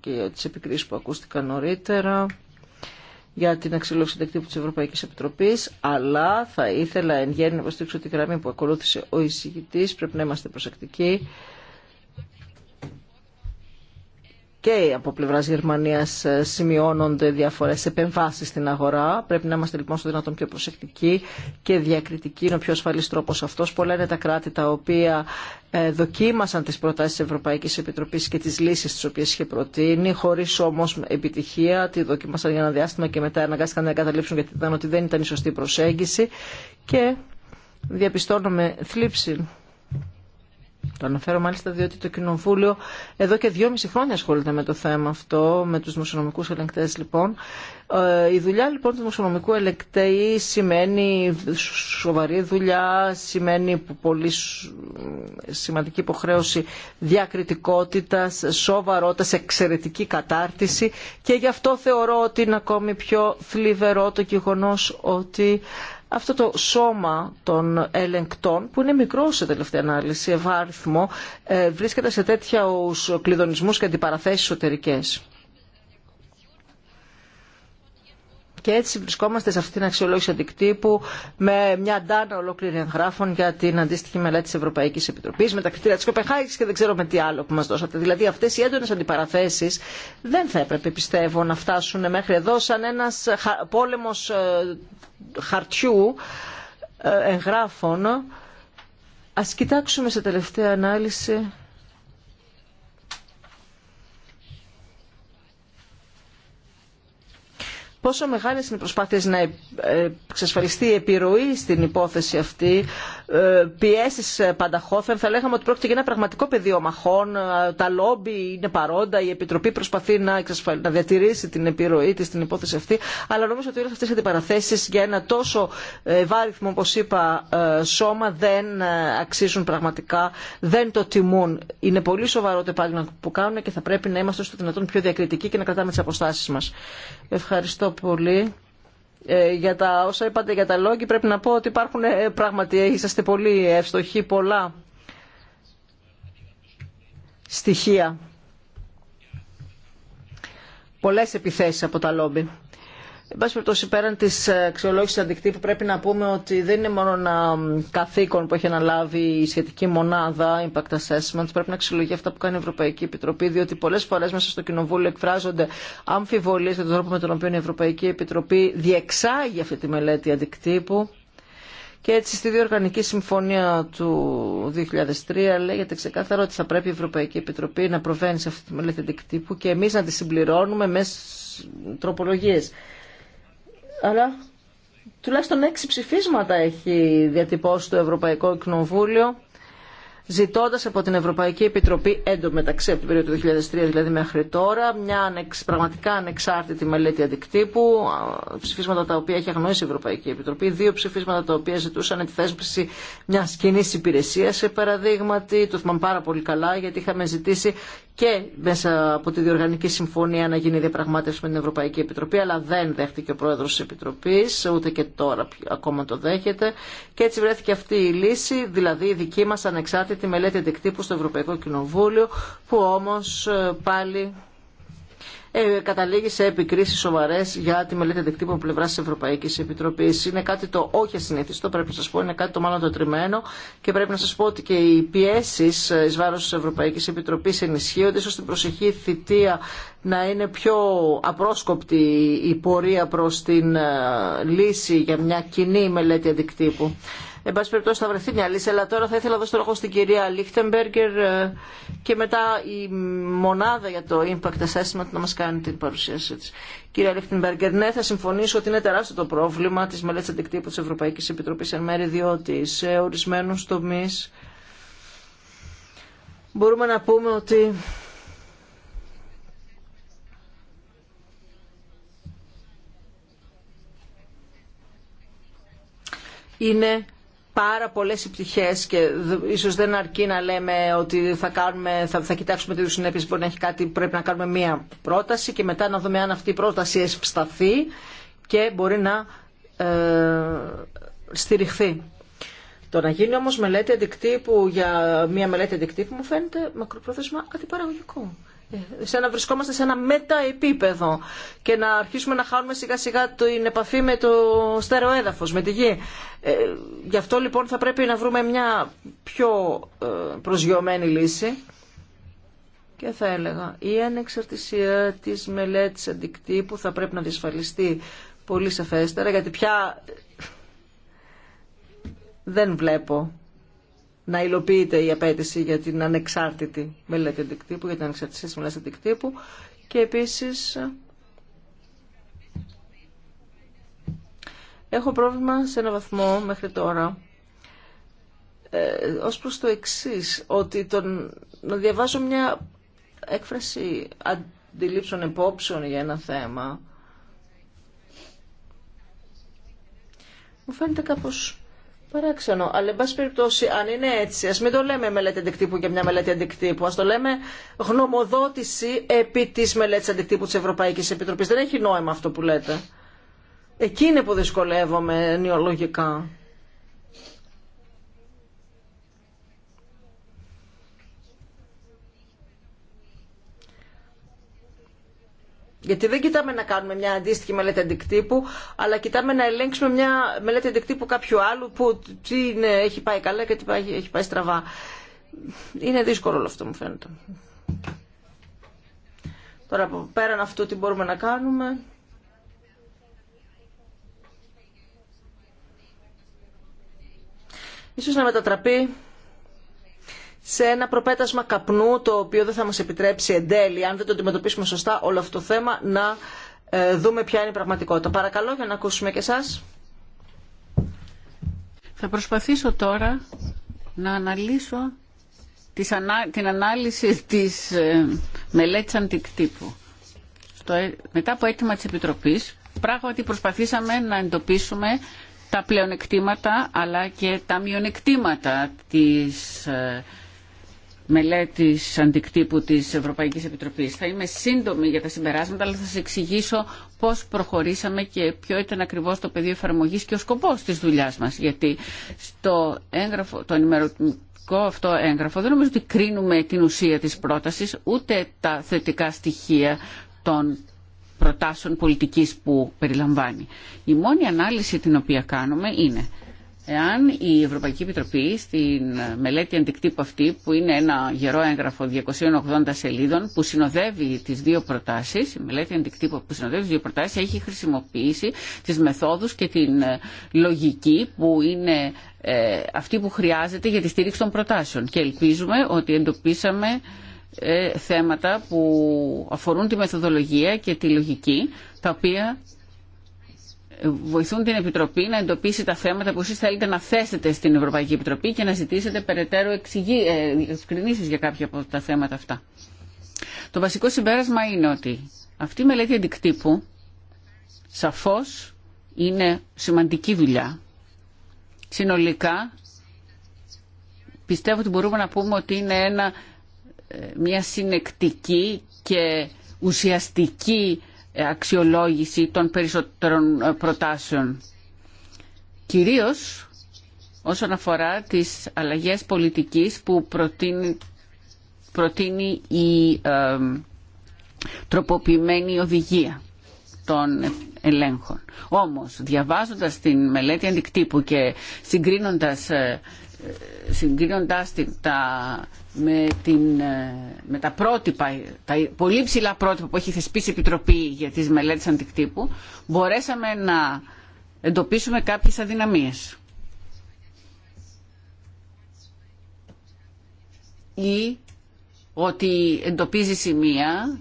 και τι επικρίσει που ακούστηκαν νωρίτερα για την αξιολόγηση αντικτύπου τη Ευρωπαϊκή Επιτροπή, αλλά θα ήθελα εν γέννη να υποστήριξω τη γραμμή που ακολούθησε ο εισηγητή. πρέπει να είμαστε προσεκτικοί και από πλευρά Γερμανία ε, σημειώνονται διάφορε επεμβάσει στην αγορά. Πρέπει να είμαστε λοιπόν στο δυνατόν πιο προσεκτικοί και διακριτικοί. Είναι ο πιο ασφαλή τρόπο αυτό. Πολλά είναι τα κράτη τα οποία ε, δοκίμασαν τι προτάσει τη Ευρωπαϊκή Επιτροπή και τι λύσει τι οποίε είχε προτείνει, χωρί όμω επιτυχία. Τη δοκίμασαν για ένα διάστημα και μετά αναγκάστηκαν να εγκαταλείψουν γιατί ήταν ότι δεν ήταν η σωστή προσέγγιση. Και διαπιστώνουμε θλίψη το αναφέρω μάλιστα διότι το Κοινοβούλιο εδώ και δυόμιση χρόνια ασχολείται με το θέμα αυτό, με τους δημοσιονομικούς ελεγκτές λοιπόν. Ε, η δουλειά λοιπόν του δημοσιονομικού ελεγκτέη σημαίνει σοβαρή δουλειά, σημαίνει πολύ σημαντική υποχρέωση διακριτικότητα, σοβαρότητα, εξαιρετική κατάρτιση και γι' αυτό θεωρώ ότι είναι ακόμη πιο θλιβερό το γεγονό ότι αυτό το σώμα των ελεγκτών, που είναι μικρό σε τελευταία ανάλυση, ευάριθμο, ε, βρίσκεται σε τέτοια κλειδονισμούς και αντιπαραθέσεις εσωτερικές. Και έτσι βρισκόμαστε σε αυτήν την αξιολόγηση αντικτύπου με μια ντάνα ολόκληρη εγγράφων για την αντίστοιχη μελέτη τη Ευρωπαϊκή Επιτροπή, με τα κριτήρια τη Κοπεχάγη και δεν ξέρω με τι άλλο που μα δώσατε. Δηλαδή αυτέ οι έντονες αντιπαραθέσει δεν θα έπρεπε, πιστεύω, να φτάσουν μέχρι εδώ σαν ένα πόλεμο ε, χαρτιού ε, εγγράφων. Ας κοιτάξουμε σε τελευταία ανάλυση πόσο μεγάλες είναι οι προσπάθειες να ε, ε, εξασφαλιστεί η επιρροή στην υπόθεση αυτή ε, Πιέσει ε, Πανταχόφερ θα λέγαμε ότι πρόκειται για ένα πραγματικό πεδίο μαχών. Ε, τα λόμπι είναι παρόντα, η Επιτροπή προσπαθεί να, διατηρήσει την επιρροή τη στην υπόθεση αυτή. Αλλά νομίζω ότι όλε αυτέ οι αντιπαραθέσεις για ένα τόσο βάριθμο, όπω είπα, σώμα δεν αξίζουν πραγματικά, δεν το τιμούν. Είναι πολύ σοβαρό το επάγγελμα που κάνουν και θα πρέπει να είμαστε στο δυνατόν πιο διακριτικοί και να κρατάμε τι αποστάσει μα. Ευχαριστώ πολύ. Ε, για τα όσα είπατε για τα λόγια πρέπει να πω ότι υπάρχουν ε, πράγματι, είσαστε πολύ ευστοχοί, πολλά στοιχεία. Πολλές επιθέσεις από τα λόμπι. Εν πάση περιπτώσει, πέραν τη ε, αξιολόγηση αντικτύπου, πρέπει να πούμε ότι δεν είναι μόνο ένα καθήκον που έχει αναλάβει η σχετική μονάδα Impact Assessment. Πρέπει να αξιολογεί αυτά που κάνει η Ευρωπαϊκή Επιτροπή, διότι πολλέ φορέ μέσα στο Κοινοβούλιο εκφράζονται αμφιβολίε για τον τρόπο με τον οποίο η Ευρωπαϊκή Επιτροπή διεξάγει αυτή τη μελέτη αντικτύπου. Και έτσι στη Διοργανική Συμφωνία του 2003 λέγεται ξεκάθαρα ότι θα πρέπει η Ευρωπαϊκή Επιτροπή να προβαίνει σε αυτή τη μελέτη αντικτύπου και εμεί να τη συμπληρώνουμε με τροπολογίες αλλά τουλάχιστον έξι ψηφίσματα έχει διατυπώσει το Ευρωπαϊκό Κοινοβούλιο ζητώντα από την Ευρωπαϊκή Επιτροπή εντωμεταξύ από την περίοδο του 2003 δηλαδή μέχρι τώρα μια πραγματικά ανεξάρτητη μελέτη αντικτύπου, ψηφίσματα τα οποία έχει αγνοήσει η Ευρωπαϊκή Επιτροπή, δύο ψηφίσματα τα οποία ζητούσαν τη θέσπιση μια κοινή υπηρεσία σε παραδείγματι. Το θυμάμαι πάρα πολύ καλά γιατί είχαμε ζητήσει και μέσα από τη Διοργανική Συμφωνία να γίνει διαπραγμάτευση με την Ευρωπαϊκή Επιτροπή, αλλά δεν δέχτηκε ο πρόεδρο τη Επιτροπή, ούτε και τώρα ακόμα το δέχεται. Και έτσι βρέθηκε αυτή η λύση, δηλαδή η δική μα ανεξάρτητη μελέτη αντικτύπου στο Ευρωπαϊκό Κοινοβούλιο, που όμω ε, πάλι ε, καταλήγει σε επικρίσεις σοβαρέ για τη μελέτη αντικτύπου από πλευράς Ευρωπαϊκή Ευρωπαϊκής Επιτροπής. Είναι κάτι το όχι ασυνηθιστό, πρέπει να σας πω, είναι κάτι το μάλλον το τριμμένο και πρέπει να σας πω ότι και οι πιέσει ε, ει βάρο τη Ευρωπαϊκής Επιτροπής ενισχύονται, ώστε την προσεχή θητεία να είναι πιο απρόσκοπτη η πορεία προς την ε, λύση για μια κοινή μελέτη αντικτύπου. Εν πάση περιπτώσει θα βρεθεί μια λύση, αλλά τώρα θα ήθελα να δώσω το λόγο στην κυρία Λίχτεμπεργκερ ε, και μετά η μονάδα για το impact assessment να μας κάνει την παρουσίασή της. Κυρία Λίχτεμπεργκερ, ναι, θα συμφωνήσω ότι είναι τεράστιο το πρόβλημα τη μελέτη αντικτύπου τη Ευρωπαϊκής Επιτροπής εν μέρη, διότι σε ορισμένου τομεί μπορούμε να πούμε ότι είναι πάρα πολλές οι και ίσως δεν αρκεί να λέμε ότι θα, κάνουμε, θα, θα κοιτάξουμε τι συνέπειες μπορεί να έχει κάτι, πρέπει να κάνουμε μία πρόταση και μετά να δούμε αν αυτή η πρόταση εσπσταθεί και μπορεί να ε, στηριχθεί. Το να γίνει όμως μελέτη αντικτύπου για μία μελέτη αντικτύπου μου φαίνεται μακροπρόθεσμα αντιπαραγωγικό σε να βρισκόμαστε σε ένα μεταεπίπεδο και να αρχίσουμε να χάνουμε σιγά σιγά την επαφή με το στέρεο έδαφος, με τη γη. Ε, γι' αυτό λοιπόν θα πρέπει να βρούμε μια πιο ε, προσγειωμένη λύση και θα έλεγα η ανεξαρτησία της μελέτης αντικτύπου θα πρέπει να διασφαλιστεί πολύ σαφέστερα γιατί πια δεν βλέπω να υλοποιείται η απέτηση για την ανεξάρτητη μελέτη αντικτύπου, για την ανεξαρτησία της μελέτης αντικτύπου και επίσης έχω πρόβλημα σε ένα βαθμό μέχρι τώρα ε, ως προς το εξής, ότι τον, να διαβάζω μια έκφραση αντιλήψεων επόψεων για ένα θέμα μου φαίνεται κάπως παράξενο. Αλλά, εν πάση περιπτώσει, αν είναι έτσι, α μην το λέμε μελέτη αντικτύπου για μια μελέτη αντικτύπου. Α το λέμε γνωμοδότηση επί τη μελέτη αντικτύπου τη Ευρωπαϊκή Επιτροπή. Δεν έχει νόημα αυτό που λέτε. Εκεί είναι που δυσκολεύομαι νεολογικά. Γιατί δεν κοιτάμε να κάνουμε μια αντίστοιχη μελέτη αντικτύπου, αλλά κοιτάμε να ελέγξουμε μια μελέτη αντικτύπου κάποιου άλλου που τι είναι, έχει πάει καλά και τι έχει πάει στραβά. Είναι δύσκολο όλο αυτό μου φαίνεται. Τώρα πέραν αυτού τι μπορούμε να κάνουμε. Ίσως να μετατραπεί σε ένα προπέτασμα καπνού το οποίο δεν θα μας επιτρέψει εν τέλει, αν δεν το αντιμετωπίσουμε σωστά όλο αυτό το θέμα, να ε, δούμε ποια είναι η πραγματικότητα. Παρακαλώ για να ακούσουμε και εσάς. Θα προσπαθήσω τώρα να αναλύσω την ανάλυση της ε, μελέτης αντικτύπου. Ε, μετά από αίτημα της Επιτροπής, πράγματι προσπαθήσαμε να εντοπίσουμε τα πλεονεκτήματα αλλά και τα μειονεκτήματα της μελέτης αντικτύπου της Ευρωπαϊκής Επιτροπής. Θα είμαι σύντομη για τα συμπεράσματα, αλλά θα σας εξηγήσω πώς προχωρήσαμε και ποιο ήταν ακριβώς το πεδίο εφαρμογής και ο σκοπός της δουλειάς μας. Γιατί στο έγγραφο, το ενημερωτικό αυτό έγγραφο δεν νομίζω ότι κρίνουμε την ουσία της πρότασης, ούτε τα θετικά στοιχεία των προτάσεων πολιτικής που περιλαμβάνει. Η μόνη ανάλυση την οποία κάνουμε είναι εάν η Ευρωπαϊκή Επιτροπή στην μελέτη αντικτύπου αυτή που είναι ένα γερό έγγραφο 280 σελίδων που συνοδεύει τις δύο προτάσεις, η μελέτη αντικτύπου που συνοδεύει τις δύο προτάσεις έχει χρησιμοποιήσει τις μεθόδους και την ε, λογική που είναι ε, αυτή που χρειάζεται για τη στήριξη των προτάσεων και ελπίζουμε ότι εντοπίσαμε ε, θέματα που αφορούν τη μεθοδολογία και τη λογική τα οποία βοηθούν την Επιτροπή να εντοπίσει τα θέματα που εσείς θέλετε να θέσετε στην Ευρωπαϊκή Επιτροπή και να ζητήσετε περαιτέρω εξηγήσεις ε, για κάποια από τα θέματα αυτά. Το βασικό συμπέρασμα είναι ότι αυτή η μελέτη αντικτύπου σαφώς είναι σημαντική δουλειά. Συνολικά πιστεύω ότι μπορούμε να πούμε ότι είναι ένα, ε, μια συνεκτική και ουσιαστική αξιολόγηση των περισσότερων ε, προτάσεων. Κυρίως όσον αφορά τις αλλαγές πολιτικής που προτείνει, η τροποποιημένη οδηγία των ελέγχων. Όμως, διαβάζοντας την μελέτη αντικτύπου και συγκρίνοντας ε, συγκρίνοντάς τα, με, την, ε, με τα πρότυπα, τα πολύ ψηλά πρότυπα που έχει θεσπίσει η Επιτροπή για τις μελέτες αντικτύπου, μπορέσαμε να εντοπίσουμε κάποιες αδυναμίες. Ή ότι εντοπίζει σημεία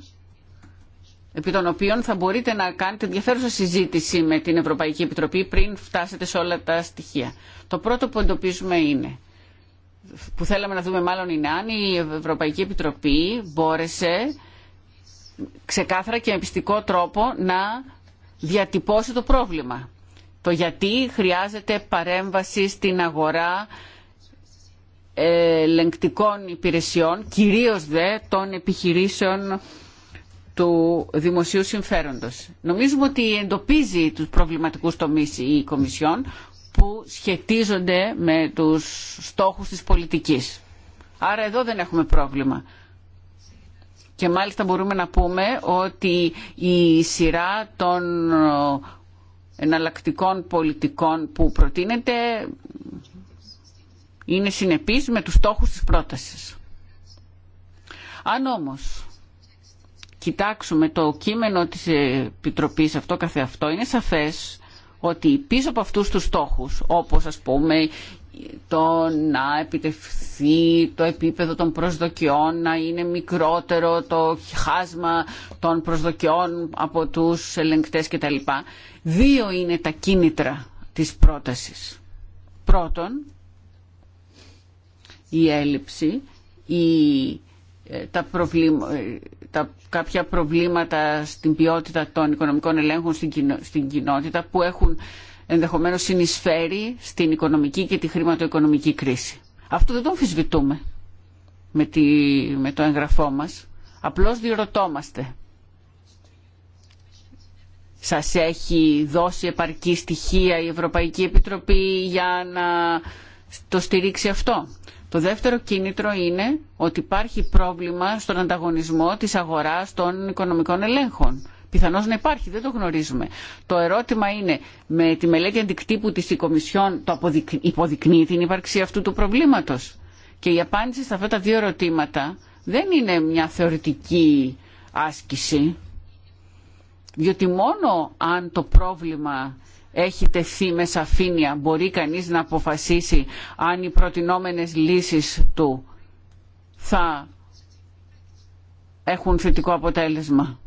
επί των οποίων θα μπορείτε να κάνετε ενδιαφέρουσα συζήτηση με την Ευρωπαϊκή Επιτροπή πριν φτάσετε σε όλα τα στοιχεία. Το πρώτο που εντοπίζουμε είναι, που θέλαμε να δούμε μάλλον είναι αν η Ευρωπαϊκή Επιτροπή μπόρεσε ξεκάθαρα και με πιστικό τρόπο να διατυπώσει το πρόβλημα. Το γιατί χρειάζεται παρέμβαση στην αγορά ελεγκτικών υπηρεσιών, κυρίως δε των επιχειρήσεων του δημοσίου συμφέροντος. Νομίζουμε ότι εντοπίζει τους προβληματικούς τομείς η Κομισιόν που σχετίζονται με τους στόχους της πολιτικής. Άρα εδώ δεν έχουμε πρόβλημα. Και μάλιστα μπορούμε να πούμε ότι η σειρά των εναλλακτικών πολιτικών που προτείνεται είναι συνεπής με τους στόχους της πρότασης. Αν όμως κοιτάξουμε το κείμενο της Επιτροπής αυτό καθεαυτό είναι σαφές ότι πίσω από αυτούς τους στόχους όπως ας πούμε το να επιτευχθεί το επίπεδο των προσδοκιών να είναι μικρότερο το χάσμα των προσδοκιών από τους ελεγκτές κτλ. Δύο είναι τα κίνητρα της πρότασης. Πρώτον, η έλλειψη, η ε, τα ε, τα, κάποια προβλήματα στην ποιότητα των οικονομικών ελέγχων στην, στην κοινότητα που έχουν ενδεχομένως συνεισφέρει στην οικονομική και τη χρηματοοικονομική κρίση. Αυτό δεν το αμφισβητούμε με, τη, με το εγγραφό μας. Απλώς διερωτόμαστε. Σας έχει δώσει επαρκή στοιχεία η Ευρωπαϊκή Επιτροπή για να το στηρίξει αυτό. Το δεύτερο κίνητρο είναι ότι υπάρχει πρόβλημα στον ανταγωνισμό της αγοράς των οικονομικών ελέγχων. Πιθανώς να υπάρχει, δεν το γνωρίζουμε. Το ερώτημα είναι, με τη μελέτη αντικτύπου της Κομισιόν, το υποδεικνύει την ύπαρξη αυτού του προβλήματος. Και η απάντηση σε αυτά τα δύο ερωτήματα δεν είναι μια θεωρητική άσκηση, διότι μόνο αν το πρόβλημα έχει τεθεί με σαφήνεια. Μπορεί κανείς να αποφασίσει αν οι προτινόμενες λύσεις του θα έχουν θετικό αποτέλεσμα.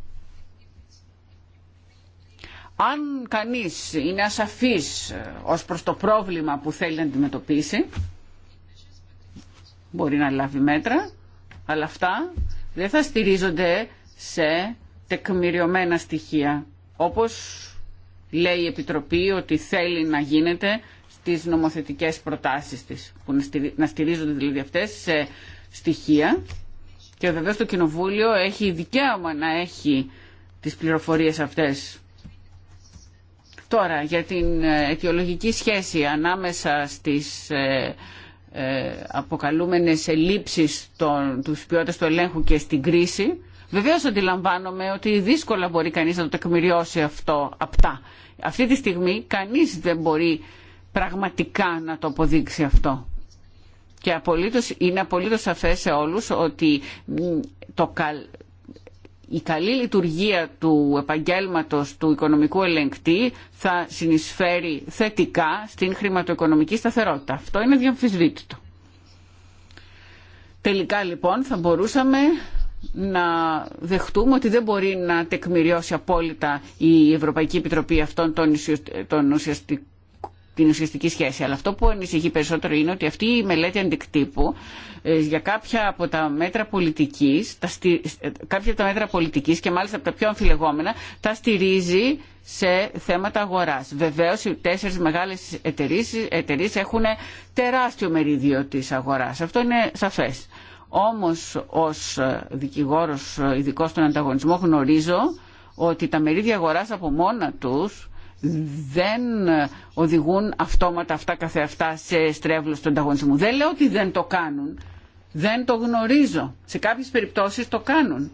Αν κανείς είναι ασαφής ε, ως προς το πρόβλημα που θέλει να αντιμετωπίσει, μπορεί να λάβει μέτρα, αλλά αυτά δεν θα στηρίζονται σε τεκμηριωμένα στοιχεία, όπως λέει η Επιτροπή ότι θέλει να γίνεται στις νομοθετικές προτάσεις της, που να στηρίζονται δηλαδή αυτές σε στοιχεία. Και βεβαίω το Κοινοβούλιο έχει δικαίωμα να έχει τις πληροφορίες αυτές. Τώρα, για την ε, αιτιολογική σχέση ανάμεσα στις ε, ε, αποκαλούμενες ελλείψεις των, τους ποιότητας του ελέγχου και στην κρίση, Βεβαίως αντιλαμβάνομαι ότι δύσκολα μπορεί κανείς να το τεκμηριώσει αυτό απτά. Αυτή τη στιγμή κανείς δεν μπορεί πραγματικά να το αποδείξει αυτό. Και απολύτως, είναι απολύτως σαφές σε όλους ότι το η καλή λειτουργία του επαγγέλματος του οικονομικού ελεγκτή θα συνεισφέρει θετικά στην χρηματοοικονομική σταθερότητα. Αυτό είναι διαμφισβήτητο. Τελικά λοιπόν θα μπορούσαμε να δεχτούμε ότι δεν μπορεί να τεκμηριώσει απόλυτα η Ευρωπαϊκή Επιτροπή αυτών των, την ουσιαστική σχέση. Αλλά αυτό που ανησυχεί περισσότερο είναι ότι αυτή η μελέτη αντικτύπου ε, για κάποια από τα μέτρα πολιτικής, τα ε, κάποια από τα μέτρα πολιτικής και μάλιστα από τα πιο αμφιλεγόμενα, τα στηρίζει σε θέματα αγοράς. Βεβαίως οι τέσσερις μεγάλες εταιρείες, έχουν τεράστιο μερίδιο της αγοράς. Αυτό είναι σαφές. Όμως ως δικηγόρος ειδικό στον ανταγωνισμό γνωρίζω ότι τα μερίδια αγοράς από μόνα τους δεν οδηγούν αυτόματα αυτά καθεαυτά σε στρέβλος του ανταγωνισμού. Δεν λέω ότι δεν το κάνουν. Δεν το γνωρίζω. Σε κάποιες περιπτώσεις το κάνουν.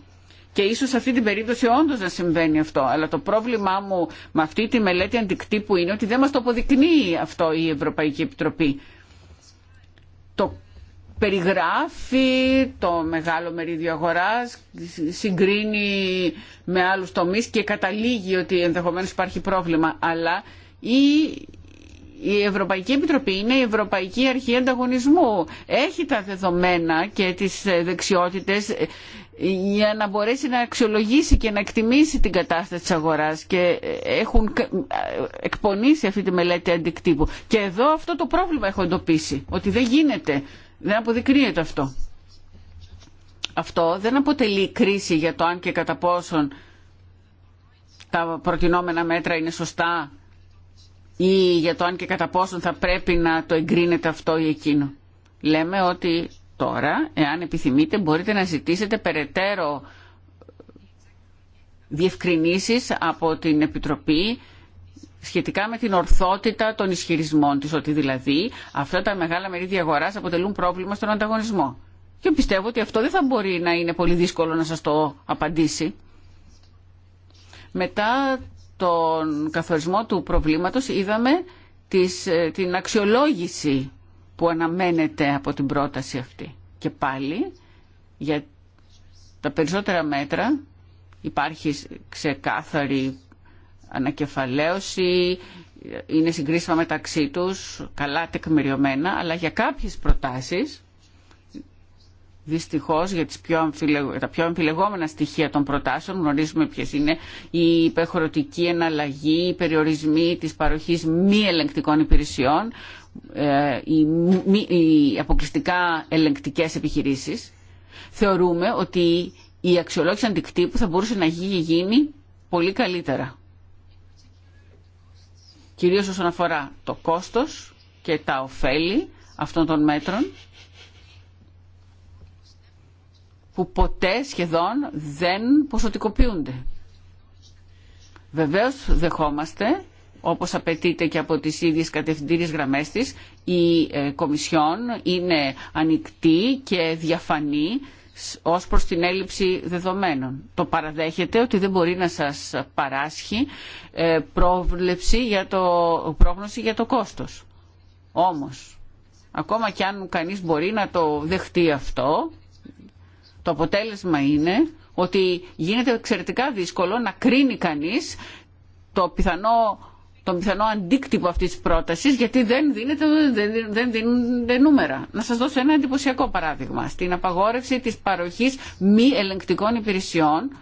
Και ίσως σε αυτή την περίπτωση όντως να συμβαίνει αυτό. Αλλά το πρόβλημά μου με αυτή τη μελέτη αντικτύπου είναι ότι δεν μας το αποδεικνύει αυτό η Ευρωπαϊκή Επιτροπή. Το περιγράφει το μεγάλο μερίδιο αγοράς, συγκρίνει με άλλους τομείς και καταλήγει ότι ενδεχομένως υπάρχει πρόβλημα. Αλλά η, η Ευρωπαϊκή Επιτροπή είναι η Ευρωπαϊκή Αρχή Ανταγωνισμού. Έχει τα δεδομένα και τις δεξιότητες ε, για να μπορέσει να αξιολογήσει και να εκτιμήσει την κατάσταση της αγοράς και ε, έχουν ε, εκπονήσει αυτή τη μελέτη αντικτύπου. Και εδώ αυτό το πρόβλημα έχω εντοπίσει, ότι δεν γίνεται δεν αποδεικνύεται αυτό. Αυτό δεν αποτελεί κρίση για το αν και κατά πόσον τα προτινόμενα μέτρα είναι σωστά ή για το αν και κατά πόσον θα πρέπει να το εγκρίνεται αυτό ή εκείνο. Λέμε ότι τώρα, εάν επιθυμείτε, μπορείτε να ζητήσετε περαιτέρω διευκρινήσεις από την Επιτροπή σχετικά με την ορθότητα των ισχυρισμών της, ότι δηλαδή αυτά τα μεγάλα μερίδια αγοράς αποτελούν πρόβλημα στον ανταγωνισμό. Και πιστεύω ότι αυτό δεν θα μπορεί να είναι πολύ δύσκολο να σας το απαντήσει. Μετά τον καθορισμό του προβλήματος είδαμε ε, την αξιολόγηση που αναμένεται από την πρόταση αυτή. Και πάλι για τα περισσότερα μέτρα υπάρχει ξεκάθαρη ανακεφαλαίωση, είναι συγκρίσιμα μεταξύ τους, καλά τεκμηριωμένα, αλλά για κάποιες προτάσεις, δυστυχώς για τις πιο τα πιο αμφιλεγόμενα στοιχεία των προτάσεων, γνωρίζουμε ποιες είναι η υπεχωρωτική εναλλαγή, οι περιορισμοί της παροχής μη ελεγκτικών υπηρεσιών, ε, οι, μη... οι αποκλειστικά ελεγκτικές επιχειρήσεις, θεωρούμε ότι η αξιολόγηση αντικτύπου θα μπορούσε να γίνει πολύ καλύτερα κυρίως όσον αφορά το κόστος και τα ωφέλη αυτών των μέτρων που ποτέ σχεδόν δεν ποσοτικοποιούνται. Βεβαίως δεχόμαστε, όπως απαιτείται και από τις ίδιες κατευθυντήριες γραμμές της, η ε, Κομισιόν είναι ανοιχτή και διαφανή ως προς την έλλειψη δεδομένων. Το παραδέχεται ότι δεν μπορεί να σας παράσχει ε, πρόβλεψη για το, πρόγνωση για το κόστος. Όμως, ακόμα κι αν κανείς μπορεί να το δεχτεί αυτό, το αποτέλεσμα είναι ότι γίνεται εξαιρετικά δύσκολο να κρίνει κανείς το πιθανό το πιθανό αντίκτυπο αυτής τη πρότασης γιατί δεν, δίνεται, δεν, δεν δίνονται νούμερα. Να σας δώσω ένα εντυπωσιακό παράδειγμα. Στην απαγόρευση της παροχής μη ελεγκτικών υπηρεσιών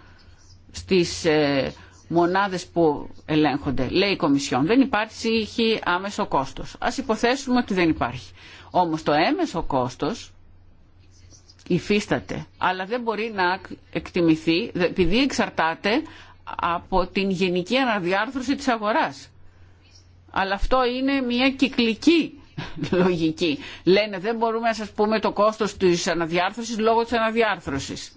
στις ε, μονάδες που ελέγχονται, λέει η Κομισιόν, δεν υπάρχει άμεσο κόστο. Ας υποθέσουμε ότι δεν υπάρχει. Όμως το έμεσο κόστο υφίσταται, αλλά δεν μπορεί να εκτιμηθεί επειδή εξαρτάται από την γενική αναδιάρθρωση της αγοράς. Αλλά αυτό είναι μια κυκλική λογική. Λένε δεν μπορούμε να σας πούμε το κόστος της αναδιάρθρωσης λόγω της αναδιάρθρωσης.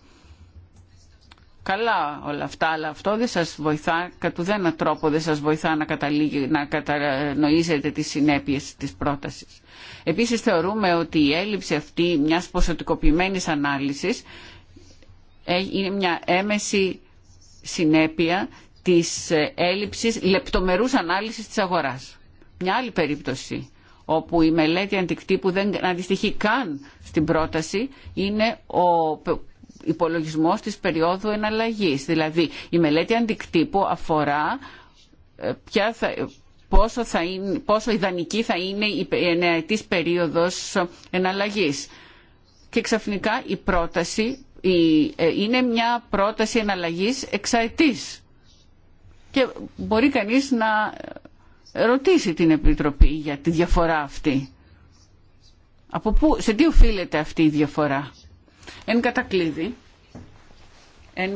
Καλά όλα αυτά, αλλά αυτό δεν σας βοηθά, κατ' ουδένα τρόπο δεν σας βοηθά να, καταλήγει, να κατανοήσετε τις συνέπειες της πρότασης. Επίσης θεωρούμε ότι η έλλειψη αυτή μιας ποσοτικοποιημένης ανάλυσης ε, είναι μια έμεση συνέπεια της έλλειψης λεπτομερούς ανάλυσης της αγοράς. Μια άλλη περίπτωση όπου η μελέτη αντικτύπου δεν αντιστοιχεί καν στην πρόταση είναι ο υπολογισμός της περίοδου εναλλαγής. Δηλαδή η μελέτη αντικτύπου αφορά ε, πόσο, θα είναι, πόσο ιδανική θα είναι η εννεαετής περίοδος εναλλαγής. Και ξαφνικά η πρόταση ε, είναι μια πρόταση εναλλαγής εξαετής και μπορεί κανείς να ρωτήσει την Επιτροπή για τη διαφορά αυτή. Από πού, σε τι οφείλεται αυτή η διαφορά. Εν κατακλείδη, εν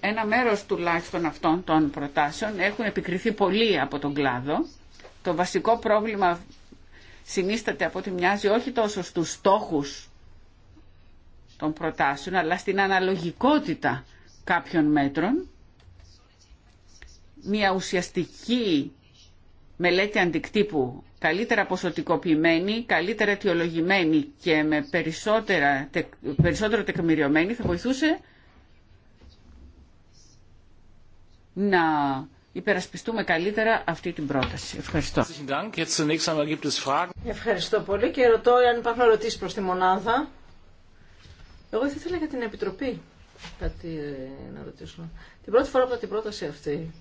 ένα μέρος τουλάχιστον αυτών των προτάσεων έχουν επικριθεί πολύ από τον κλάδο. Το βασικό πρόβλημα συνίσταται από ό,τι μοιάζει όχι τόσο στους στόχους των προτάσεων, αλλά στην αναλογικότητα κάποιων μέτρων μια ουσιαστική μελέτη αντικτύπου καλύτερα ποσοτικοποιημένη, καλύτερα αιτιολογημένη και με περισσότερα, περισσότερο τεκμηριωμένη θα βοηθούσε να υπερασπιστούμε καλύτερα αυτή την πρόταση. Ευχαριστώ. Ευχαριστώ πολύ και ρωτώ αν υπάρχουν ερωτήσει προς τη μονάδα. Εγώ θα ήθελα για την Επιτροπή κάτι να ρωτήσω. Την πρώτη φορά από την πρόταση αυτή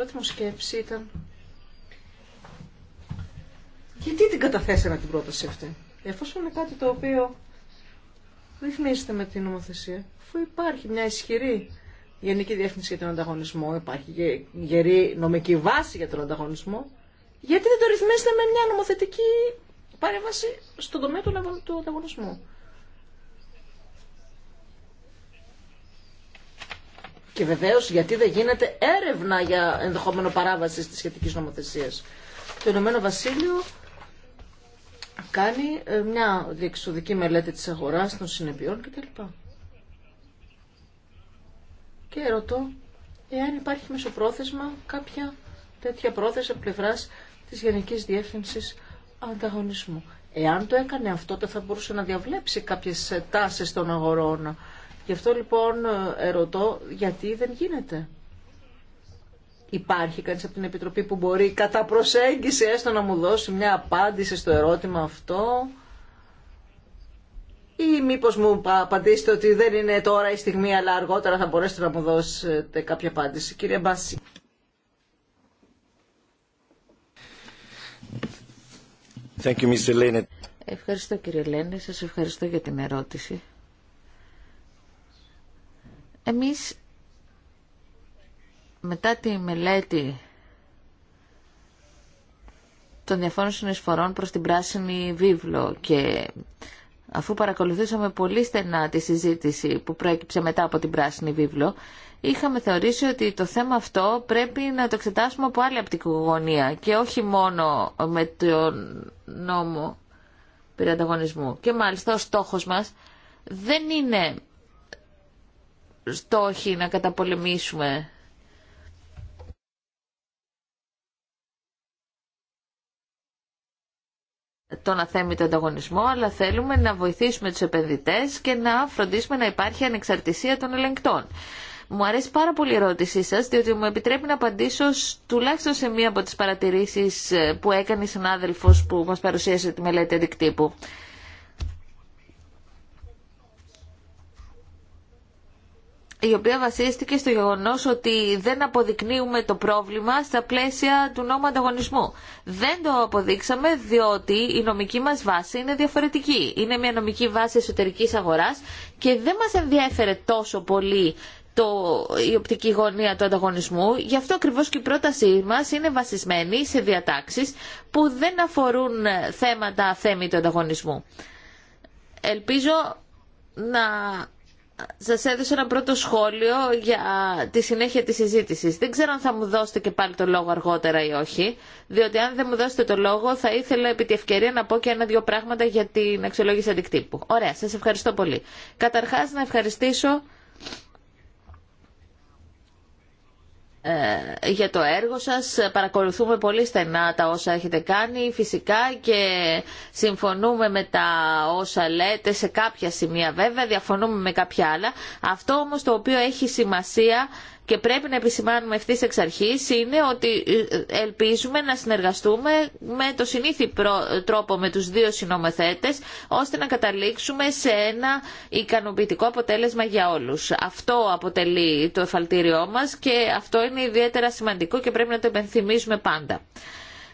πρώτη μου σκέψη ήταν γιατί την καταθέσαμε την πρόταση αυτή. Εφόσον είναι κάτι το οποίο ρυθμίζεται με την νομοθεσία, αφού υπάρχει μια ισχυρή Γενική Διεύθυνση για τον Ανταγωνισμό, υπάρχει γερή νομική βάση για τον ανταγωνισμό, γιατί δεν το ρυθμίζεται με μια νομοθετική παρέμβαση στον τομέα του ανταγωνισμού. Και βεβαίως γιατί δεν γίνεται έρευνα για ενδεχόμενο παράβαση τη σχετική νομοθεσία. Το Ηνωμένο Βασίλειο κάνει ε, μια διεξοδική μελέτη της αγοράς των συνεπειών κτλ. Και ρωτώ εάν υπάρχει μεσοπρόθεσμα κάποια τέτοια πρόθεση από πλευρά τη Γενική Διεύθυνση Ανταγωνισμού. Εάν το έκανε αυτό, θα μπορούσε να διαβλέψει κάποιε τάσει των αγορών Γι' αυτό λοιπόν ε, ερωτώ γιατί δεν γίνεται. Υπάρχει κανείς από την Επιτροπή που μπορεί κατά προσέγγιση έστω να μου δώσει μια απάντηση στο ερώτημα αυτό ή μήπως μου απαντήσετε ότι δεν είναι τώρα η στιγμή αλλά αργότερα θα μπορέσετε να μου δώσετε κάποια απάντηση. Κύριε Μπάση. Thank you, Mr. Ευχαριστώ κύριε Λένε, σας ευχαριστώ για την ερώτηση. Εμείς μετά τη μελέτη των διαφόρων συνεισφορών προς την πράσινη βίβλο και αφού παρακολουθήσαμε πολύ στενά τη συζήτηση που προέκυψε μετά από την πράσινη βίβλο, είχαμε θεωρήσει ότι το θέμα αυτό πρέπει να το εξετάσουμε από άλλη γωνία και όχι μόνο με τον νόμο περί Και μάλιστα ο στόχος μας δεν είναι στόχοι να καταπολεμήσουμε τον αθέμητο ανταγωνισμό, αλλά θέλουμε να βοηθήσουμε τους επενδυτές και να φροντίσουμε να υπάρχει ανεξαρτησία των ελεγκτών. Μου αρέσει πάρα πολύ η ερώτησή σας, διότι μου επιτρέπει να απαντήσω τουλάχιστον σε μία από τις παρατηρήσεις ε, που έκανε η συνάδελφος που μας παρουσίασε τη μελέτη αντικτύπου. η οποία βασίστηκε στο γεγονός ότι δεν αποδεικνύουμε το πρόβλημα στα πλαίσια του νόμου ανταγωνισμού. Δεν το αποδείξαμε διότι η νομική μας βάση είναι διαφορετική. Είναι μια νομική βάση εσωτερικής αγοράς και δεν μας ενδιέφερε τόσο πολύ το, η οπτική γωνία του ανταγωνισμού. Γι' αυτό ακριβώς και η πρότασή μας είναι βασισμένη σε διατάξεις που δεν αφορούν θέματα θέμη του ανταγωνισμού. Ελπίζω να σας έδωσα ένα πρώτο σχόλιο για τη συνέχεια της συζήτηση. Δεν ξέρω αν θα μου δώσετε και πάλι το λόγο αργότερα ή όχι, διότι αν δεν μου δώσετε το λόγο θα ήθελα επί τη ευκαιρία να πω και ένα-δυο πράγματα για την αξιολόγηση αντικτύπου. Ωραία, σας ευχαριστώ πολύ. Καταρχάς να ευχαριστήσω Ε, για το έργο σας. Παρακολουθούμε πολύ στενά τα όσα έχετε κάνει φυσικά και συμφωνούμε με τα όσα λέτε σε κάποια σημεία βέβαια, διαφωνούμε με κάποια άλλα. Αυτό όμως το οποίο έχει σημασία και πρέπει να επισημάνουμε ευθύ εξ αρχή είναι ότι ε, ελπίζουμε να συνεργαστούμε με το συνήθι τρόπο με τους δύο συνομοθέτες ώστε να καταλήξουμε σε ένα ικανοποιητικό αποτέλεσμα για όλους. Αυτό αποτελεί το εφαλτήριό μας και αυτό είναι ιδιαίτερα σημαντικό και πρέπει να το επενθυμίζουμε πάντα.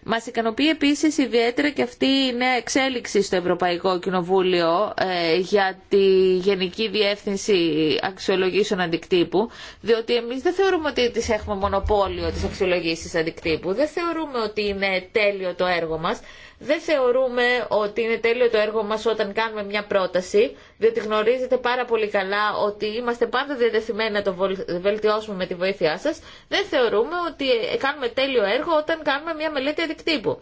Μας ικανοποιεί επίσης ιδιαίτερα και αυτή η νέα εξέλιξη στο Ευρωπαϊκό Κοινοβούλιο ε, για τη Γενική Διεύθυνση Αξιολογήσεων Αντικτύπου, διότι εμείς δεν θεωρούμε ότι τις έχουμε μονοπόλιο της αξιολογήσεις αντικτύπου, δεν θεωρούμε ότι είναι τέλειο το έργο μας, δεν θεωρούμε ότι είναι τέλειο το έργο μας όταν κάνουμε μια πρόταση, διότι γνωρίζετε πάρα πολύ καλά ότι είμαστε πάντα διατεθειμένοι να το βελτιώσουμε με τη βοήθειά σας. Δεν θεωρούμε ότι ε, κάνουμε τέλειο έργο όταν κάνουμε μια μελέτη αντικτύπου.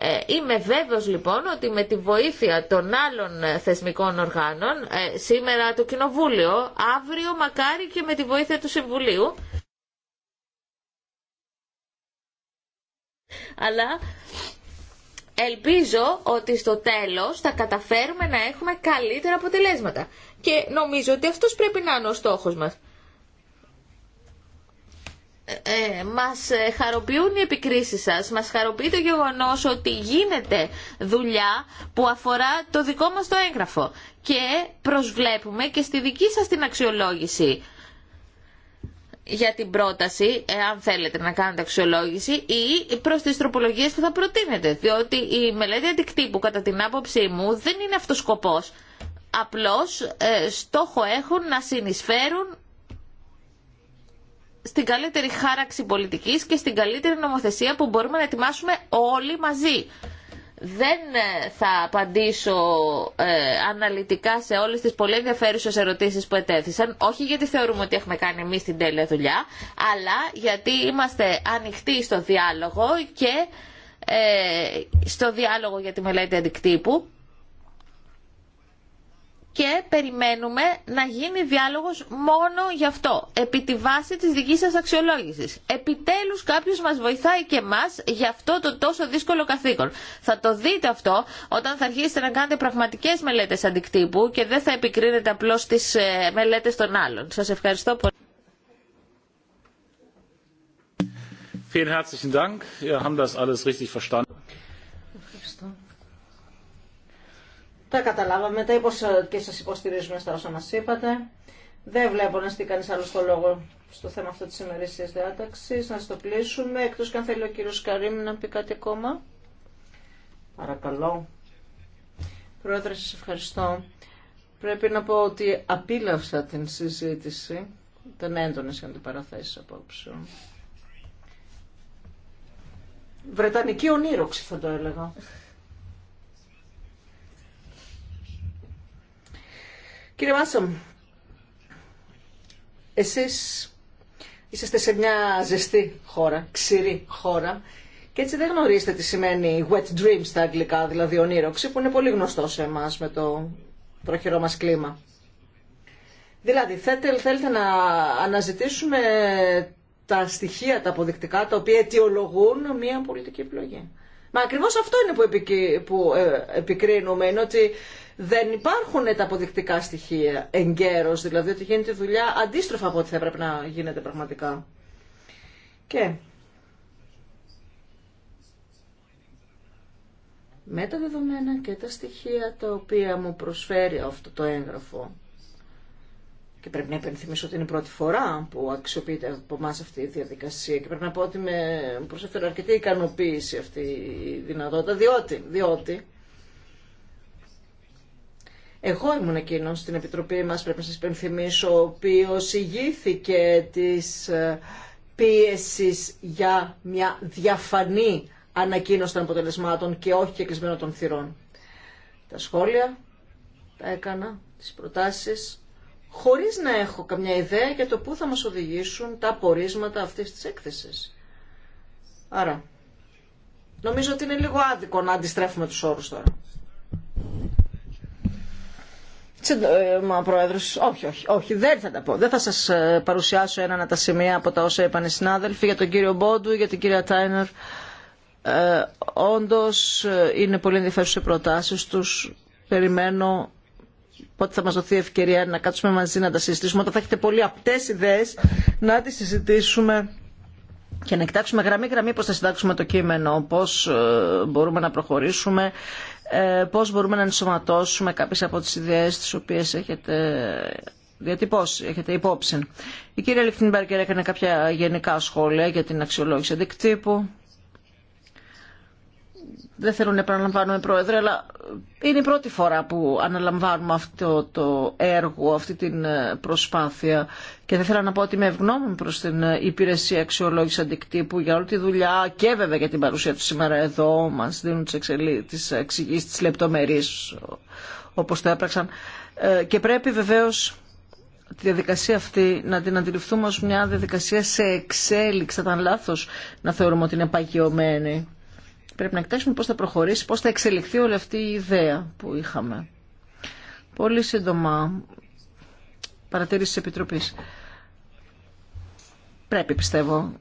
Ε, είμαι βέβαιος λοιπόν ότι με τη βοήθεια των άλλων ε, θεσμικών οργάνων, σήμερα το Κοινοβούλιο, αύριο μακάρι και με τη βοήθεια του Συμβουλίου, αλλά Ελπίζω ότι στο τέλος θα καταφέρουμε να έχουμε καλύτερα αποτελέσματα. Και νομίζω ότι αυτός πρέπει να είναι ο στόχος μας. Ε, ε μας ε, χαροποιούν οι επικρίσεις σας, μας χαροποιεί το γεγονός ότι γίνεται δουλειά που αφορά το δικό μας το έγγραφο και προσβλέπουμε και στη δική σας την αξιολόγηση για την πρόταση, εάν θέλετε να κάνετε αξιολόγηση, ή προ τι τροπολογίε που θα προτείνετε. Διότι η μελέτη αντικτύπου, κατά την άποψή μου, δεν είναι αυτό σκοπό. Απλώ ε, στόχο έχουν να συνεισφέρουν στην καλύτερη χάραξη πολιτικής και στην καλύτερη νομοθεσία που μπορούμε να ετοιμάσουμε όλοι μαζί. Δεν ε, θα απαντήσω ε, αναλυτικά σε όλες τις πολύ ενδιαφέρουσες ερωτήσεις που ετέθησαν, όχι γιατί θεωρούμε ότι έχουμε κάνει εμείς την τέλεια δουλειά, αλλά γιατί είμαστε ανοιχτοί στο διάλογο και ε, στο διάλογο για τη μελέτη αντικτύπου και περιμένουμε να γίνει διάλογος μόνο γι' αυτό, επί τη βάση της δικής σας αξιολόγησης. Επιτέλους κάποιος μας βοηθάει και μας γι' αυτό το τόσο δύσκολο καθήκον. Θα το δείτε αυτό όταν θα αρχίσετε να κάνετε πραγματικές μελέτες αντικτύπου και δεν θα επικρίνετε απλώς τις ε, μελέτες των άλλων. Σας ευχαριστώ πολύ. Τα καταλάβαμε, τα και σας υποστηρίζουμε στα όσα μας είπατε. Δεν βλέπω να στείλει κανείς άλλο το λόγο στο θέμα αυτό της ημερήσιας διάταξης. Να στο κλείσουμε. εκτός και αν θέλει ο κύριο Καρύμ να πει κάτι ακόμα. Παρακαλώ. Πρόεδρε, σας ευχαριστώ. Πρέπει να πω ότι απίλαυσα την συζήτηση. Ήταν έντονες οι αντιπαραθέσει απόψε. Βρετανική ονείροξη θα το έλεγα. Κύριε Μάσομ, εσείς είσαστε σε μια ζεστή χώρα, ξηρή χώρα και έτσι δεν γνωρίζετε τι σημαίνει wet dream στα αγγλικά, δηλαδή ονείροξη, που είναι πολύ γνωστό σε εμάς με το προχειρό μας κλίμα. Δηλαδή, θέλετε, να αναζητήσουμε τα στοιχεία, τα αποδεικτικά, τα οποία αιτιολογούν μια πολιτική επιλογή. Μα ακριβώς αυτό είναι που, ε, επικρίνουμε, είναι ότι δεν υπάρχουν τα αποδεικτικά στοιχεία εγκαίρως, δηλαδή ότι γίνεται δουλειά αντίστροφα από ό,τι θα έπρεπε να γίνεται πραγματικά. Και με τα δεδομένα και τα στοιχεία τα οποία μου προσφέρει αυτό το έγγραφο και πρέπει να υπενθυμίσω ότι είναι η πρώτη φορά που αξιοποιείται από εμά αυτή η διαδικασία και πρέπει να πω ότι με προσέφερε αρκετή ικανοποίηση αυτή η δυνατότητα διότι, διότι εγώ ήμουν εκείνο στην Επιτροπή μας, πρέπει να σα υπενθυμίσω, ο οποίο ηγήθηκε της ε, πίεσης για μια διαφανή ανακοίνωση των αποτελεσμάτων και όχι και κλεισμένο των θυρών. Τα σχόλια τα έκανα, τις προτάσεις, χωρίς να έχω καμιά ιδέα για το πού θα μας οδηγήσουν τα πορίσματα αυτής της έκθεσης. Άρα, νομίζω ότι είναι λίγο άδικο να αντιστρέφουμε τους όρους τώρα. Ε, μα πρόεδρος, όχι, όχι, όχι, δεν θα τα πω. Δεν θα σας ε, παρουσιάσω έναν από τα σημεία από τα όσα είπαν οι συνάδελφοι για τον κύριο Μπόντου, για την κυρία Τάινερ. Όντω ε, όντως είναι πολύ ενδιαφέρουσε οι προτάσεις τους. Περιμένω πότε θα μας δοθεί ευκαιρία να κάτσουμε μαζί να τα συζητήσουμε. Όταν θα έχετε πολύ απτές ιδέες να τις συζητήσουμε και να κοιτάξουμε γραμμή-γραμμή πώς θα συντάξουμε το κείμενο, πώς μπορούμε να προχωρήσουμε ε, πώς μπορούμε να ενσωματώσουμε κάποιες από τις ιδέες τις οποίες έχετε διατυπώσει, έχετε υπόψη. Η κυρία Λιχτινμπέργκερ έκανε κάποια γενικά σχόλια για την αξιολόγηση αντικτύπου δεν θέλω να επαναλαμβάνουμε πρόεδρε, αλλά είναι η πρώτη φορά που αναλαμβάνουμε αυτό το έργο, αυτή την ε, προσπάθεια. Και δεν θέλω να πω ότι με ευγνώμων προς την ε, υπηρεσία αξιολόγηση αντικτύπου για όλη τη δουλειά και βέβαια για την παρουσία του σήμερα εδώ. Μας δίνουν τις, εξελί, τις εξηγήσεις, τις όπως το έπραξαν. Ε, και πρέπει βεβαίως τη διαδικασία αυτή να την αντιληφθούμε ως μια διαδικασία σε εξέλιξη. Θα ήταν λάθος να θεωρούμε ότι είναι παγιωμένη Πρέπει να κοιτάξουμε πώς θα προχωρήσει, πώς θα εξελιχθεί όλη αυτή η ιδέα που είχαμε. Πολύ σύντομα, παρατήρηση της Επιτροπής. Πρέπει, πιστεύω,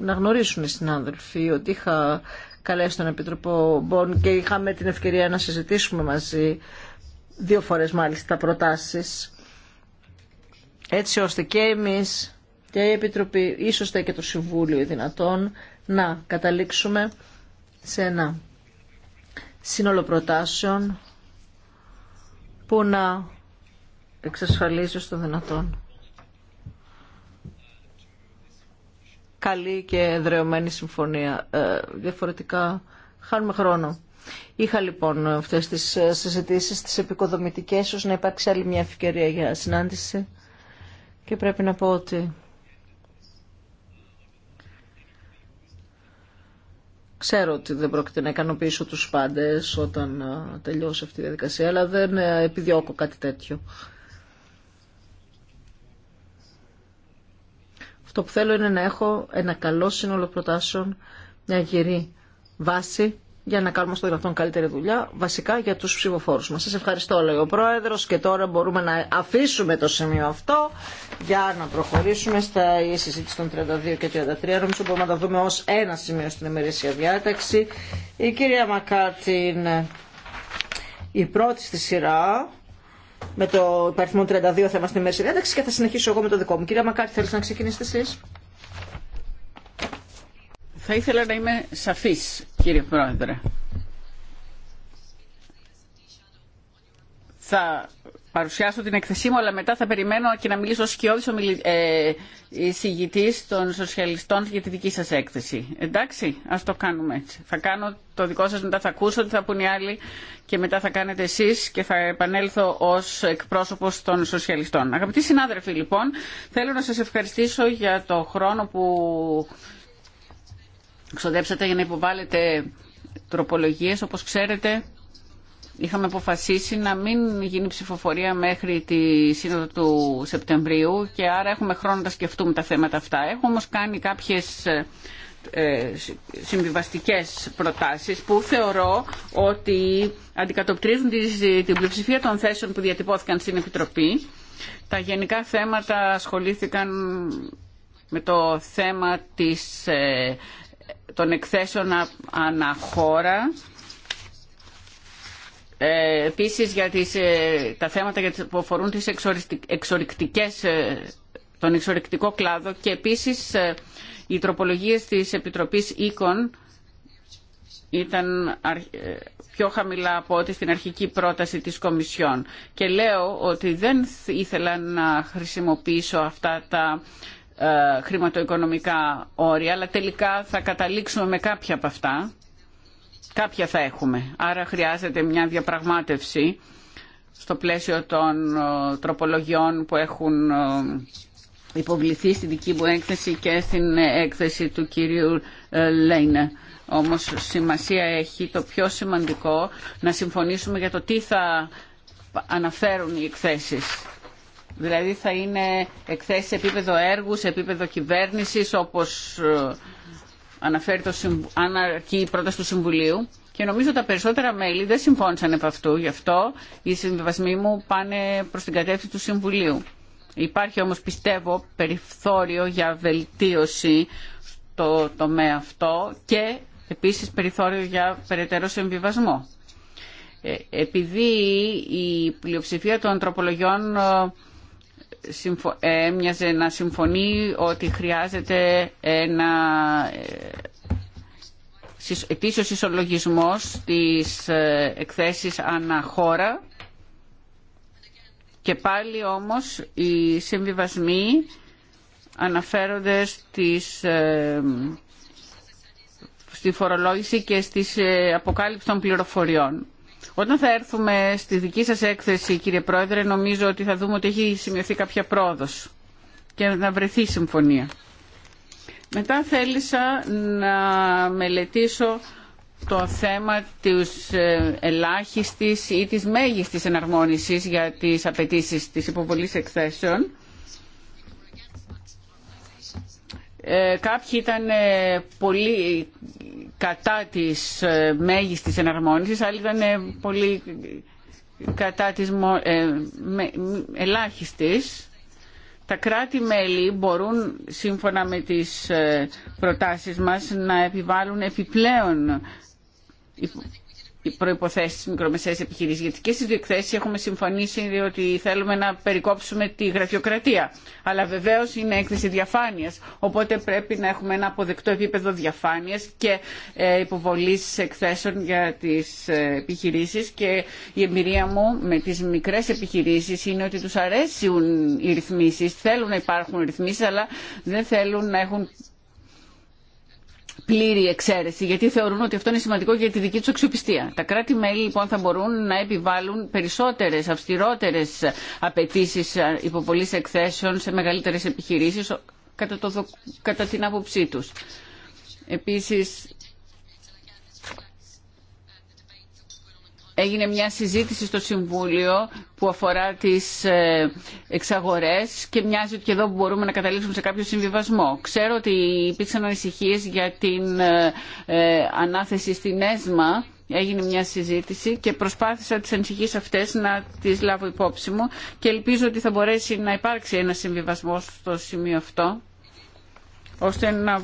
να γνωρίσουν οι συνάδελφοι ότι είχα καλέσει τον Επιτροπό Μπον και είχαμε την ευκαιρία να συζητήσουμε μαζί δύο φορές μάλιστα προτάσεις έτσι ώστε και εμείς και η Επιτροπή, ίσως και το Συμβούλιο δυνατόν, να καταλήξουμε σε ένα σύνολο προτάσεων που να εξασφαλίζει στο δυνατόν καλή και εδρεωμένη συμφωνία. Ε, διαφορετικά χάνουμε χρόνο. Είχα λοιπόν αυτές τις ε, συζητήσεις, τις επικοδομητικές, ώστε να υπάρξει άλλη μια ευκαιρία για συνάντηση και πρέπει να πω ότι Ξέρω ότι δεν πρόκειται να ικανοποιήσω τους πάντες όταν τελειώσει αυτή η διαδικασία, αλλά δεν επιδιώκω κάτι τέτοιο. Αυτό που θέλω είναι να έχω ένα καλό σύνολο προτάσεων, μια γερή βάση για να κάνουμε στο δυνατόν καλύτερη δουλειά, βασικά για τους ψηφοφόρους μας. Σας ευχαριστώ, λέει ο Πρόεδρος, και τώρα μπορούμε να αφήσουμε το σημείο αυτό για να προχωρήσουμε στα συζήτηση των 32 και 33. Νομίζω μπορούμε να τα δούμε ως ένα σημείο στην ημερήσια διάταξη. Η κυρία Μακάρτη είναι η πρώτη στη σειρά με το υπαριθμό 32 θέμα στην ημερήσια διάταξη και θα συνεχίσω εγώ με το δικό μου. Κυρία Μακάρτη, θέλεις να ξεκινήσετε εσείς. Θα ήθελα να είμαι σαφής, κύριε Πρόεδρε. Θα παρουσιάσω την εκθεσή μου, αλλά μετά θα περιμένω και να μιλήσω ως σκιώδης ο ε, των σοσιαλιστών για τη δική σας έκθεση. Εντάξει, ας το κάνουμε έτσι. Θα κάνω το δικό σας, μετά θα ακούσω τι θα πούν οι άλλοι και μετά θα κάνετε εσείς και θα επανέλθω ως εκπρόσωπος των σοσιαλιστών. Αγαπητοί συνάδελφοι, λοιπόν, θέλω να σας ευχαριστήσω για το χρόνο που ξοδέψατε για να υποβάλλετε τροπολογίες. Όπως ξέρετε, είχαμε αποφασίσει να μην γίνει ψηφοφορία μέχρι τη σύνοδο του Σεπτεμβρίου και άρα έχουμε χρόνο να σκεφτούμε τα θέματα αυτά. Έχω όμως κάνει κάποιες ε, συμβιβαστικές προτάσεις που θεωρώ ότι αντικατοπτρίζουν την πλειοψηφία των θέσεων που διατυπώθηκαν στην Επιτροπή. Τα γενικά θέματα ασχολήθηκαν με το θέμα της ε, των εκθέσεων αναχώρα ε, επίσης για τις, ε, τα θέματα που αφορούν τις εξορυκτικές, ε, τον εξορυκτικό κλάδο και επίσης ε, οι τροπολογίες της Επιτροπής Οίκων ήταν πιο χαμηλά από ό,τι στην αρχική πρόταση της Κομισιόν. Και λέω ότι δεν ήθελα να χρησιμοποιήσω αυτά τα ε, χρηματοοικονομικά όρια, αλλά τελικά θα καταλήξουμε με κάποια από αυτά. Κάποια θα έχουμε. Άρα χρειάζεται μια διαπραγμάτευση στο πλαίσιο των ε, τροπολογιών που έχουν ε, υποβληθεί στην δική μου έκθεση και στην έκθεση του κυρίου Λέινε. Όμως σημασία έχει το πιο σημαντικό να συμφωνήσουμε για το τι θα αναφέρουν οι εκθέσεις. Δηλαδή θα είναι εκθέσει σε επίπεδο έργου, σε επίπεδο κυβέρνησης, όπως ε, αναφέρει το, η πρόταση του Συμβουλίου. Και νομίζω τα περισσότερα μέλη δεν συμφώνησαν επ' αυτού. Γι' αυτό οι συμβιβασμοί μου πάνε προς την κατεύθυνση του Συμβουλίου. Υπάρχει όμως πιστεύω περιθώριο για βελτίωση στο τομέα αυτό και επίσης περιθώριο για περαιτέρω συμβιβασμό. Ε, επειδή η πλειοψηφία των ανθρωπολογιών ε, ε, έμοιαζε να συμφωνεί ότι χρειάζεται ένα ε, ετήσιος ισολογισμός της ε, εκθέσεις χώρα και πάλι όμως οι συμβιβασμοί αναφέρονται στις, στη φορολόγηση και στις αποκάλυψη των πληροφοριών. Όταν θα έρθουμε στη δική σας έκθεση, κύριε Πρόεδρε, νομίζω ότι θα δούμε ότι έχει σημειωθεί κάποια πρόοδος και να βρεθεί συμφωνία. Μετά θέλησα να μελετήσω το θέμα της ε, ελάχιστης ή της μέγιστης εναρμόνισης για τις απαιτήσεις της υποβολής εκθέσεων Ε, κάποιοι ήταν ε, πολύ κατά της ε, μέγιστης εναρμόνισης, άλλοι ήταν πολύ κατά της ελάχιστης. Τα κράτη-μέλη μπορούν, σύμφωνα με τις προτάσεις μας, να επιβάλλουν επιπλέον οι προϋποθέσεις τη μικρομεσαία Γιατί και στις δύο εκθέσει έχουμε συμφωνήσει ότι θέλουμε να περικόψουμε τη γραφειοκρατία. Αλλά βεβαίω είναι έκθεση διαφάνειας, οπότε πρέπει να έχουμε ένα αποδεκτό επίπεδο διαφάνειας και ε, υποβολής εκθέσεων για τις ε, επιχειρήσεις. Και η εμπειρία μου με τις μικρέ επιχειρήσει είναι ότι του αρέσουν οι ρυθμίσει, θέλουν να υπάρχουν ρυθμίσει, αλλά δεν θέλουν να έχουν πλήρη εξαίρεση, γιατί θεωρούν ότι αυτό είναι σημαντικό για τη δική του αξιοπιστία. Τα κράτη-μέλη λοιπόν θα μπορούν να επιβάλλουν περισσότερε, αυστηρότερε απαιτήσει υποβολή εκθέσεων σε μεγαλύτερε επιχειρήσει κατά, κατά την άποψή του. Επίσης, έγινε μια συζήτηση στο Συμβούλιο που αφορά τις ε, εξαγορές και μοιάζει ότι και εδώ μπορούμε να καταλήξουμε σε κάποιο συμβιβασμό. Ξέρω ότι υπήρξαν ανησυχίε για την ε, ε, ανάθεση στην ΕΣΜΑ έγινε μια συζήτηση και προσπάθησα τις ανησυχίες αυτές να τις λάβω υπόψη μου και ελπίζω ότι θα μπορέσει να υπάρξει ένα συμβιβασμό στο σημείο αυτό ώστε να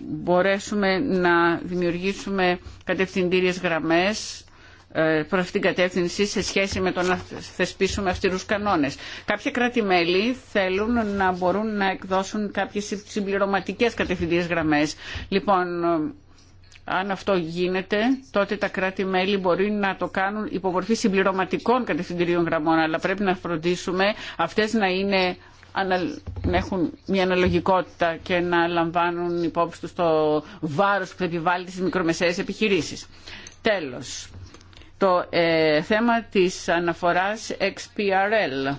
μπορέσουμε να δημιουργήσουμε κατευθυντήριες γραμμές ε, Προ αυτήν την κατεύθυνση σε σχέση με το να θεσπίσουμε αυστηρούς κανόνες. Κάποια κράτη-μέλη θέλουν να μπορούν να εκδώσουν κάποιε συμπληρωματικέ κατευθυντήριε γραμμέ. Λοιπόν, ε, αν αυτό γίνεται, τότε τα κράτη-μέλη μπορεί να το κάνουν υποβορφή συμπληρωματικών κατευθυντηρίων γραμμών, αλλά πρέπει να φροντίσουμε αυτές να είναι να έχουν μια αναλογικότητα και να λαμβάνουν υπόψη τους το βάρος που επιβάλλει στις μικρομεσαίες επιχειρήσεις. Τέλος, το ε, θέμα της αναφοράς XPRL.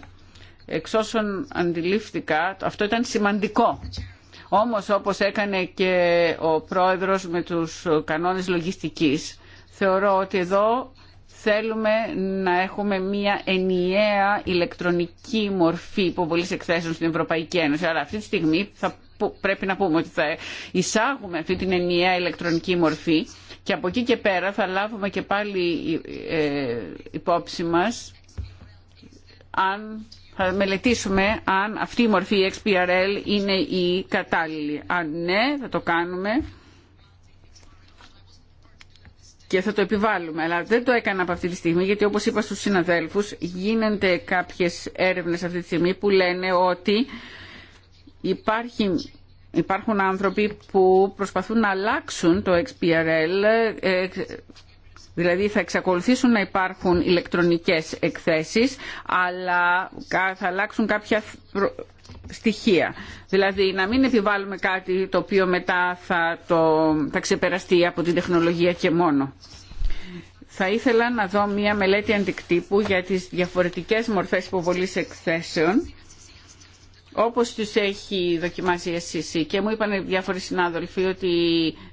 Εξ όσων αντιλήφθηκα, αυτό ήταν σημαντικό. Όμως όπως έκανε και ο πρόεδρος με τους κανόνες λογιστικής, θεωρώ ότι εδώ θέλουμε να έχουμε μια ενιαία ηλεκτρονική μορφή υποβολής εκθέσεων στην Ευρωπαϊκή Ένωση. Άρα αυτή τη στιγμή θα, πρέπει να πούμε ότι θα εισάγουμε αυτή την ενιαία ηλεκτρονική μορφή και από εκεί και πέρα θα λάβουμε και πάλι ε, υπόψη μας αν θα μελετήσουμε αν αυτή η μορφή XPRL είναι η κατάλληλη. Αν ναι, θα το κάνουμε και θα το επιβάλλουμε. Αλλά δεν το έκανα από αυτή τη στιγμή, γιατί όπως είπα στους συναδέλφους, γίνονται κάποιες έρευνες αυτή τη στιγμή που λένε ότι υπάρχει υπάρχουν άνθρωποι που προσπαθούν να αλλάξουν το XPRL, ε, δηλαδή θα εξακολουθήσουν να υπάρχουν ηλεκτρονικές εκθέσεις, αλλά θα αλλάξουν κάποια στοιχεία. Δηλαδή να μην επιβάλλουμε κάτι το οποίο μετά θα, το, θα ξεπεραστεί από την τεχνολογία και μόνο. Θα ήθελα να δω μια μελέτη αντικτύπου για τις διαφορετικές μορφές υποβολής εκθέσεων όπως τους έχει δοκιμάσει η SCC και μου είπαν διάφοροι συνάδελφοι ότι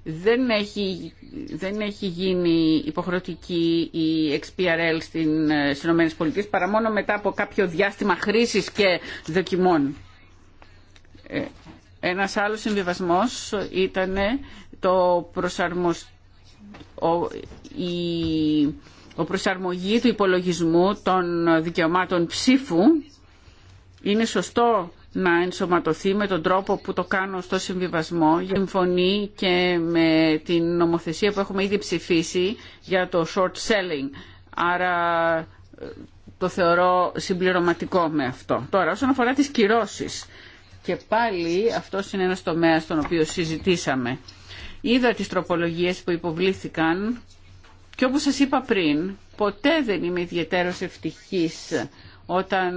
δεν έχει, δεν έχει γίνει υποχρεωτική η XPRL στην, ε, στις ΗΠΑ παρά μόνο μετά από κάποιο διάστημα χρήσης και δοκιμών. Ε, ένας άλλος συμβιβασμός ήταν το προσαρμοσ... ο... Η... ο προσαρμογή του υπολογισμού των δικαιωμάτων ψήφου είναι σωστό να ενσωματωθεί με τον τρόπο που το κάνω στο συμβιβασμό. Συμφωνεί και με την νομοθεσία που έχουμε ήδη ψηφίσει για το short selling. Άρα το θεωρώ συμπληρωματικό με αυτό. Τώρα, όσον αφορά τις κυρώσεις, και πάλι αυτό είναι ένας τομέας στον οποίο συζητήσαμε. Είδα τις τροπολογίες που υποβλήθηκαν και όπως σας είπα πριν, ποτέ δεν είμαι ιδιαίτερος ευτυχής όταν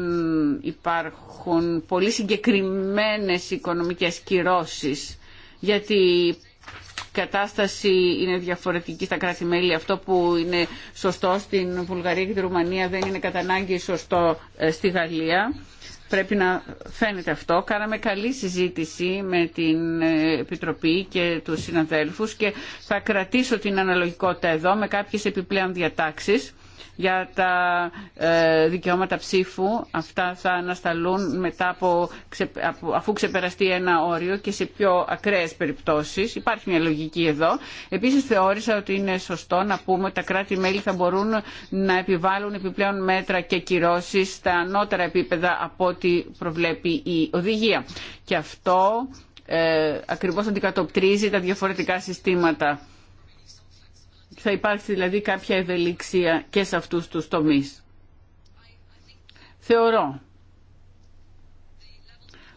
υπάρχουν πολύ συγκεκριμένες οικονομικές κυρώσεις γιατί η κατάσταση είναι διαφορετική στα κράτη-μέλη. Αυτό που είναι σωστό στην Βουλγαρία και τη Ρουμανία δεν είναι κατά ανάγκη σωστό ε, στη Γαλλία. Πρέπει να φαίνεται αυτό. Κάναμε καλή συζήτηση με την ε, Επιτροπή και τους συναδέλφους και θα κρατήσω την αναλογικότητα εδώ με κάποιες επιπλέον διατάξεις για τα ε, δικαιώματα ψήφου. Αυτά θα ανασταλούν μετά από, αφού ξεπεραστεί ένα όριο και σε πιο ακραίες περιπτώσεις. Υπάρχει μια λογική εδώ. Επίσης θεώρησα ότι είναι σωστό να πούμε ότι τα κράτη-μέλη θα μπορούν να επιβάλλουν επιπλέον μέτρα και κυρώσεις στα ανώτερα επίπεδα από ό,τι προβλέπει η οδηγία. Και αυτό ε, ακριβώς αντικατοπτρίζει τα διαφορετικά συστήματα θα υπάρξει δηλαδή κάποια ευελιξία και σε αυτούς τους τομείς. Θεωρώ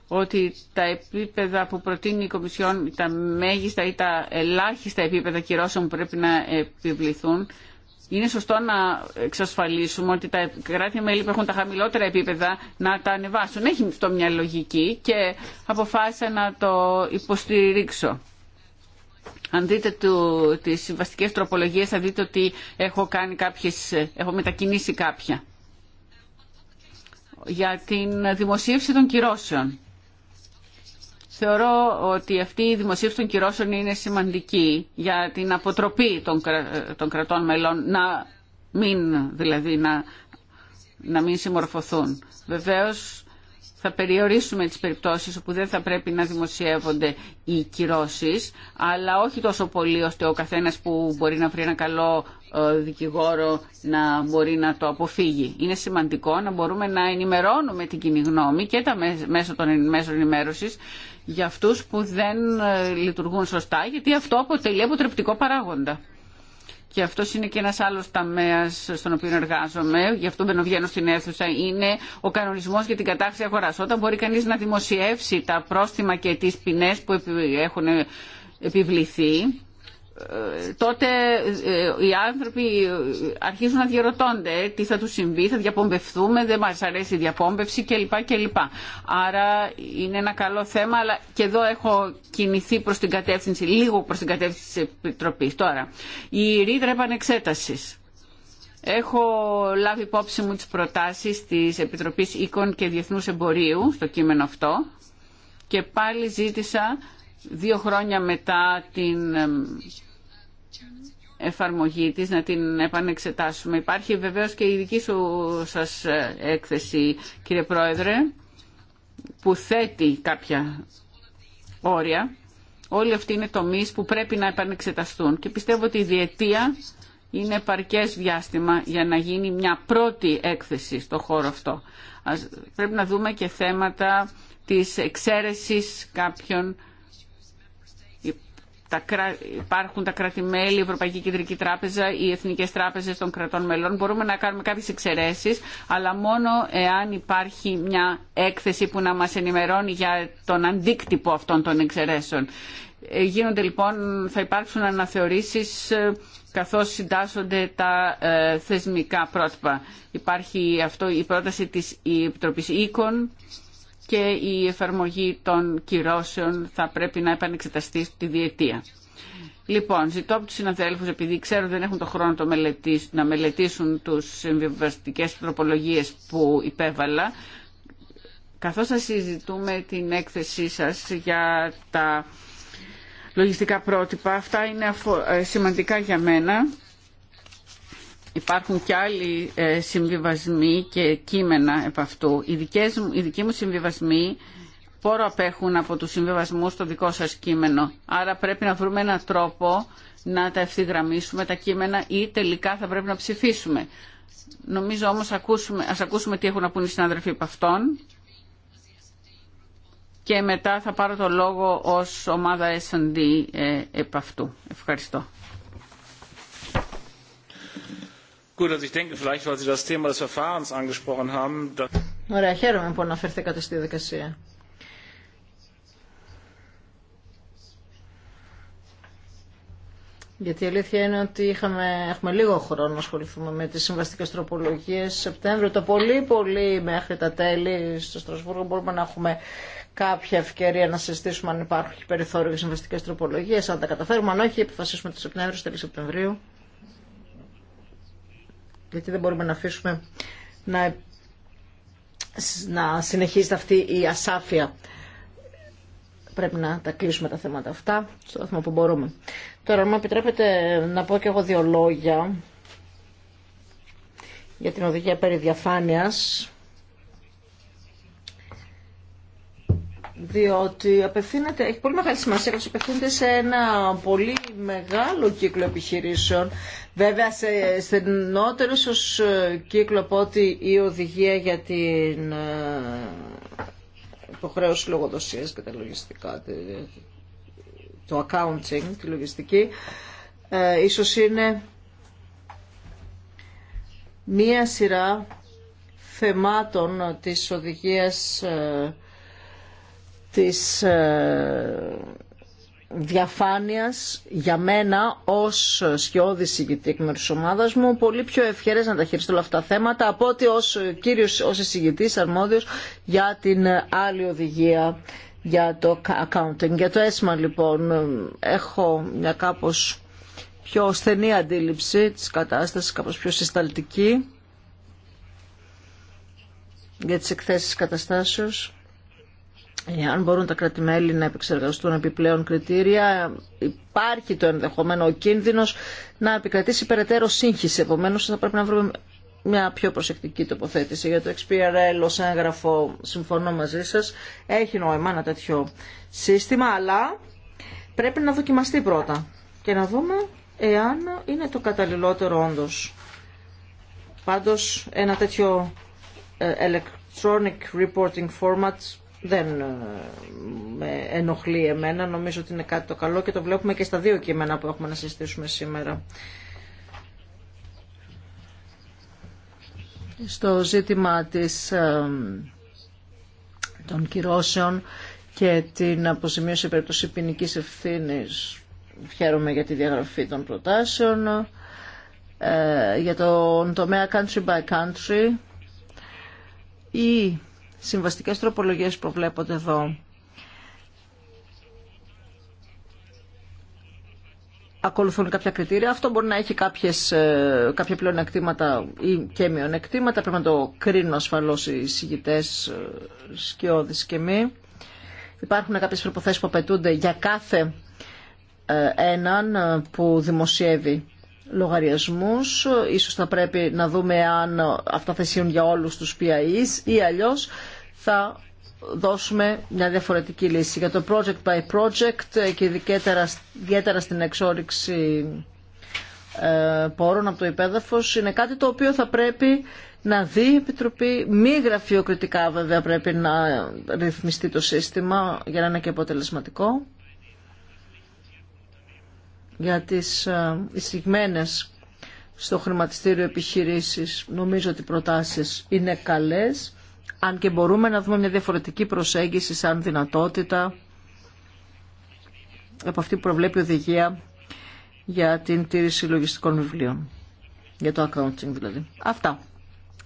ότι τα επίπεδα που προτείνει η Κομισιόν, τα μέγιστα ή τα ελάχιστα επίπεδα κυρώσεων που πρέπει να επιβληθούν, είναι σωστό να εξασφαλίσουμε ότι τα κράτη-μέλη που έχουν τα χαμηλότερα επίπεδα να τα ανεβάσουν. Έχει αυτό μια λογική και αποφάσισα να το υποστηρίξω αν δείτε το, τις συμβαστικές τροπολογίες θα δείτε ότι έχω, κάνει κάποιες, έχω μετακινήσει κάποια. Για την δημοσίευση των κυρώσεων. Θεωρώ ότι αυτή η δημοσίευση των κυρώσεων είναι σημαντική για την αποτροπή των, κρατών μελών να μην δηλαδή να, να μην συμμορφωθούν. Βεβαίως θα περιορίσουμε τις περιπτώσεις όπου δεν θα πρέπει να δημοσιεύονται οι κυρώσεις, αλλά όχι τόσο πολύ ώστε ο καθένας που μπορεί να βρει ένα καλό ε, δικηγόρο να μπορεί να το αποφύγει. Είναι σημαντικό να μπορούμε να ενημερώνουμε την κοινή γνώμη και τα μέσα των μέσων ενημέρωσης για αυτούς που δεν ε, λειτουργούν σωστά, γιατί αυτό αποτελεί αποτρεπτικό παράγοντα και αυτό είναι και ένα άλλο ταμέα στον οποίο εργάζομαι, γι' αυτό μπαίνω βγαίνω στην αίθουσα, είναι ο κανονισμό για την κατάχρηση αγορά. Όταν μπορεί κανεί να δημοσιεύσει τα πρόστιμα και τι ποινέ που έχουν επιβληθεί, τότε ε, οι άνθρωποι αρχίζουν να διαρωτώνται τι θα τους συμβεί, θα διαπομπευθούμε, δεν μας αρέσει η διαπόμπευση κλπ. κλπ. Άρα είναι ένα καλό θέμα, αλλά και εδώ έχω κινηθεί προς την κατεύθυνση, λίγο προς την κατεύθυνση της Επιτροπής. Τώρα, η ρήτρα επανεξέτασης. Έχω λάβει υπόψη μου τις προτάσεις της Επιτροπής Οίκων και Διεθνούς Εμπορίου στο κείμενο αυτό και πάλι ζήτησα δύο χρόνια μετά την εφαρμογή της, να την επανεξετάσουμε. Υπάρχει βεβαίως και η δική σου σας ε, έκθεση, κύριε Πρόεδρε, που θέτει κάποια όρια. Όλοι αυτοί είναι τομεί που πρέπει να επανεξεταστούν και πιστεύω ότι η διετία είναι επαρκές διάστημα για να γίνει μια πρώτη έκθεση στο χώρο αυτό. Ας, πρέπει να δούμε και θέματα της εξαίρεσης κάποιων τα υπάρχουν τα κράτη-μέλη, η Ευρωπαϊκή Κεντρική Τράπεζα, οι Εθνικές Τράπεζες των κρατών μελών. Μπορούμε να κάνουμε κάποιες εξαιρέσεις, αλλά μόνο εάν υπάρχει μια έκθεση που να μας ενημερώνει για τον αντίκτυπο αυτών των εξαιρέσεων. Ε, γίνονται λοιπόν, θα υπάρξουν αναθεωρήσεις ε, καθώς συντάσσονται τα ε, θεσμικά πρότυπα. Υπάρχει αυτό η πρόταση της Επιτροπής Οίκων και η εφαρμογή των κυρώσεων θα πρέπει να επανεξεταστεί τη διετία. Λοιπόν, ζητώ από του συναδέλφου, επειδή ξέρω δεν έχουν το χρόνο το να μελετήσουν τι συμβιβαστικέ τροπολογίε που υπέβαλα, καθώς θα συζητούμε την έκθεσή σας για τα λογιστικά πρότυπα, αυτά είναι ε, σημαντικά για μένα υπάρχουν και άλλοι ε, συμβιβασμοί και κείμενα επ' αυτού. Οι, δικές, οι δικοί μου συμβιβασμοί πόρο απέχουν από τους συμβιβασμούς στο δικό σας κείμενο. Άρα πρέπει να βρούμε έναν τρόπο να τα ευθυγραμμίσουμε τα κείμενα ή τελικά θα πρέπει να ψηφίσουμε. Νομίζω όμως ακούσουμε, ας ακούσουμε τι έχουν να πούν οι συνάδελφοι από αυτόν και μετά θα πάρω το λόγο ως ομάδα S&D ε, επ' αυτού. Ευχαριστώ. Ωραία, χαίρομαι που αναφερθήκατε στη διαδικασία. Γιατί η αλήθεια είναι ότι είχαμε, έχουμε λίγο χρόνο να ασχοληθούμε με τις συμβαστικές τροπολογίες. Σεπτέμβριο το πολύ πολύ μέχρι τα τέλη στο Στρασβούργο μπορούμε να έχουμε κάποια ευκαιρία να συζητήσουμε αν υπάρχει περιθώριο για συμβαστικές τροπολογίες, αν τα καταφέρουμε, αν όχι, επιφασίσουμε το Σεπτέμβριο, τέλη Σεπτεμβρίου γιατί δεν μπορούμε να αφήσουμε να, να συνεχίζεται αυτή η ασάφεια. Πρέπει να τα κλείσουμε τα θέματα αυτά στο βαθμό που μπορούμε. Τώρα, αν μου επιτρέπετε να πω και εγώ δύο λόγια για την οδηγία περί διαφάνειας, διότι απευθύνεται, έχει πολύ μεγάλη σημασία απευθύνεται σε ένα πολύ μεγάλο κύκλο επιχειρήσεων Βέβαια, σε στενότερο ίσω ε, κύκλο από ότι η οδηγία για την ε, υποχρέωση λογοδοσία και τα λογιστικά, το accounting, τη λογιστική, ε, ίσως είναι μία σειρά θεμάτων της οδηγίας της διαφάνειας για μένα ως σκιώδη συγκητή εκ μέρους της ομάδας μου πολύ πιο ευχαίρες να τα χειριστώ όλα αυτά τα θέματα από ότι ως κύριος ως αρμόδιος για την άλλη οδηγία για το accounting. Για το ΕΣΜΑ λοιπόν έχω μια κάπως πιο στενή αντίληψη της κατάστασης, κάπως πιο συσταλτική για τις εκθέσεις καταστάσεως. Αν μπορούν τα κράτη-μέλη να επεξεργαστούν επιπλέον κριτήρια, υπάρχει το ενδεχομένο ο κίνδυνος να επικρατήσει περαιτέρω σύγχυση. Επομένω, θα πρέπει να βρούμε μια πιο προσεκτική τοποθέτηση για το XPRL ως έγγραφο συμφωνώ μαζί σας έχει νόημα ένα τέτοιο σύστημα αλλά πρέπει να δοκιμαστεί πρώτα και να δούμε εάν είναι το καταλληλότερο όντως πάντως ένα τέτοιο ε, electronic reporting format δεν ε, με ενοχλεί εμένα. Νομίζω ότι είναι κάτι το καλό και το βλέπουμε και στα δύο κείμενα που έχουμε να συζητήσουμε σήμερα. Στο ζήτημα της, ε, των κυρώσεων και την αποζημίωση περίπτωση ποινική ευθύνη. Χαίρομαι για τη διαγραφή των προτάσεων. Ε, για τον τομέα country by country, η συμβαστικές τροπολογίες που προβλέπονται εδώ. ακολουθούν κάποια κριτήρια. Αυτό μπορεί να έχει κάποιες, ε, κάποια πλεονεκτήματα ή και μειονεκτήματα. Πρέπει να το κρίνουν ασφαλώς οι συγητέ, ε, σκιώδης και μη. Υπάρχουν κάποιες προποθέσει που απαιτούνται για κάθε ε, έναν που δημοσιεύει λογαριασμούς. Ίσως θα πρέπει να δούμε αν αυτά θα ισχύουν για όλους τους PIEs ή αλλιώς θα δώσουμε μια διαφορετική λύση. Για το project by project και ιδιαίτερα, ιδιαίτερα στην εξόριξη ε, πόρων από το υπέδαφος είναι κάτι το οποίο θα πρέπει να δει η Επιτροπή, μη γραφειοκριτικά βέβαια πρέπει να ρυθμιστεί το σύστημα για να είναι και αποτελεσματικό για τις ε, εισηγμένες στο χρηματιστήριο επιχειρήσεις. Νομίζω ότι οι προτάσεις είναι καλές, αν και μπορούμε να δούμε μια διαφορετική προσέγγιση σαν δυνατότητα από αυτή που προβλέπει οδηγία για την τήρηση λογιστικών βιβλίων, για το accounting δηλαδή. Αυτά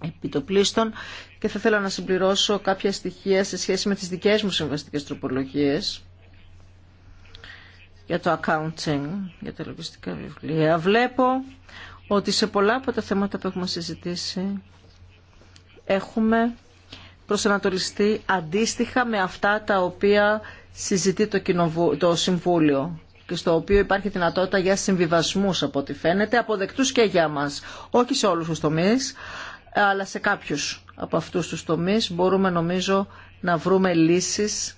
επί το πλήστον και θα ήθελα να συμπληρώσω κάποια στοιχεία σε σχέση με τις δικές μου συμβαστικές τροπολογίες για το accounting, για τα λογιστικά βιβλία, βλέπω ότι σε πολλά από τα θέματα που έχουμε συζητήσει έχουμε προσανατολιστεί αντίστοιχα με αυτά τα οποία συζητεί το, κοινοβου... το Συμβούλιο και στο οποίο υπάρχει δυνατότητα για συμβιβασμούς από ό,τι φαίνεται, αποδεκτούς και για μας. Όχι σε όλους τους τομείς, αλλά σε κάποιους από αυτούς τους τομείς μπορούμε νομίζω να βρούμε λύσεις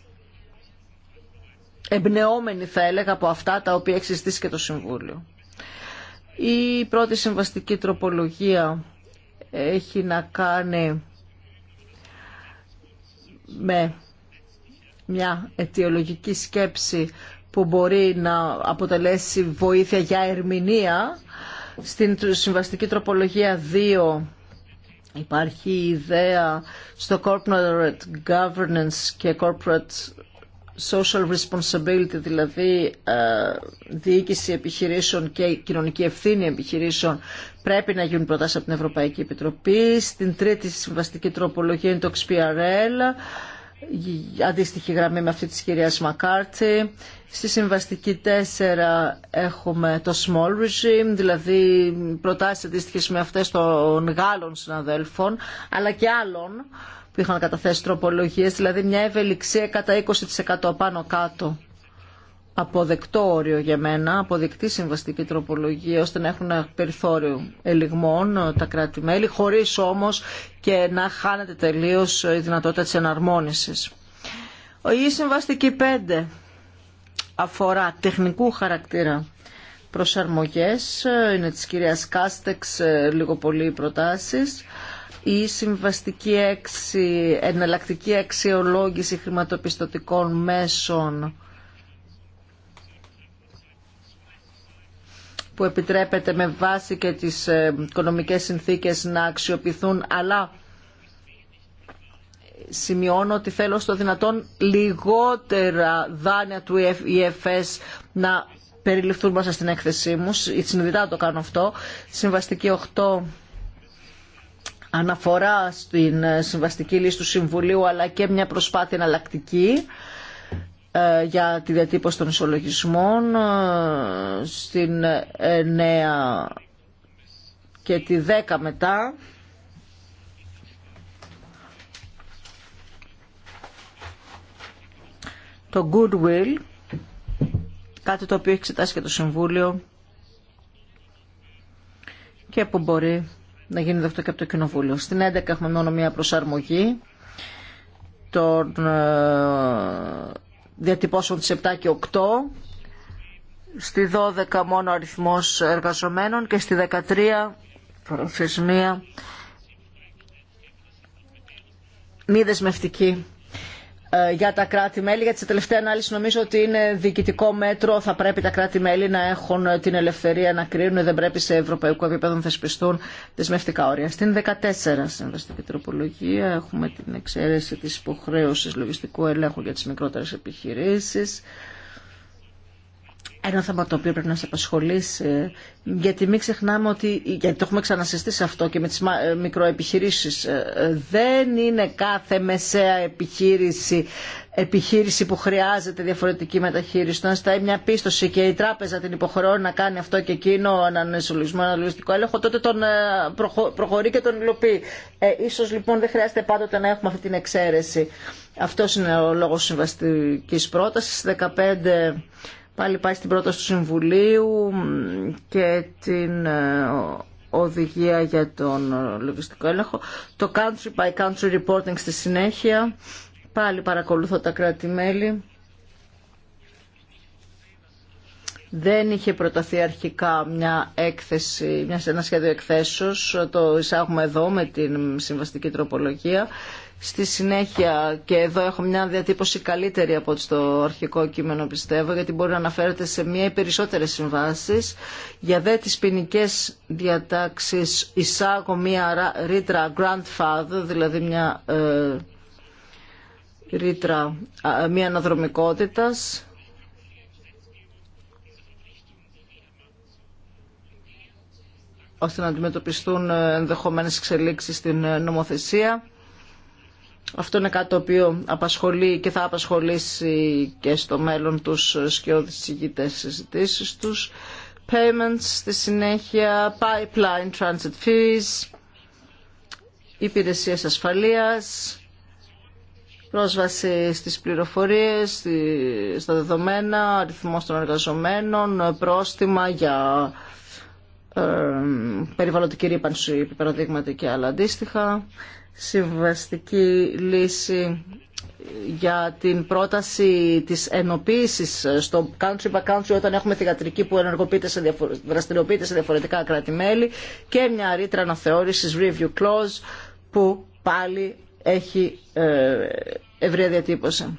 Εμπνεόμενη, θα έλεγα από αυτά τα οποία έχει συζητήσει και το Συμβούλιο. Η πρώτη συμβαστική τροπολογία έχει να κάνει με μια αιτιολογική σκέψη που μπορεί να αποτελέσει βοήθεια για ερμηνεία. Στην συμβαστική τροπολογία 2 υπάρχει η ιδέα στο corporate governance και corporate social responsibility, δηλαδή ε, διοίκηση επιχειρήσεων και κοινωνική ευθύνη επιχειρήσεων, πρέπει να γίνουν προτάσεις από την Ευρωπαϊκή Επιτροπή. Στην τρίτη συμβαστική τροπολογία είναι το XPRL, αντίστοιχη γραμμή με αυτή της κυρίας Μακάρτη. Στη συμβαστική τέσσερα έχουμε το small regime, δηλαδή προτάσεις αντίστοιχες με αυτές των Γάλλων συναδέλφων, αλλά και άλλων, που είχαν καταθέσει τροπολογίε, δηλαδή μια ευελιξία κατά 20% πάνω κάτω. Αποδεκτό όριο για μένα, αποδεκτή συμβαστική τροπολογία, ώστε να έχουν περιθώριο ελιγμών ε, τα κράτη-μέλη, χωρίς όμως και να χάνεται τελείω η δυνατότητα τη εναρμόνιση. Η συμβαστική 5 αφορά τεχνικού χαρακτήρα προσαρμογές, ε, είναι της κυρίας Κάστεξ ε, λίγο πολύ οι προτάσεις, η συμβαστική έξι, εναλλακτική αξιολόγηση χρηματοπιστωτικών μέσων που επιτρέπεται με βάση και τις ε, οικονομικές συνθήκες να αξιοποιηθούν, αλλά σημειώνω ότι θέλω στο δυνατόν λιγότερα δάνεια του EFS να περιληφθούν μέσα στην έκθεσή μου. Συνειδητά το κάνω αυτό. Συμβαστική 8 αναφορά στην ε, συμβαστική λύση του Συμβουλίου αλλά και μια προσπάθεια εναλλακτική ε, για τη διατύπωση των ισολογισμών ε, στην 9 και τη 10 μετά. Το goodwill, κάτι το οποίο έχει εξετάσει και το Συμβούλιο και που μπορεί να γίνει αυτό και από το Κοινοβούλιο. Στην 11 έχουμε μόνο μία προσαρμογή των ε, διατυπώσεων της 7 και 8 στη 12 μόνο αριθμός εργαζομένων και στη 13 προθεσμία μη δεσμευτική ε, για τα κράτη-μέλη, γιατί σε τελευταία ανάλυση νομίζω ότι είναι διοικητικό μέτρο. Θα πρέπει τα κράτη-μέλη να έχουν την ελευθερία να κρίνουν, δεν πρέπει σε ευρωπαϊκό επίπεδο να θεσπιστούν δεσμευτικά όρια. Στην 14 συμβαστική τροπολογία έχουμε την εξαίρεση τη υποχρέωση λογιστικού ελέγχου για τι μικρότερε επιχειρήσει ένα θέμα το οποίο πρέπει να σε απασχολήσει, γιατί μην ξεχνάμε ότι, γιατί το έχουμε ξανασυστήσει αυτό και με τις ε, μικροεπιχειρήσεις, ε, ε, δεν είναι κάθε μεσαία επιχείρηση επιχείρηση που χρειάζεται διαφορετική μεταχείριση. να σταει μια πίστοση και η τράπεζα την υποχρεώνει να κάνει αυτό και εκείνο, έναν εσωλισμό, έναν λογιστικό έλεγχο, τότε τον προχωρεί και τον υλοποιεί. Ε, ίσως λοιπόν δεν χρειάζεται πάντοτε να έχουμε αυτή την εξαίρεση. Αυτός είναι ο λόγος συμβαστικής πρότασης. 15 Πάλι πάει στην πρόταση του Συμβουλίου και την ε, οδηγία για τον ε, λογιστικό έλεγχο. Το country by country reporting στη συνέχεια. Πάλι παρακολουθώ τα κράτη-μέλη. Δεν είχε προταθεί αρχικά μια έκθεση, μια, ένα σχέδιο εκθέσεως, το εισάγουμε εδώ με την συμβαστική τροπολογία στη συνέχεια και εδώ έχω μια διατύπωση καλύτερη από το αρχικό κείμενο πιστεύω γιατί μπορεί να αναφέρεται σε μία ή περισσότερες συμβάσεις για δε τις ποινικέ διατάξεις εισάγω μία ρήτρα grandfather δηλαδή μια ε, ρήτρα μία αναδρομικότητας ώστε να αντιμετωπιστούν ε, ενδεχομένες εξελίξεις στην ε, νομοθεσία αυτό είναι κάτι το οποίο απασχολεί και θα απασχολήσει και στο μέλλον τους σκιώδης συγκητές συζητήσεις τους. Payments στη συνέχεια, pipeline transit fees, υπηρεσίες ασφαλείας, πρόσβαση στις πληροφορίες, στα δεδομένα, αριθμός των εργαζομένων, πρόστιμα για ε, περιβαλλοντική ρήπανση, παραδείγματα και άλλα αντίστοιχα συμβαστική λύση για την πρόταση της ενοποίησης στο country by country όταν έχουμε θηγατρική που ενεργοποιείται σε δραστηριοποιείται σε διαφορετικά κράτη-μέλη και μια ρήτρα αναθεώρησης review clause που πάλι έχει ε, ευρεία διατύπωση.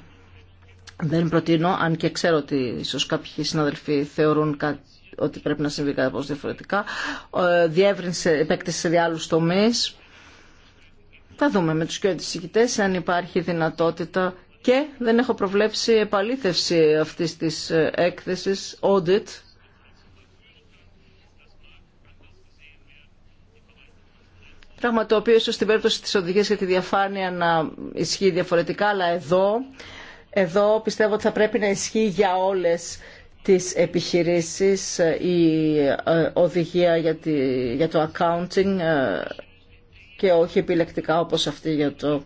Δεν προτείνω, αν και ξέρω ότι ίσως κάποιοι συναδελφοί θεωρούν ότι πρέπει να συμβεί κάπως διαφορετικά, ε, διεύρυνση επέκτηση σε διάλους τομείς, θα δούμε με τους και αν υπάρχει δυνατότητα και δεν έχω προβλέψει επαλήθευση αυτής της ε, έκθεσης, audit, Πράγμα το οποίο ίσως στην περίπτωση της οδηγίας για τη διαφάνεια να ισχύει διαφορετικά, αλλά εδώ, εδώ πιστεύω ότι θα πρέπει να ισχύει για όλες τις επιχειρήσεις ε, η ε, οδηγία για το accounting και όχι επιλεκτικά όπως αυτή για, το,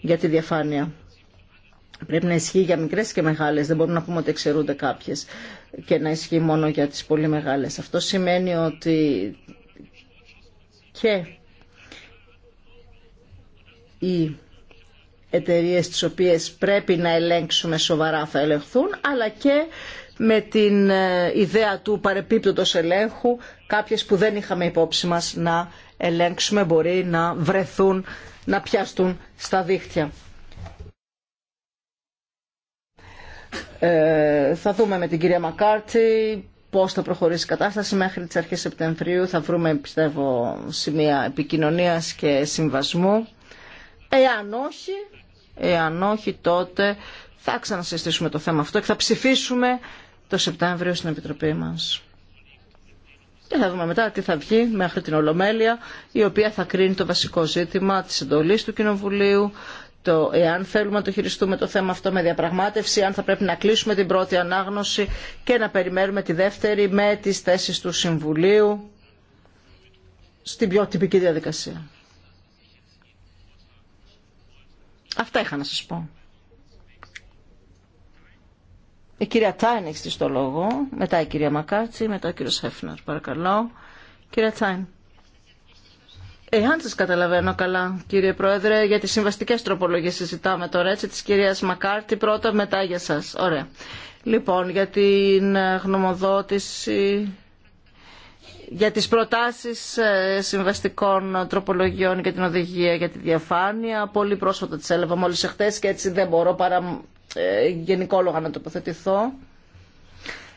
για τη διαφάνεια. Πρέπει να ισχύει για μικρές και μεγάλες, δεν μπορούμε να πούμε ότι εξαιρούνται κάποιες και να ισχύει μόνο για τις πολύ μεγάλες. Αυτό σημαίνει ότι και οι εταιρείε τις οποίες πρέπει να ελέγξουμε σοβαρά θα ελεγχθούν, αλλά και με την ε, ιδέα του παρεπίπτωτος ελέγχου κάποιες που δεν είχαμε υπόψη μας να ελέγξουμε, μπορεί να βρεθούν, να πιάσουν στα δίχτυα. Ε, θα δούμε με την κυρία Μακάρτη πώς θα προχωρήσει η κατάσταση μέχρι τις αρχές Σεπτεμβρίου. Θα βρούμε, πιστεύω, σημεία επικοινωνίας και συμβασμού. Εάν όχι, εάν όχι τότε θα ξανασυστήσουμε το θέμα αυτό και θα ψηφίσουμε το Σεπτέμβριο στην Επιτροπή μας. Και θα δούμε μετά τι θα βγει μέχρι την Ολομέλεια, η οποία θα κρίνει το βασικό ζήτημα της εντολής του Κοινοβουλίου, το εάν θέλουμε να το χειριστούμε το θέμα αυτό με διαπραγμάτευση, αν θα πρέπει να κλείσουμε την πρώτη ανάγνωση και να περιμένουμε τη δεύτερη με τις θέσεις του Συμβουλίου στην πιο τυπική διαδικασία. Αυτά είχα να σας πω. Η κυρία Τάιν έχει στο λόγο, μετά η κυρία Μακάρτσι, μετά ο κύριο Χέφνερ. Παρακαλώ. Κυρία Τάιν. Εάν σα καταλαβαίνω καλά, κύριε Πρόεδρε, για τι συμβαστικέ τροπολογίε, συζητάμε τώρα, έτσι, τη κυρίας Μακάρτη πρώτα, μετά για σα. Ωραία. Λοιπόν, για την ε, γνωμοδότηση για τις προτάσεις ε, συμβαστικών τροπολογιών για την οδηγία για τη διαφάνεια. Πολύ πρόσφατα τις έλαβα μόλις εχθές και έτσι δεν μπορώ παρά ε, γενικόλογα να τοποθετηθώ.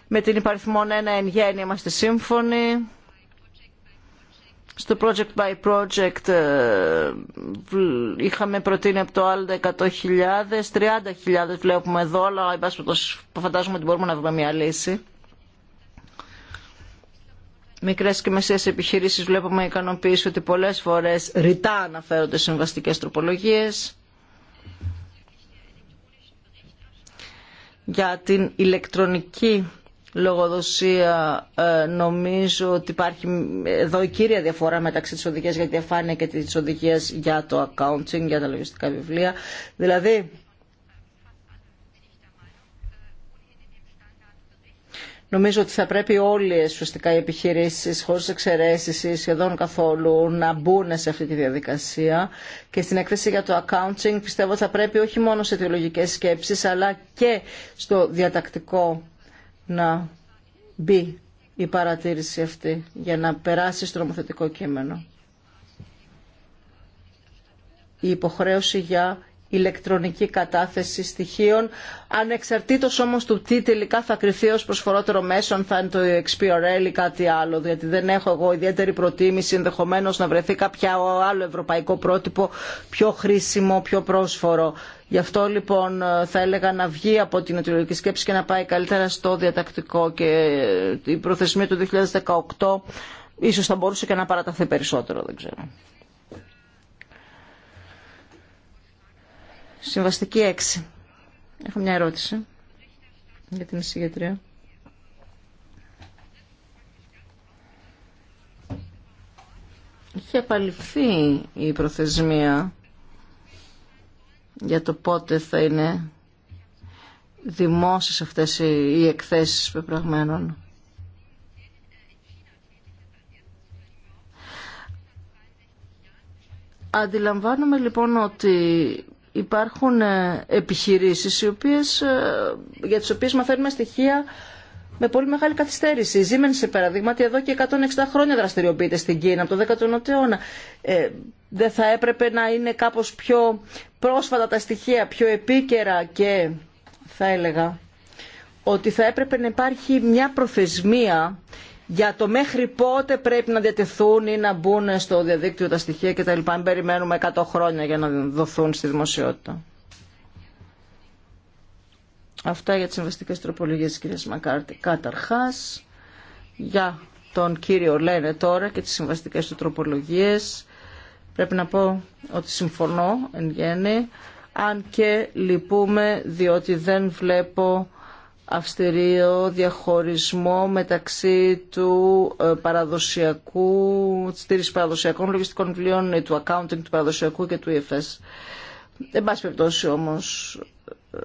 Με την υπαριθμό 1 εν γέννη είμαστε σύμφωνοι. Στο project by project ε, είχαμε προτείνει από το άλλο 100.000, 30.000 βλέπουμε εδώ, αλλά φαντάζομαι ότι μπορούμε να βρούμε μια λύση. Μικρές και μεσαίες επιχειρήσεις βλέπουμε ικανοποίηση ότι πολλές φορές ρητά αναφέρονται συμβαστικές τροπολογίες. για την ηλεκτρονική λογοδοσία ε, νομίζω ότι υπάρχει εδώ η κύρια διαφορά μεταξύ της οδηγίας για τη διαφάνεια και της οδηγίας για το accounting, για τα λογιστικά βιβλία. Δηλαδή Νομίζω ότι θα πρέπει όλοι, ουσιαστικά οι επιχειρήσεις, χωρί εξαιρέσει ή σχεδόν καθόλου, να μπουν σε αυτή τη διαδικασία. Και στην έκθεση για το accounting πιστεύω ότι θα πρέπει όχι μόνο σε αιτιολογικές σκέψει, αλλά και στο διατακτικό να μπει η παρατήρηση αυτή για να περάσει στο νομοθετικό κείμενο. Η υποχρέωση για ηλεκτρονική κατάθεση στοιχείων, ανεξαρτήτως όμως του τι τελικά θα κρυφθεί ως προσφορότερο αν θα είναι το XPRL ή κάτι άλλο, γιατί δεν έχω εγώ ιδιαίτερη προτίμηση ενδεχομένω να βρεθεί κάποιο άλλο ευρωπαϊκό πρότυπο πιο χρήσιμο, πιο πρόσφορο. Γι' αυτό λοιπόν θα έλεγα να βγει από την αιτιολογική σκέψη και να πάει καλύτερα στο διατακτικό και η προθεσμία του 2018 ίσως θα μπορούσε και να παραταθεί περισσότερο, δεν ξέρω. Συμβαστική 6. Έχω μια ερώτηση για την εισηγητρία. Είχε επαληφθεί η προθεσμία για το πότε θα είναι δημόσιες αυτές οι εκθέσεις πεπραγμένων. Αντιλαμβάνομαι λοιπόν ότι υπάρχουν ε, επιχειρήσεις οι οποίες, ε, για τις οποίες μαθαίνουμε στοιχεία με πολύ μεγάλη καθυστέρηση. Η σε παραδείγματι, εδώ και 160 χρόνια δραστηριοποιείται στην Κίνα, από το 19ο αιώνα. Ε, δεν θα έπρεπε να είναι κάπως πιο πρόσφατα τα στοιχεία, πιο επίκαιρα και θα έλεγα ότι θα έπρεπε να υπάρχει μια προθεσμία για το μέχρι πότε πρέπει να διατηθούν ή να μπουν στο διαδίκτυο τα στοιχεία κτλ. Αν περιμένουμε 100 χρόνια για να δοθούν στη δημοσιότητα. Αυτά για τι συμβαστικέ τροπολογίε, της κυρίας Μακάρτη. Καταρχάς, για τον κύριο Λένε τώρα και τι συμβαστικέ του τροπολογίες, πρέπει να πω ότι συμφωνώ εν γέννη, αν και λυπούμε διότι δεν βλέπω αυστηρίο διαχωρισμό μεταξύ του ε, παραδοσιακού, της παραδοσιακών λογιστικών βιβλίων, του accounting του παραδοσιακού και του EFS. Εν πάση περιπτώσει όμως, ε,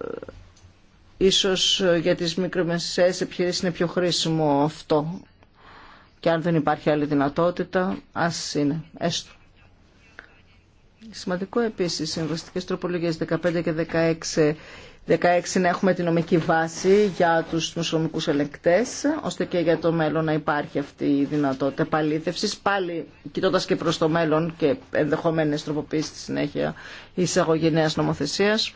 ίσως για τις μικρομεσαίες επιχειρήσεις είναι πιο χρήσιμο αυτό. Και αν δεν υπάρχει άλλη δυνατότητα, ας είναι, έστω. Σημαντικό επίσης, συμβαστικές τροπολογίες 15 και 16 16 να έχουμε τη νομική βάση για τους μουσουλμικούς ελεγκτές, ώστε και για το μέλλον να υπάρχει αυτή η δυνατότητα επαλήθευσης. Πάλι κοιτώντας και προς το μέλλον και ενδεχομένες τροποποίησεις στη συνέχεια εισαγωγή νέας νομοθεσίας.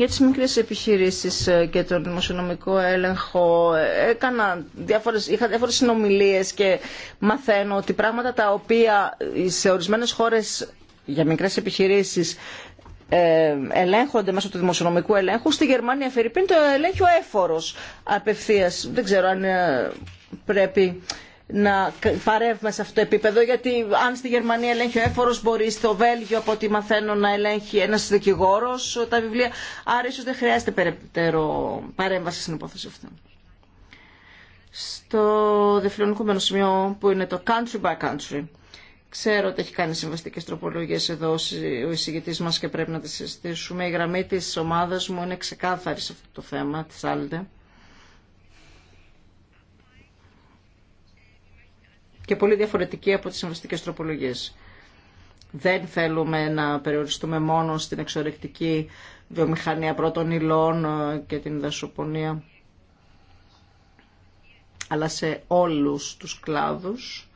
για τις μικρές επιχειρήσεις ε, και τον δημοσιονομικό έλεγχο. Ε, έκανα διάφορες, είχα διάφορες συνομιλίες και μαθαίνω ότι πράγματα τα οποία ε, σε ορισμένες χώρες για μικρές επιχειρήσεις ελέγχονται μέσω του δημοσιονομικού ελέγχου. Στη Γερμανία, φερειπίνει το ελέγχει ο έφορος απευθείας. Δεν ξέρω αν πρέπει να παρεύουμε σε αυτό το επίπεδο, γιατί αν στη Γερμανία ελέγχει ο έφορος μπορεί στο Βέλγιο από ό,τι μαθαίνω να ελέγχει ένα δικηγόρος τα βιβλία, άρα ίσω δεν χρειάζεται περαιτέρω παρέμβαση στην υπόθεση αυτή. Στο δευτερονικούμενο σημείο που είναι το country by country, Ξέρω ότι έχει κάνει συμβαστικέ τροπολογίε εδώ ο εισηγητή μα και πρέπει να τις συζητήσουμε. Η γραμμή τη ομάδα μου είναι ξεκάθαρη σε αυτό το θέμα, τη Άλντε. και πολύ διαφορετική από τις συμβαστικές τροπολογίες. Δεν θέλουμε να περιοριστούμε μόνο στην εξορρεκτική βιομηχανία πρώτων υλών ε, και την δασοπονία, αλλά σε όλους τους κλάδους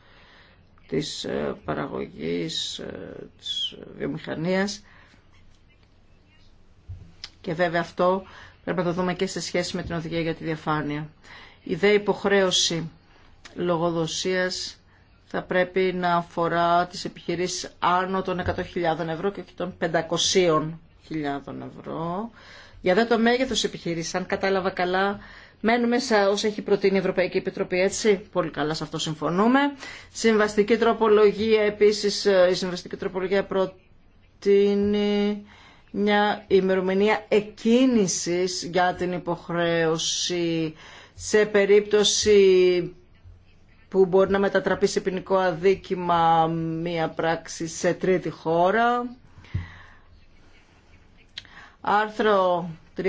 της ε, παραγωγής, ε, της βιομηχανίας. Και βέβαια αυτό πρέπει να το δούμε και σε σχέση με την οδηγία για τη διαφάνεια. Η δε υποχρέωση λογοδοσίας θα πρέπει να αφορά τις επιχειρήσεις άνω των 100.000 ευρώ και όχι των 500.000 ευρώ. Για δε το μέγεθος επιχειρήσης, αν κατάλαβα καλά, μένουμε σε όσα έχει προτείνει η Ευρωπαϊκή Επιτροπή, έτσι. Πολύ καλά, σε αυτό συμφωνούμε. Συμβαστική τροπολογία, επίσης, ε, η συμβαστική τροπολογία προτείνει μια ημερομηνία εκκίνησης για την υποχρέωση σε περίπτωση που μπορεί να μετατραπεί σε ποινικό αδίκημα μία πράξη σε τρίτη χώρα. Άρθρο 36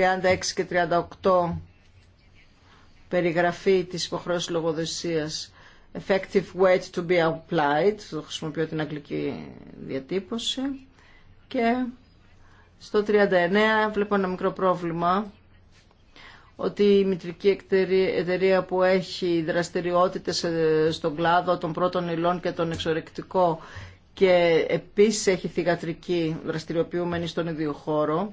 και 38 περιγραφή της υποχρέωσης λογοδοσίας effective weight to be applied, χρησιμοποιώ την αγγλική διατύπωση. Και στο 39 βλέπω ένα μικρό πρόβλημα ότι η μητρική εταιρεία που έχει δραστηριότητες ε, στον κλάδο των πρώτων υλών και τον εξορεκτικό και επίσης έχει θηγατρική δραστηριοποιούμενη στον ίδιο χώρο.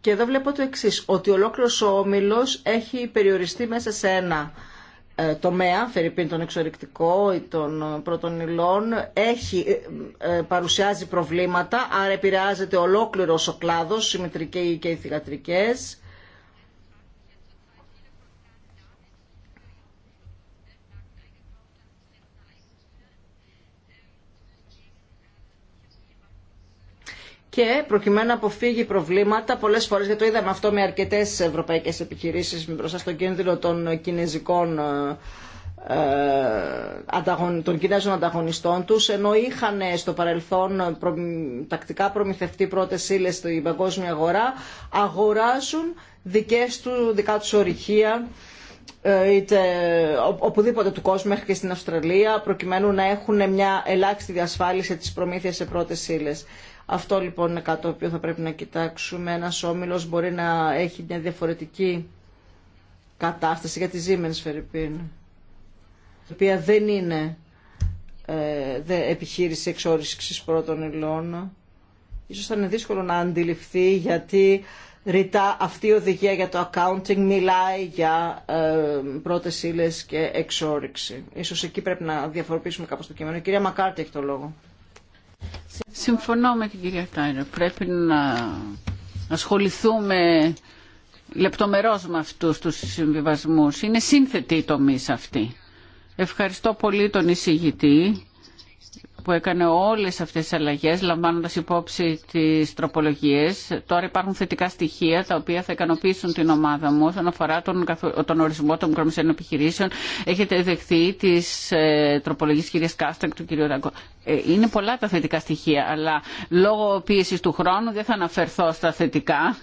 Και εδώ βλέπω το εξής, ότι ολόκληρος ο όμιλος έχει περιοριστεί μέσα σε ένα ε, τομέα, φερειπίν τον εξορρυκτικό ή των ε, πρώτων υλών, έχει, ε, παρουσιάζει προβλήματα, άρα επηρεάζεται ολόκληρος ο κλάδος, οι και οι θηγατρικές. και προκειμένου να αποφύγει προβλήματα, πολλέ φορέ, γιατί το είδαμε αυτό με αρκετέ ευρωπαϊκέ επιχειρήσει μπροστά στον κίνδυνο των κινέζικων ε, ε, Κινέζων ανταγωνιστών τους ενώ είχαν στο παρελθόν τακτικά προμηθευτεί πρώτες ύλες στην παγκόσμια αγορά αγοράζουν δικές του, δικά τους ορυχεία ε, είτε οπουδήποτε του κόσμου μέχρι και στην Αυστραλία προκειμένου να έχουν μια ελάχιστη διασφάλιση της προμήθειας σε πρώτες ύλες. Αυτό λοιπόν είναι κάτι το οποίο θα πρέπει να κοιτάξουμε. Ένα όμιλο μπορεί να έχει μια διαφορετική κατάσταση για τη Siemens Φερρυπίν, η οποία δεν είναι ε, δε, επιχείρηση εξόρισης πρώτων υλών. Ίσως θα είναι δύσκολο να αντιληφθεί γιατί ρητά αυτή η οδηγία για το accounting μιλάει για ε, πρώτες ύλες και εξόριξη. Ίσως εκεί πρέπει να διαφοροποιήσουμε κάπως το κείμενο. Η κυρία Μακάρτη έχει το λόγο. Συμφωνώ με την κυρία Τάιρα. Πρέπει να ασχοληθούμε λεπτομερώς με αυτούς τους συμβιβασμούς. Είναι σύνθετη η τομή αυτή. Ευχαριστώ πολύ τον εισηγητή που έκανε όλες αυτές τις αλλαγές λαμβάνοντας υπόψη τις τροπολογίες. Τώρα υπάρχουν θετικά στοιχεία τα οποία θα ικανοποιήσουν την ομάδα μου όσον αφορά τον, τον ορισμό των μικρομεσαίων επιχειρήσεων. Έχετε δεχθεί τις ε, τροπολογίες κυρίας Κάστακ του κυρίου Ραγκό. Ε, είναι πολλά τα θετικά στοιχεία, αλλά λόγω πίεσης του χρόνου δεν θα αναφερθώ στα θετικά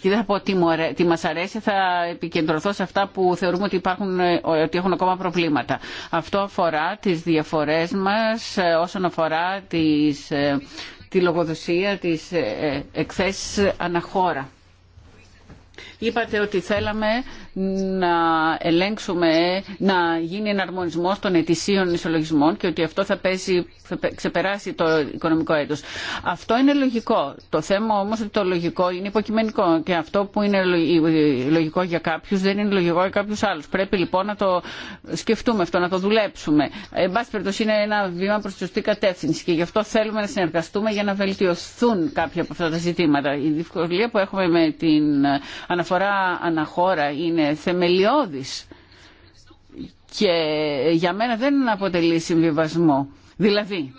και ε, δεν θα πω τι, τι μας αρέσει, θα επικεντρωθώ σε αυτά που θεωρούμε ότι, υπάρχουν, ε, ότι έχουν ακόμα προβλήματα. Αυτό αφορά τι διαφορέ μα ε, όσον αφορά τις, ε, τη λογοδοσία της ε, εκθέσεις αναχώρα. Είπατε ότι θέλαμε να ελέγξουμε, να γίνει εναρμονισμό των ετησίων ισολογισμών και ότι αυτό θα, πέσει, θα ξεπεράσει το οικονομικό έτος. Αυτό είναι λογικό. Το θέμα όμως ότι το λογικό είναι υποκειμενικό και αυτό που είναι λογικό για κάποιους δεν είναι λογικό για κάποιους άλλους. Πρέπει λοιπόν να το σκεφτούμε αυτό, να το δουλέψουμε. Εν πάση περιπτώσει είναι ένα βήμα προς τη σωστή κατεύθυνση και γι' αυτό θέλουμε να συνεργαστούμε για να βελτιωθούν κάποια από αυτά τα ζητήματα. Η δυσκολία που έχουμε με την αναφορά αναχώρα είναι είναι θεμελιώδης και για μένα δεν αποτελεί συμβιβασμό. Δηλαδή,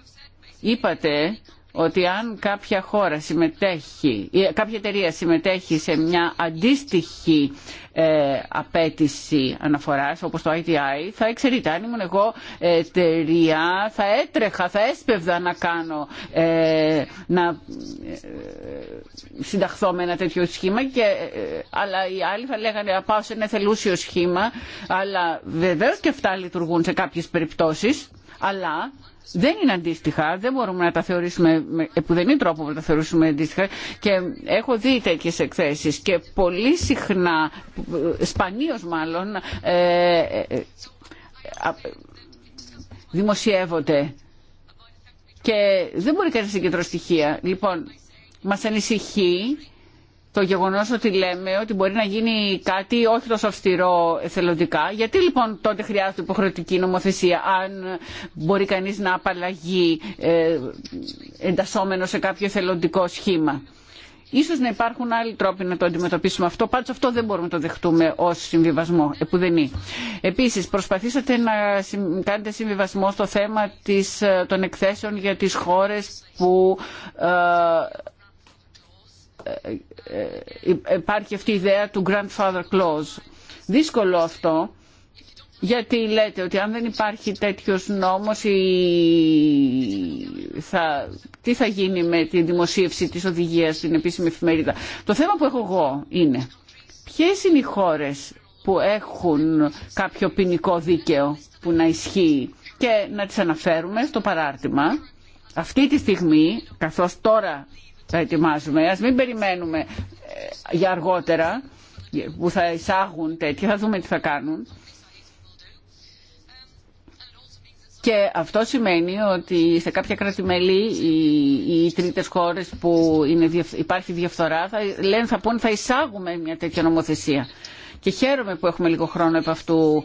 είπατε ότι αν κάποια χώρα συμμετέχει κάποια εταιρεία συμμετέχει σε μια αντίστοιχη ε, απέτηση αναφοράς όπως το ITI θα εξαιρείται αν ήμουν εγώ εταιρεία θα έτρεχα, θα έσπευδα να κάνω ε, να ε, συνταχθώ με ένα τέτοιο σχήμα και, αλλά οι άλλοι θα λέγανε να πάω σε ένα θελούσιο σχήμα αλλά βεβαίως και αυτά λειτουργούν σε κάποιες περιπτώσεις αλλά δεν είναι αντίστοιχα, δεν μπορούμε να τα θεωρήσουμε, που δεν είναι τρόπο να τα θεωρήσουμε αντίστοιχα και έχω δει τέτοιε εκθέσει. και πολύ συχνά, σπανίως μάλλον, ε, ε, ε, δημοσιεύονται και δεν μπορεί κανείς να συγκεντρώσει Λοιπόν, μας ανησυχεί το γεγονός ότι λέμε ότι μπορεί να γίνει κάτι όχι τόσο αυστηρό εθελοντικά. Γιατί λοιπόν τότε χρειάζεται υποχρεωτική νομοθεσία αν μπορεί κανείς να απαλλαγεί ε, εντασσόμενο σε κάποιο εθελοντικό σχήμα. Ίσως να υπάρχουν άλλοι τρόποι να το αντιμετωπίσουμε αυτό, πάντως αυτό δεν μπορούμε να το δεχτούμε ως συμβιβασμό, επουδενή. Επίσης, προσπαθήσατε να κάνετε συμβιβασμό στο θέμα της, ε, των εκθέσεων για τις χώρες που ε, ε, ε, ε, υπάρχει αυτή η ιδέα του grandfather clause. Δύσκολο αυτό, γιατί λέτε ότι αν δεν υπάρχει τέτοιος νόμος, η... τι θα γίνει με τη δημοσίευση της οδηγίας στην επίσημη εφημερίδα. Το θέμα που έχω εγώ είναι, ποιες είναι οι χώρες που έχουν κάποιο ποινικό δίκαιο που να ισχύει και να τις αναφέρουμε στο παράρτημα. Αυτή τη στιγμή, καθώς τώρα θα ετοιμάζουμε. Ας μην περιμένουμε ε, για αργότερα που θα εισάγουν τέτοια, θα δούμε τι θα κάνουν. Και αυτό σημαίνει ότι σε κάποια κράτη-μέλη οι, οι τρίτες χώρες που είναι, υπάρχει διαφθορά θα, λένε, θα πούν θα εισάγουμε μια τέτοια νομοθεσία. Και χαίρομαι που έχουμε λίγο χρόνο από αυτού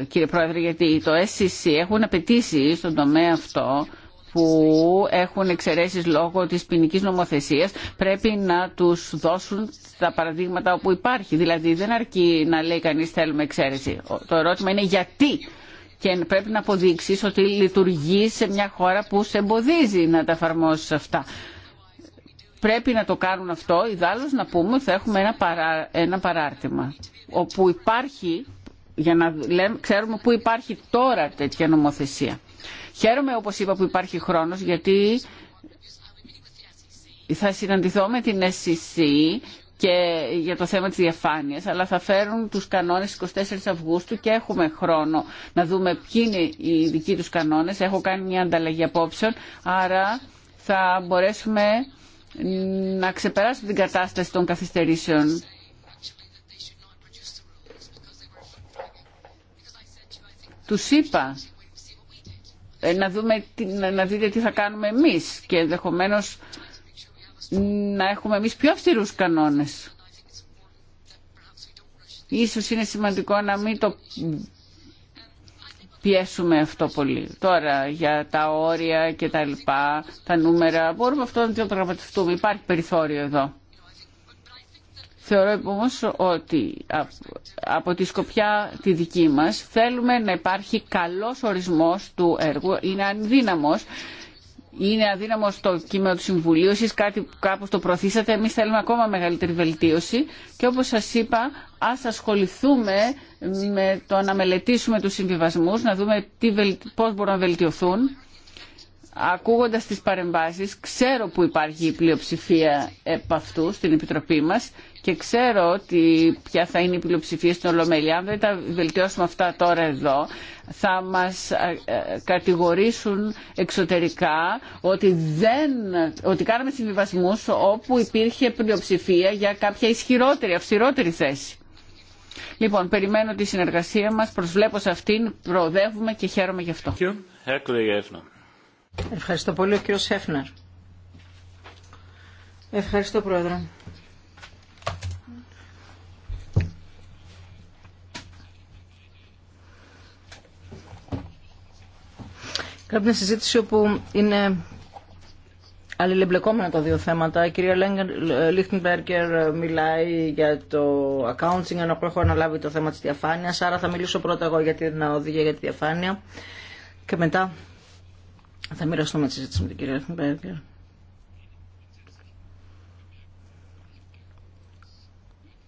ε, κύριε Πρόεδρε, γιατί το SCC έχουν απαιτήσει στον τομέα αυτό που έχουν εξαιρέσει λόγω της ποινική νομοθεσίας πρέπει να τους δώσουν τα παραδείγματα όπου υπάρχει. Δηλαδή δεν αρκεί να λέει κανεί θέλουμε εξαίρεση. Το ερώτημα είναι γιατί και πρέπει να αποδείξει ότι λειτουργεί σε μια χώρα που σε εμποδίζει να τα εφαρμόσει αυτά. Πρέπει να το κάνουν αυτό, ιδάλλως να πούμε ότι θα έχουμε ένα, ένα παράρτημα, όπου υπάρχει, για να ξέρουμε πού υπάρχει τώρα τέτοια νομοθεσία. Χαίρομαι όπως είπα που υπάρχει χρόνος γιατί θα συναντηθώ με την SCC και για το θέμα της διαφάνειας, αλλά θα φέρουν τους κανόνες 24 Αυγούστου και έχουμε χρόνο να δούμε ποιοι είναι οι δικοί τους κανόνες. Έχω κάνει μια ανταλλαγή απόψεων, άρα θα μπορέσουμε να ξεπεράσουμε την κατάσταση των καθυστερήσεων. Τους είπα ε, να, δούμε, να δείτε τι θα κάνουμε εμείς και ενδεχομένω να έχουμε εμείς πιο αυστηρούς κανόνες. Ίσως είναι σημαντικό να μην το πιέσουμε αυτό πολύ. Τώρα για τα όρια και τα λοιπά, τα νούμερα, μπορούμε αυτό να το πραγματευτούμε. Υπάρχει περιθώριο εδώ. Θεωρώ όμως ότι από τη σκοπιά τη δική μας θέλουμε να υπάρχει καλός ορισμός του έργου, είναι αδύναμος. Είναι αδύναμο το κείμενο του Συμβουλίου, εσείς κάτι κάπως το προωθήσατε, εμείς θέλουμε ακόμα μεγαλύτερη βελτίωση και όπως σας είπα ας ασχοληθούμε με το να μελετήσουμε τους συμβιβασμούς, να δούμε τι, πώς μπορούν να βελτιωθούν. Ακούγοντας τις παρεμβάσεις, ξέρω που υπάρχει η πλειοψηφία επ' αυτού στην Επιτροπή μας και ξέρω ότι ποια θα είναι η πλειοψηφία στην Ολομέλεια. Αν δεν τα βελτιώσουμε αυτά τώρα εδώ, θα μας ε, ε, κατηγορήσουν εξωτερικά ότι, δεν, ότι κάναμε συμβιβασμούς όπου υπήρχε πλειοψηφία για κάποια ισχυρότερη, αυστηρότερη θέση. Λοιπόν, περιμένω τη συνεργασία μας, προσβλέπω σε αυτήν, προοδεύουμε και χαίρομαι γι' αυτό. Ευχαριστώ πολύ, ο κύριος Ευχαριστώ, Πρόεδρε. Κάποια μια συζήτηση όπου είναι αλληλεμπλεκόμενα τα δύο θέματα. Η κυρία Λίχτενμπέργκερ ε, μιλάει για το accounting, ενώ έχω αναλάβει το θέμα της διαφάνειας, άρα θα μιλήσω πρώτα εγώ για την οδηγία για τη διαφάνεια και μετά θα μοιραστούμε τη συζήτηση με την κυρία Λίχτενμπέργκερ.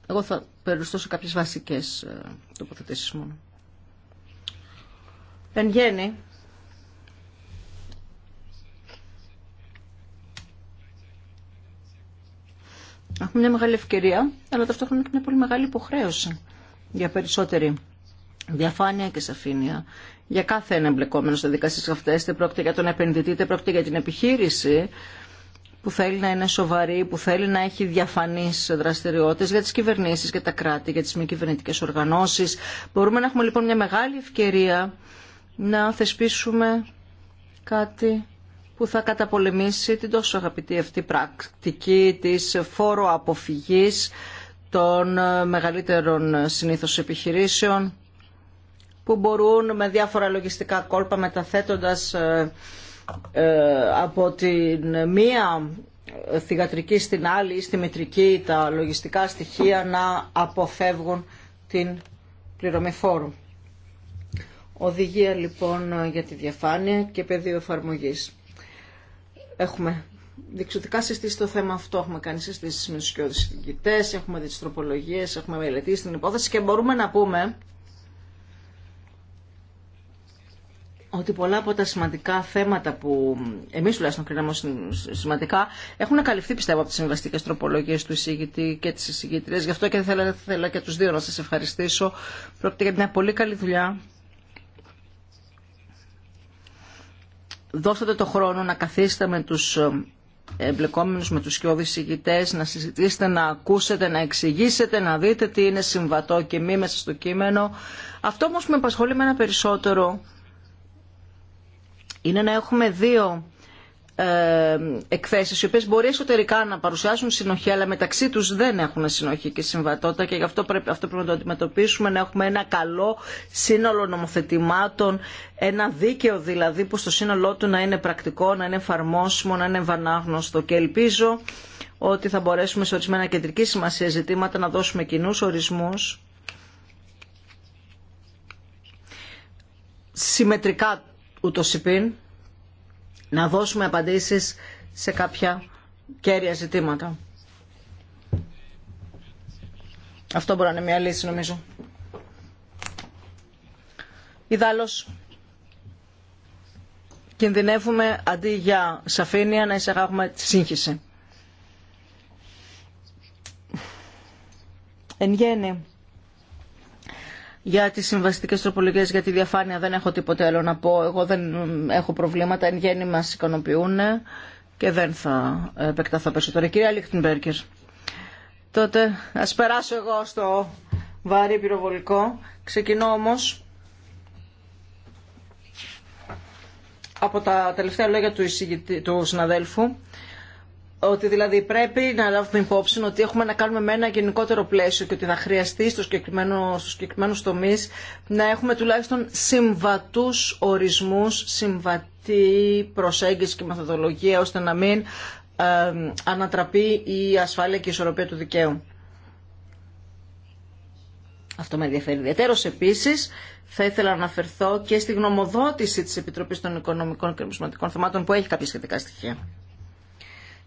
Εγώ θα περιουστώ σε κάποιες βασικές ε, τοποθετήσεις μόνο. Εν γέννη, Έχουμε μια μεγάλη ευκαιρία, αλλά ταυτόχρονα και μια πολύ μεγάλη υποχρέωση για περισσότερη διαφάνεια και σαφήνεια για κάθε ένα εμπλεκόμενο στα δικασίε αυτέ. Είτε πρόκειται για τον επενδυτή, είτε πρόκειται για την επιχείρηση που θέλει να είναι σοβαρή, που θέλει να έχει διαφανεί δραστηριότητε για τι κυβερνήσει, για τα κράτη, για τι μη κυβερνητικέ οργανώσει. Μπορούμε να έχουμε λοιπόν μια μεγάλη ευκαιρία να θεσπίσουμε κάτι που θα καταπολεμήσει την τόσο αγαπητή αυτή πρακτική της φόρο αποφυγής των ε, μεγαλύτερων συνήθως επιχειρήσεων που μπορούν με διάφορα λογιστικά κόλπα μεταθέτοντας ε, ε, από την μία θηγατρική στην άλλη ή στη μετρική τα λογιστικά στοιχεία να αποφεύγουν την πληρωμή φόρου. Οδηγία λοιπόν για τη διαφάνεια και πεδίο εφαρμογής. Έχουμε διεξοδικά συστήσει το θέμα αυτό. Έχουμε κάνει συστήσει με του κοιόδη έχουμε δει τι τροπολογίε, έχουμε μελετήσει την υπόθεση και μπορούμε να πούμε ότι πολλά από τα σημαντικά θέματα που εμεί τουλάχιστον κρίναμε σημαντικά έχουν καλυφθεί πιστεύω από τι συμβαστικέ τροπολογίε του εισηγητή και τη εισηγητρία. Γι' αυτό και θέλω, θέλω και του δύο να σα ευχαριστήσω. Πρόκειται για μια πολύ καλή δουλειά δώσατε το χρόνο να καθίσετε με τους ε, εμπλεκόμενους με τους σκιώδεις ηγητές, να συζητήσετε, να ακούσετε, να εξηγήσετε, να δείτε τι είναι συμβατό και μη μέσα στο κείμενο. Αυτό όμως που με απασχολεί με ένα περισσότερο είναι να έχουμε δύο ε, εκθέσεις οι οποίες μπορεί εσωτερικά να παρουσιάσουν συνοχή αλλά μεταξύ τους δεν έχουν συνοχή και συμβατότητα και γι' αυτό πρέπει, αυτό πρέπει να το αντιμετωπίσουμε να έχουμε ένα καλό σύνολο νομοθετημάτων ένα δίκαιο δηλαδή που στο σύνολό του να είναι πρακτικό, να είναι εφαρμόσιμο, να είναι βανάγνωστο και ελπίζω ότι θα μπορέσουμε σε ορισμένα κεντρική σημασία ζητήματα να δώσουμε κοινού ορισμούς συμμετρικά ούτως υπήν να δώσουμε απαντήσεις σε κάποια κέρια ζητήματα. Αυτό μπορεί να είναι μια λύση νομίζω. Ιδάλλως, κινδυνεύουμε αντί για σαφήνεια να εισαγάγουμε σύγχυση. Εν γένει. Για τις συμβαστικές τροπολογίες για τη διαφάνεια δεν έχω τίποτε άλλο να πω. Εγώ δεν έχω προβλήματα. Εν γέννη μα ικανοποιούν και δεν θα επεκταθώ περισσότερο. Κυρία Λίχτινμπέργκερ, τότε ας περάσω εγώ στο βαρύ πυροβολικό. Ξεκινώ όμω. από τα τελευταία λόγια του, του συναδέλφου ότι δηλαδή πρέπει να λάβουμε υπόψη ότι έχουμε να κάνουμε με ένα γενικότερο πλαίσιο και ότι θα χρειαστεί στο συγκεκριμένο, στους συγκεκριμένους τομείς να έχουμε τουλάχιστον συμβατού ορισμού, συμβατή προσέγγιση και μεθοδολογία ώστε να μην ανατραπεί η ασφάλεια και η ισορροπία του δικαίου. Αυτό με ενδιαφέρει ιδιαίτερω. επίση θα ήθελα να αναφερθώ και στη γνωμοδότηση τη Επιτροπή των Οικονομικών και Νομισματικών Θεμάτων που έχει κάποια σχετικά στοιχεία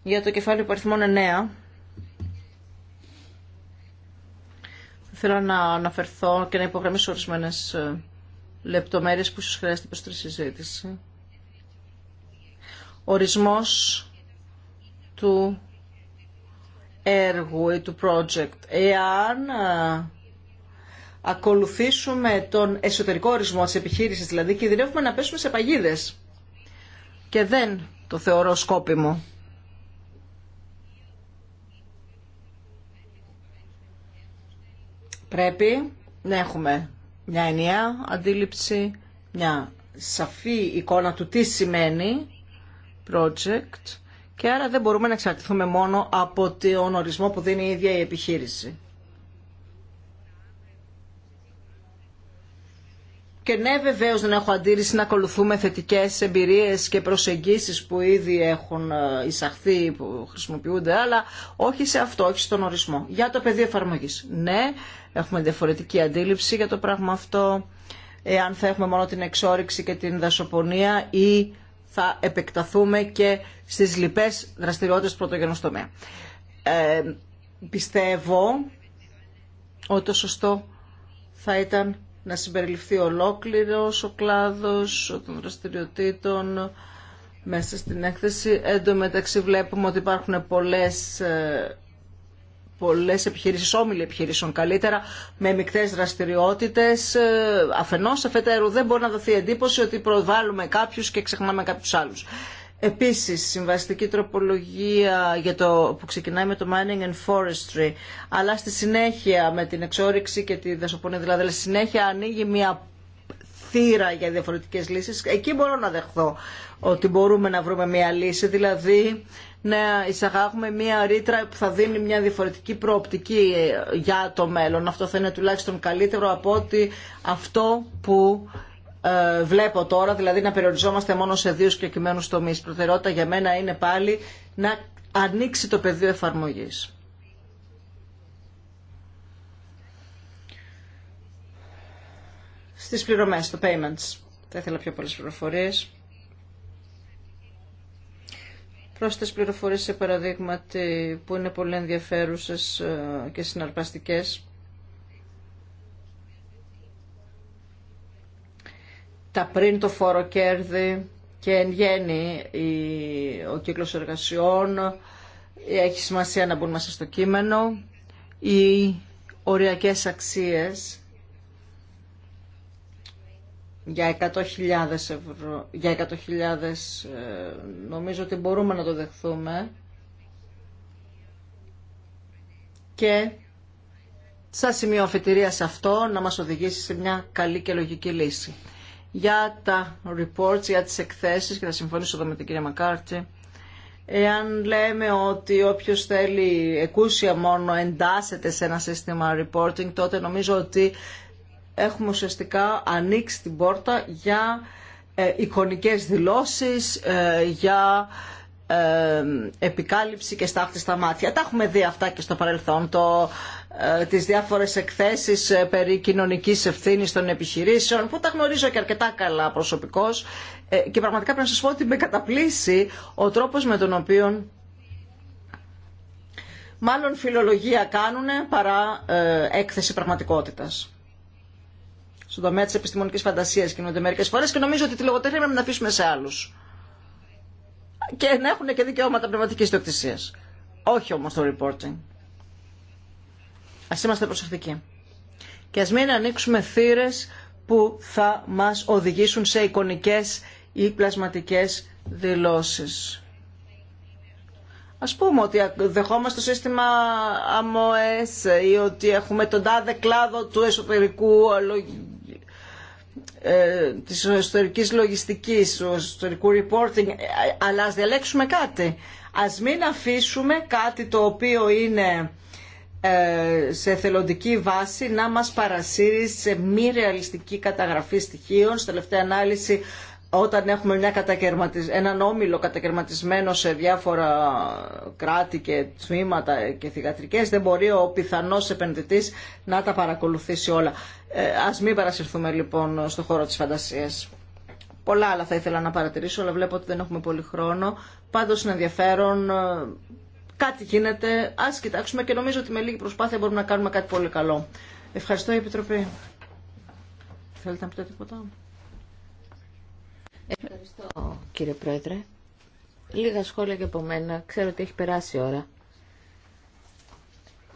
για το κεφάλαιο υπαριθμών 9. Θέλω να αναφερθώ και να υπογραμμίσω ορισμένε ε, λεπτομέρειες που ίσως χρειάζεται προς συζήτηση. Ορισμός του έργου ή του project. Εάν ε, ακολουθήσουμε τον εσωτερικό ορισμό της επιχείρησης, δηλαδή κινδυνεύουμε να πέσουμε σε παγίδες. Και δεν το θεωρώ σκόπιμο. Πρέπει να έχουμε μια ενιαία αντίληψη, μια σαφή εικόνα του τι σημαίνει project και άρα δεν μπορούμε να εξαρτηθούμε μόνο από τον ορισμό που δίνει η ίδια η επιχείρηση. Και ναι, βεβαίω δεν έχω αντίρρηση να ακολουθούμε θετικέ εμπειρίε και προσεγγίσει που ήδη έχουν ε, εισαχθεί, που χρησιμοποιούνται, αλλά όχι σε αυτό, όχι στον ορισμό. Για το πεδίο εφαρμογή. Ναι, έχουμε διαφορετική αντίληψη για το πράγμα αυτό. Εάν θα έχουμε μόνο την εξόριξη και την δασοπονία ή θα επεκταθούμε και στις λοιπές δραστηριότητες πρωτογενούς τομέα. Ε, πιστεύω ότι το σωστό θα ήταν να συμπεριληφθεί ολόκληρος ο κλάδος των δραστηριοτήτων μέσα στην έκθεση. Εν τω μεταξύ βλέπουμε ότι υπάρχουν πολλές, ε, πολλές επιχειρήσεις, όμιλοι επιχειρήσεων καλύτερα, με μικτές δραστηριότητες. Ε, αφενός, αφετέρου δεν μπορεί να δοθεί εντύπωση ότι προβάλλουμε κάποιους και ξεχνάμε κάποιους άλλους. Επίσης, συμβαστική τροπολογία για το, που ξεκινάει με το mining and forestry, αλλά στη συνέχεια με την εξόριξη και τη δασοπονία, δηλαδή στη συνέχεια ανοίγει μια θύρα για διαφορετικές λύσεις. Εκεί μπορώ να δεχθώ ότι μπορούμε να βρούμε μια λύση, δηλαδή να εισαγάγουμε μια ρήτρα που θα δίνει μια διαφορετική προοπτική ε, για το μέλλον. Αυτό θα είναι τουλάχιστον καλύτερο από ότι αυτό που ε, βλέπω τώρα, δηλαδή να περιοριζόμαστε μόνο σε δύο συγκεκριμένου τομεί. Προτεραιότητα για μένα είναι πάλι να ανοίξει το πεδίο εφαρμογή. Στις πληρωμές, το payments. Θα ήθελα πιο πολλές πληροφορίες. Πρόσθετες πληροφορίες σε παραδείγματι που είναι πολύ ενδιαφέρουσες ε, και συναρπαστικές τα πριν το φόρο κέρδη και εν γέννη ο κύκλος εργασιών ε, έχει σημασία να μπουν μέσα στο κείμενο οι οριακές αξίες για 100.000 ευρώ, για 100.000 ε, νομίζω ότι μπορούμε να το δεχθούμε και σαν σημείο σε αυτό να μας οδηγήσει σε μια καλή και λογική λύση για τα reports, για τις εκθέσεις και θα συμφωνήσω εδώ με την κυρία Μακάρτη. Εάν λέμε ότι όποιος θέλει εκούσια μόνο εντάσσεται σε ένα σύστημα reporting, τότε νομίζω ότι έχουμε ουσιαστικά ανοίξει την πόρτα για ε, εικονικές δηλώσεις, ε, για ε, επικάλυψη και στάχτη στα μάτια. Τα έχουμε δει αυτά και στο παρελθόν. Το ε, τις διάφορες εκθέσεις ε, περί κοινωνικής ευθύνης των επιχειρήσεων που τα γνωρίζω και αρκετά καλά προσωπικώς ε, και πραγματικά πρέπει να σας πω ότι με καταπλήσει ο τρόπος με τον οποίο μάλλον φιλολογία κάνουν παρά έκθεση πραγματικότητας στον τομέα τη επιστημονική φαντασία κινούνται μερικέ φορέ και νομίζω ότι τη λογοτεχνία πρέπει να την αφήσουμε σε άλλου. Και να έχουν και δικαιώματα πνευματική ιδιοκτησία. Όχι όμω το reporting. Α είμαστε προσεκτικοί. Και α μην ανοίξουμε θύρες που θα μας οδηγήσουν σε εικονικέ ή πλασματικές δηλώσει. Α πούμε ότι δεχόμαστε το σύστημα ΑΜΟΕΣ ή ότι έχουμε τον τάδε κλάδο του εσωτερικού ε, της εσωτερικής λογιστικής, του εσωτερικού reporting, αλλά ας διαλέξουμε κάτι. Ας μην αφήσουμε κάτι το οποίο είναι ε, σε θελοντική βάση να μας παρασύρει σε μη ρεαλιστική καταγραφή στοιχείων. Στη τελευταία ανάλυση όταν έχουμε μια έναν όμιλο κατακαιρματισμένο σε διάφορα κράτη και τμήματα και θηγατρικές δεν μπορεί ο πιθανός επενδυτής να τα παρακολουθήσει όλα. Ε, ας μην παρασυρθούμε λοιπόν στο χώρο της φαντασίας. Πολλά άλλα θα ήθελα να παρατηρήσω, αλλά βλέπω ότι δεν έχουμε πολύ χρόνο. Πάντως είναι ενδιαφέρον ε, Κάτι γίνεται, Α κοιτάξουμε και νομίζω ότι με λίγη προσπάθεια μπορούμε να κάνουμε κάτι πολύ καλό. Ευχαριστώ Επιτροπή. Θέλετε να πείτε τίποτα. Ευχαριστώ κύριε Πρόεδρε. Λίγα σχόλια και από μένα. Ξέρω ότι έχει περάσει η ώρα.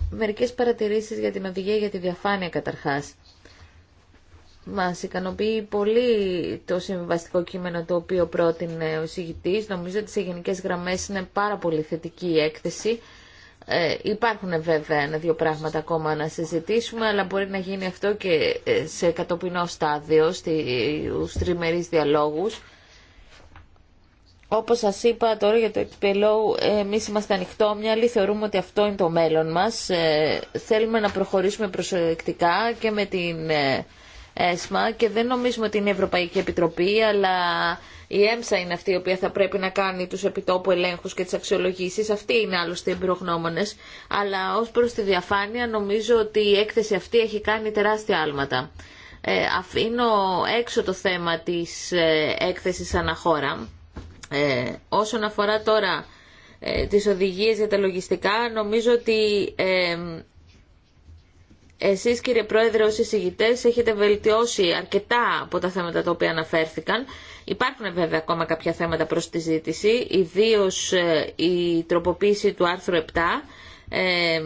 Μερικές παρατηρήσεις για την οδηγία για τη διαφάνεια καταρχάς. Μα ικανοποιεί πολύ το συμβιβαστικό κείμενο το οποίο πρότεινε ο εισηγητής. Νομίζω ότι σε γενικές γραμμές είναι πάρα πολύ θετική η έκθεση. Ε, υπάρχουν βέβαια ένα-δύο πράγματα ακόμα να συζητήσουμε, αλλά μπορεί να γίνει αυτό και ε, σε κατοπινό στάδιο, στους τριμερείς διαλόγους. Όπως σας είπα τώρα για το XPLO, εμείς είμαστε ανοιχτόμυαλοι, θεωρούμε ότι αυτό είναι το μέλλον μας. Ε, θέλουμε να προχωρήσουμε προσεκτικά και με την... Ε, ΕΣΜΑ και δεν νομίζουμε ότι είναι η Ευρωπαϊκή Επιτροπή, αλλά η ΕΜΣΑ είναι αυτή η οποία θα πρέπει να κάνει τους επιτόπου ελέγχους και τις αξιολογήσεις. Αυτοί είναι άλλωστε οι εμπειρογνώμονες. Αλλά ως προς τη διαφάνεια νομίζω ότι η έκθεση αυτή έχει κάνει τεράστια άλματα. Ε, αφήνω έξω το θέμα της ε, έκθεσης αναχώρα. Ε, όσον αφορά τώρα ε, τις οδηγίες για τα λογιστικά, νομίζω ότι ε, εσείς κύριε Πρόεδρε ως εισηγητές έχετε βελτιώσει αρκετά από τα θέματα τα οποία αναφέρθηκαν. Υπάρχουν βέβαια ακόμα κάποια θέματα προς τη ζήτηση, ιδίως ε, η τροποποίηση του άρθρου 7, ε,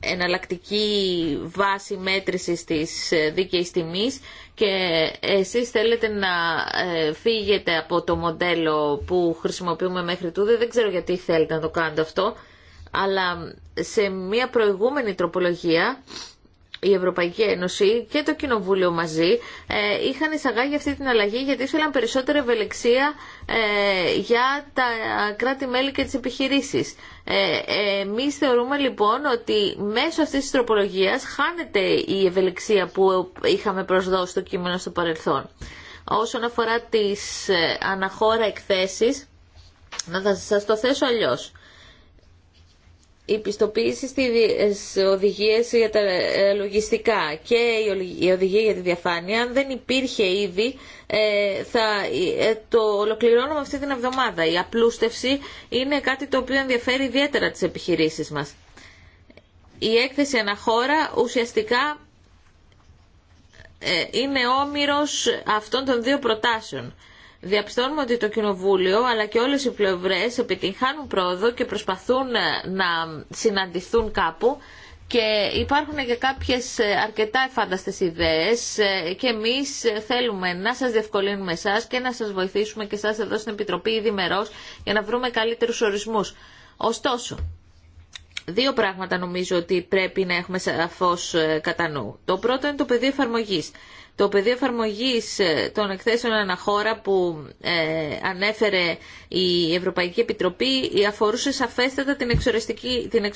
εναλλακτική βάση μέτρησης της δίκαιης τιμής και εσείς θέλετε να ε, φύγετε από το μοντέλο που χρησιμοποιούμε μέχρι τούδε. Δεν ξέρω γιατί θέλετε να το κάνετε αυτό αλλά σε μια προηγούμενη τροπολογία η Ευρωπαϊκή Ένωση και το Κοινοβούλιο μαζί ε, είχαν εισαγάγει αυτή την αλλαγή γιατί ήθελαν περισσότερη ευελιξία ε, για τα κράτη-μέλη και τις επιχειρήσεις. Ε, εμείς θεωρούμε λοιπόν ότι μέσω αυτής της τροπολογίας χάνεται η ευελιξία που είχαμε προσδώσει το κείμενο στο παρελθόν. Όσον αφορά τις ε, αναχώρα εκθέσεις, να σας το θέσω αλλιώς η πιστοποίηση στις οδηγίες για τα λογιστικά και η οδηγία για τη διαφάνεια, αν δεν υπήρχε ήδη, ε, θα ε, το ολοκληρώνουμε αυτή την εβδομάδα. Η απλούστευση είναι κάτι το οποίο ενδιαφέρει ιδιαίτερα τις επιχειρήσεις μας. Η έκθεση αναχώρα ουσιαστικά ε, είναι όμοιρος αυτών των δύο προτάσεων διαπιστώνουμε ότι το Κοινοβούλιο αλλά και όλες οι πλευρές επιτυγχάνουν πρόοδο και προσπαθούν ε, να συναντηθούν κάπου και υπάρχουν και κάποιες ε, αρκετά εφάνταστες ιδέες ε, και εμείς θέλουμε να σας διευκολύνουμε εσά και να σας βοηθήσουμε και εσά εδώ στην Επιτροπή ήδη για να βρούμε καλύτερους ορισμούς. Ωστόσο, δύο πράγματα νομίζω ότι πρέπει να έχουμε σαφώς κατά νου. Το πρώτο είναι το πεδίο εφαρμογής. Το πεδίο εφαρμογή ε, των εκθέσεων αναχώρα που ε, ανέφερε η Ευρωπαϊκή Επιτροπή αφορούσε σαφέστατα την, την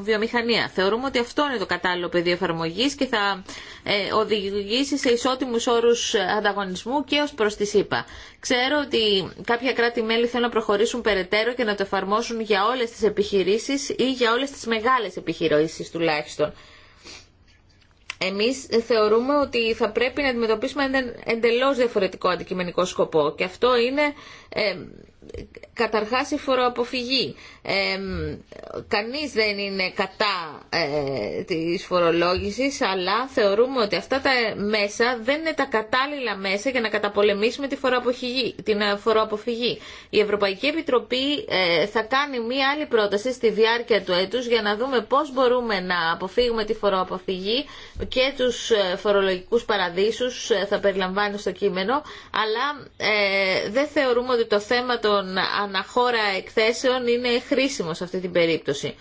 βιομηχανία. Θεωρούμε ότι αυτό είναι το κατάλληλο πεδίο εφαρμογή και θα ε, οδηγήσει σε ισότιμου όρου ανταγωνισμού και ω προ τη ΣΥΠΑ. Ξέρω ότι κάποια κράτη-μέλη θέλουν να προχωρήσουν περαιτέρω και να το εφαρμόσουν για όλε τι επιχειρήσει ή για όλε τι μεγάλε επιχειρήσει τουλάχιστον. Εμείς θεωρούμε ότι θα πρέπει να αντιμετωπίσουμε έναν εντελώς διαφορετικό αντικειμενικό σκοπό και αυτό είναι ε, καταρχάς η φοροαποφυγή. Ε, κανείς δεν είναι κατά ε, της φορολόγησης, αλλά θεωρούμε ότι αυτά τα μέσα δεν είναι τα κατάλληλα μέσα για να καταπολεμήσουμε τη φοροαποφυγή, την ε, φοροαποφυγή. Η Ευρωπαϊκή Επιτροπή ε, θα κάνει μία άλλη πρόταση στη διάρκεια του έτους για να δούμε πώς μπορούμε να αποφύγουμε τη φοροαποφυγή και τους φορολογικούς παραδείσους θα περιλαμβάνει στο κείμενο, αλλά δεν θεωρούμε ότι το θέμα το των αναχώρα εκθέσεων είναι χρήσιμο σε αυτή την περίπτωση.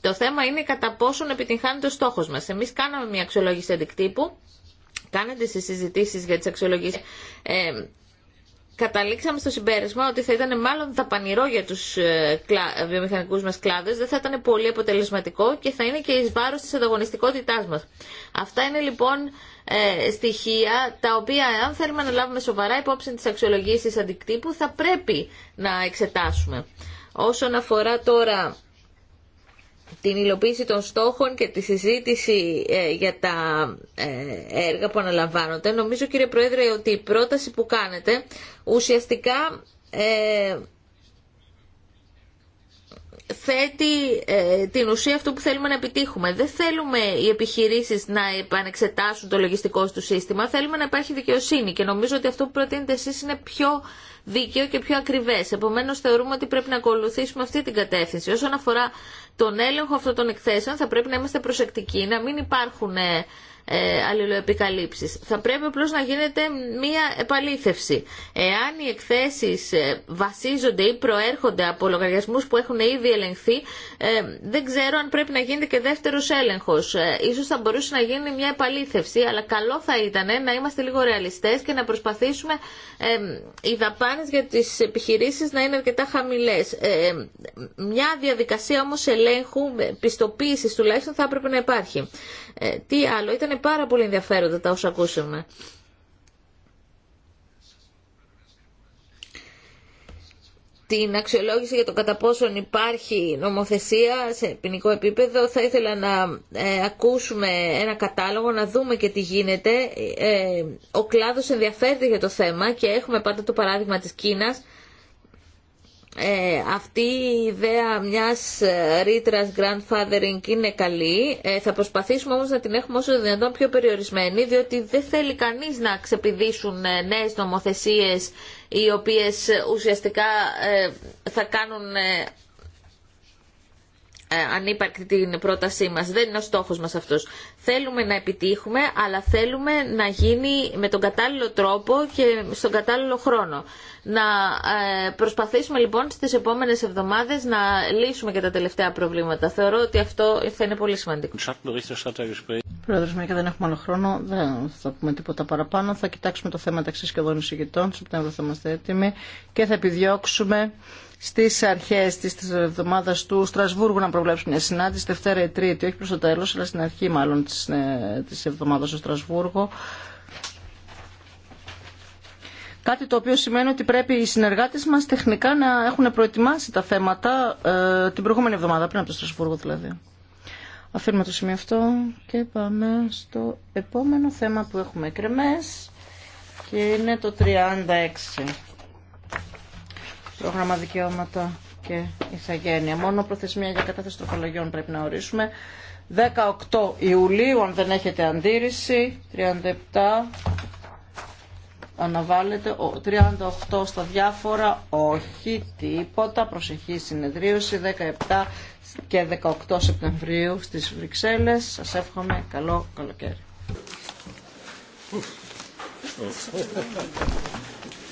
Το θέμα είναι κατά πόσον επιτυγχάνεται ο στόχο μας. Εμείς κάναμε μια αξιολόγηση αντικτύπου, κάνετε στις συζητήσεις για τις αξιολογήσεις. Ε, καταλήξαμε στο συμπέρασμα ότι θα ήταν μάλλον δαπανηρό για τους ε, βιομηχανικούς μας κλάδους, δεν θα ήταν πολύ αποτελεσματικό και θα είναι και ει βάρο τη ανταγωνιστικότητά μα. Αυτά είναι λοιπόν ε, στοιχεία τα οποία αν θέλουμε να λάβουμε σοβαρά υπόψη της τη αντικτύπου θα πρέπει να εξετάσουμε. Όσον αφορά τώρα την υλοποίηση των στόχων και τη συζήτηση ε, για τα ε, έργα που αναλαμβάνονται. Νομίζω κύριε Πρόεδρε ότι η πρόταση που κάνετε ουσιαστικά ε, θέτει ε, την ουσία αυτού που θέλουμε να επιτύχουμε. Δεν θέλουμε οι επιχειρήσεις να επανεξετάσουν το λογιστικό του σύστημα, θέλουμε να υπάρχει δικαιοσύνη και νομίζω ότι αυτό που προτείνετε εσείς είναι πιο δίκαιο και πιο ακριβές. Επομένως θεωρούμε ότι πρέπει να ακολουθήσουμε αυτή την κατεύθυνση. Όσον αφορά τον έλεγχο αυτών των εκθέσεων θα πρέπει να είμαστε προσεκτικοί, να μην υπάρχουν ε, ε, αλληλοεπικαλύψεις. Θα πρέπει απλώς να γίνεται μία επαλήθευση. Εάν οι εκθέσεις ε, βασίζονται ή προέρχονται από λογαριασμούς που έχουν ήδη ελεγχθεί, ε, δεν ξέρω αν πρέπει να γίνεται και δεύτερος έλεγχος. Ίσως θα μπορούσε να γίνει μια επαλήθευση, αλλά καλό θα ήταν να είμαστε λίγο ρεαλιστές και να προσπαθήσουμε οι δαπάνες για τις επιχειρήσεις να είναι αρκετά χαμηλές. Μια διαδικασία όμως ελέγχου, πιστοποίησης τουλάχιστον θα έπρεπε να υπάρχει. Ε, τι άλλο, ήταν πάρα πολύ ενδιαφέροντα τα όσα ακούσαμε. την αξιολόγηση για το κατά πόσον υπάρχει νομοθεσία σε ποινικό επίπεδο. Θα ήθελα να ε, ακούσουμε ένα κατάλογο, να δούμε και τι γίνεται. Ε, ο κλάδος ενδιαφέρεται για το θέμα και έχουμε πάντα το παράδειγμα της Κίνας. Ε, αυτή η ιδέα μιας ε, ρήτρα grandfathering είναι καλή. Ε, θα προσπαθήσουμε όμως να την έχουμε όσο δυνατόν πιο περιορισμένη, διότι δεν θέλει κανείς να ξεπηδήσουν ε, νέες νομοθεσίες οι οποίες ουσιαστικά θα κάνουν ε, ανύπαρκτη την πρότασή μας. Δεν είναι ο στόχος μας αυτός. Θέλουμε να επιτύχουμε, αλλά θέλουμε να γίνει με τον κατάλληλο τρόπο και στον κατάλληλο χρόνο. Να ε, προσπαθήσουμε λοιπόν στις επόμενες εβδομάδες να λύσουμε και τα τελευταία προβλήματα. Θεωρώ ότι αυτό θα είναι πολύ σημαντικό. Πρόεδρος, μια και δεν έχουμε άλλο χρόνο, δεν θα πούμε τίποτα παραπάνω. Θα κοιτάξουμε το θέμα ταξίς και των εισηγητών. Σεπτέμβριο θα είμαστε έτοιμοι και θα επιδιώξουμε στις αρχές της, εβδομάδα εβδομάδας του Στρασβούργου να προβλέψουμε μια συνάντηση, Δευτέρα ή Τρίτη, όχι προ το τέλο, αλλά στην αρχή μάλλον της, εβδομάδα εβδομάδας του Στρασβούργου. Κάτι το οποίο σημαίνει ότι πρέπει οι συνεργάτες μας τεχνικά να έχουν προετοιμάσει τα θέματα ε, την προηγούμενη εβδομάδα, πριν από το Στρασβούργο δηλαδή. Αφήνουμε το σημείο αυτό και πάμε στο επόμενο θέμα που έχουμε κρεμές και είναι το 36 πρόγραμμα δικαιώματα και ηθαγένεια. Μόνο προθεσμία για κατάθεση τροπολογιών πρέπει να ορίσουμε. 18 Ιουλίου, αν δεν έχετε αντίρρηση, 37 αναβάλλεται, 38 στα διάφορα, όχι τίποτα, προσεχή συνεδρίωση, 17 και 18 Σεπτεμβρίου στις Βρυξέλλες. Σας εύχομαι καλό καλοκαίρι.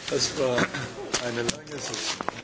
Das war eine lange Sitzung.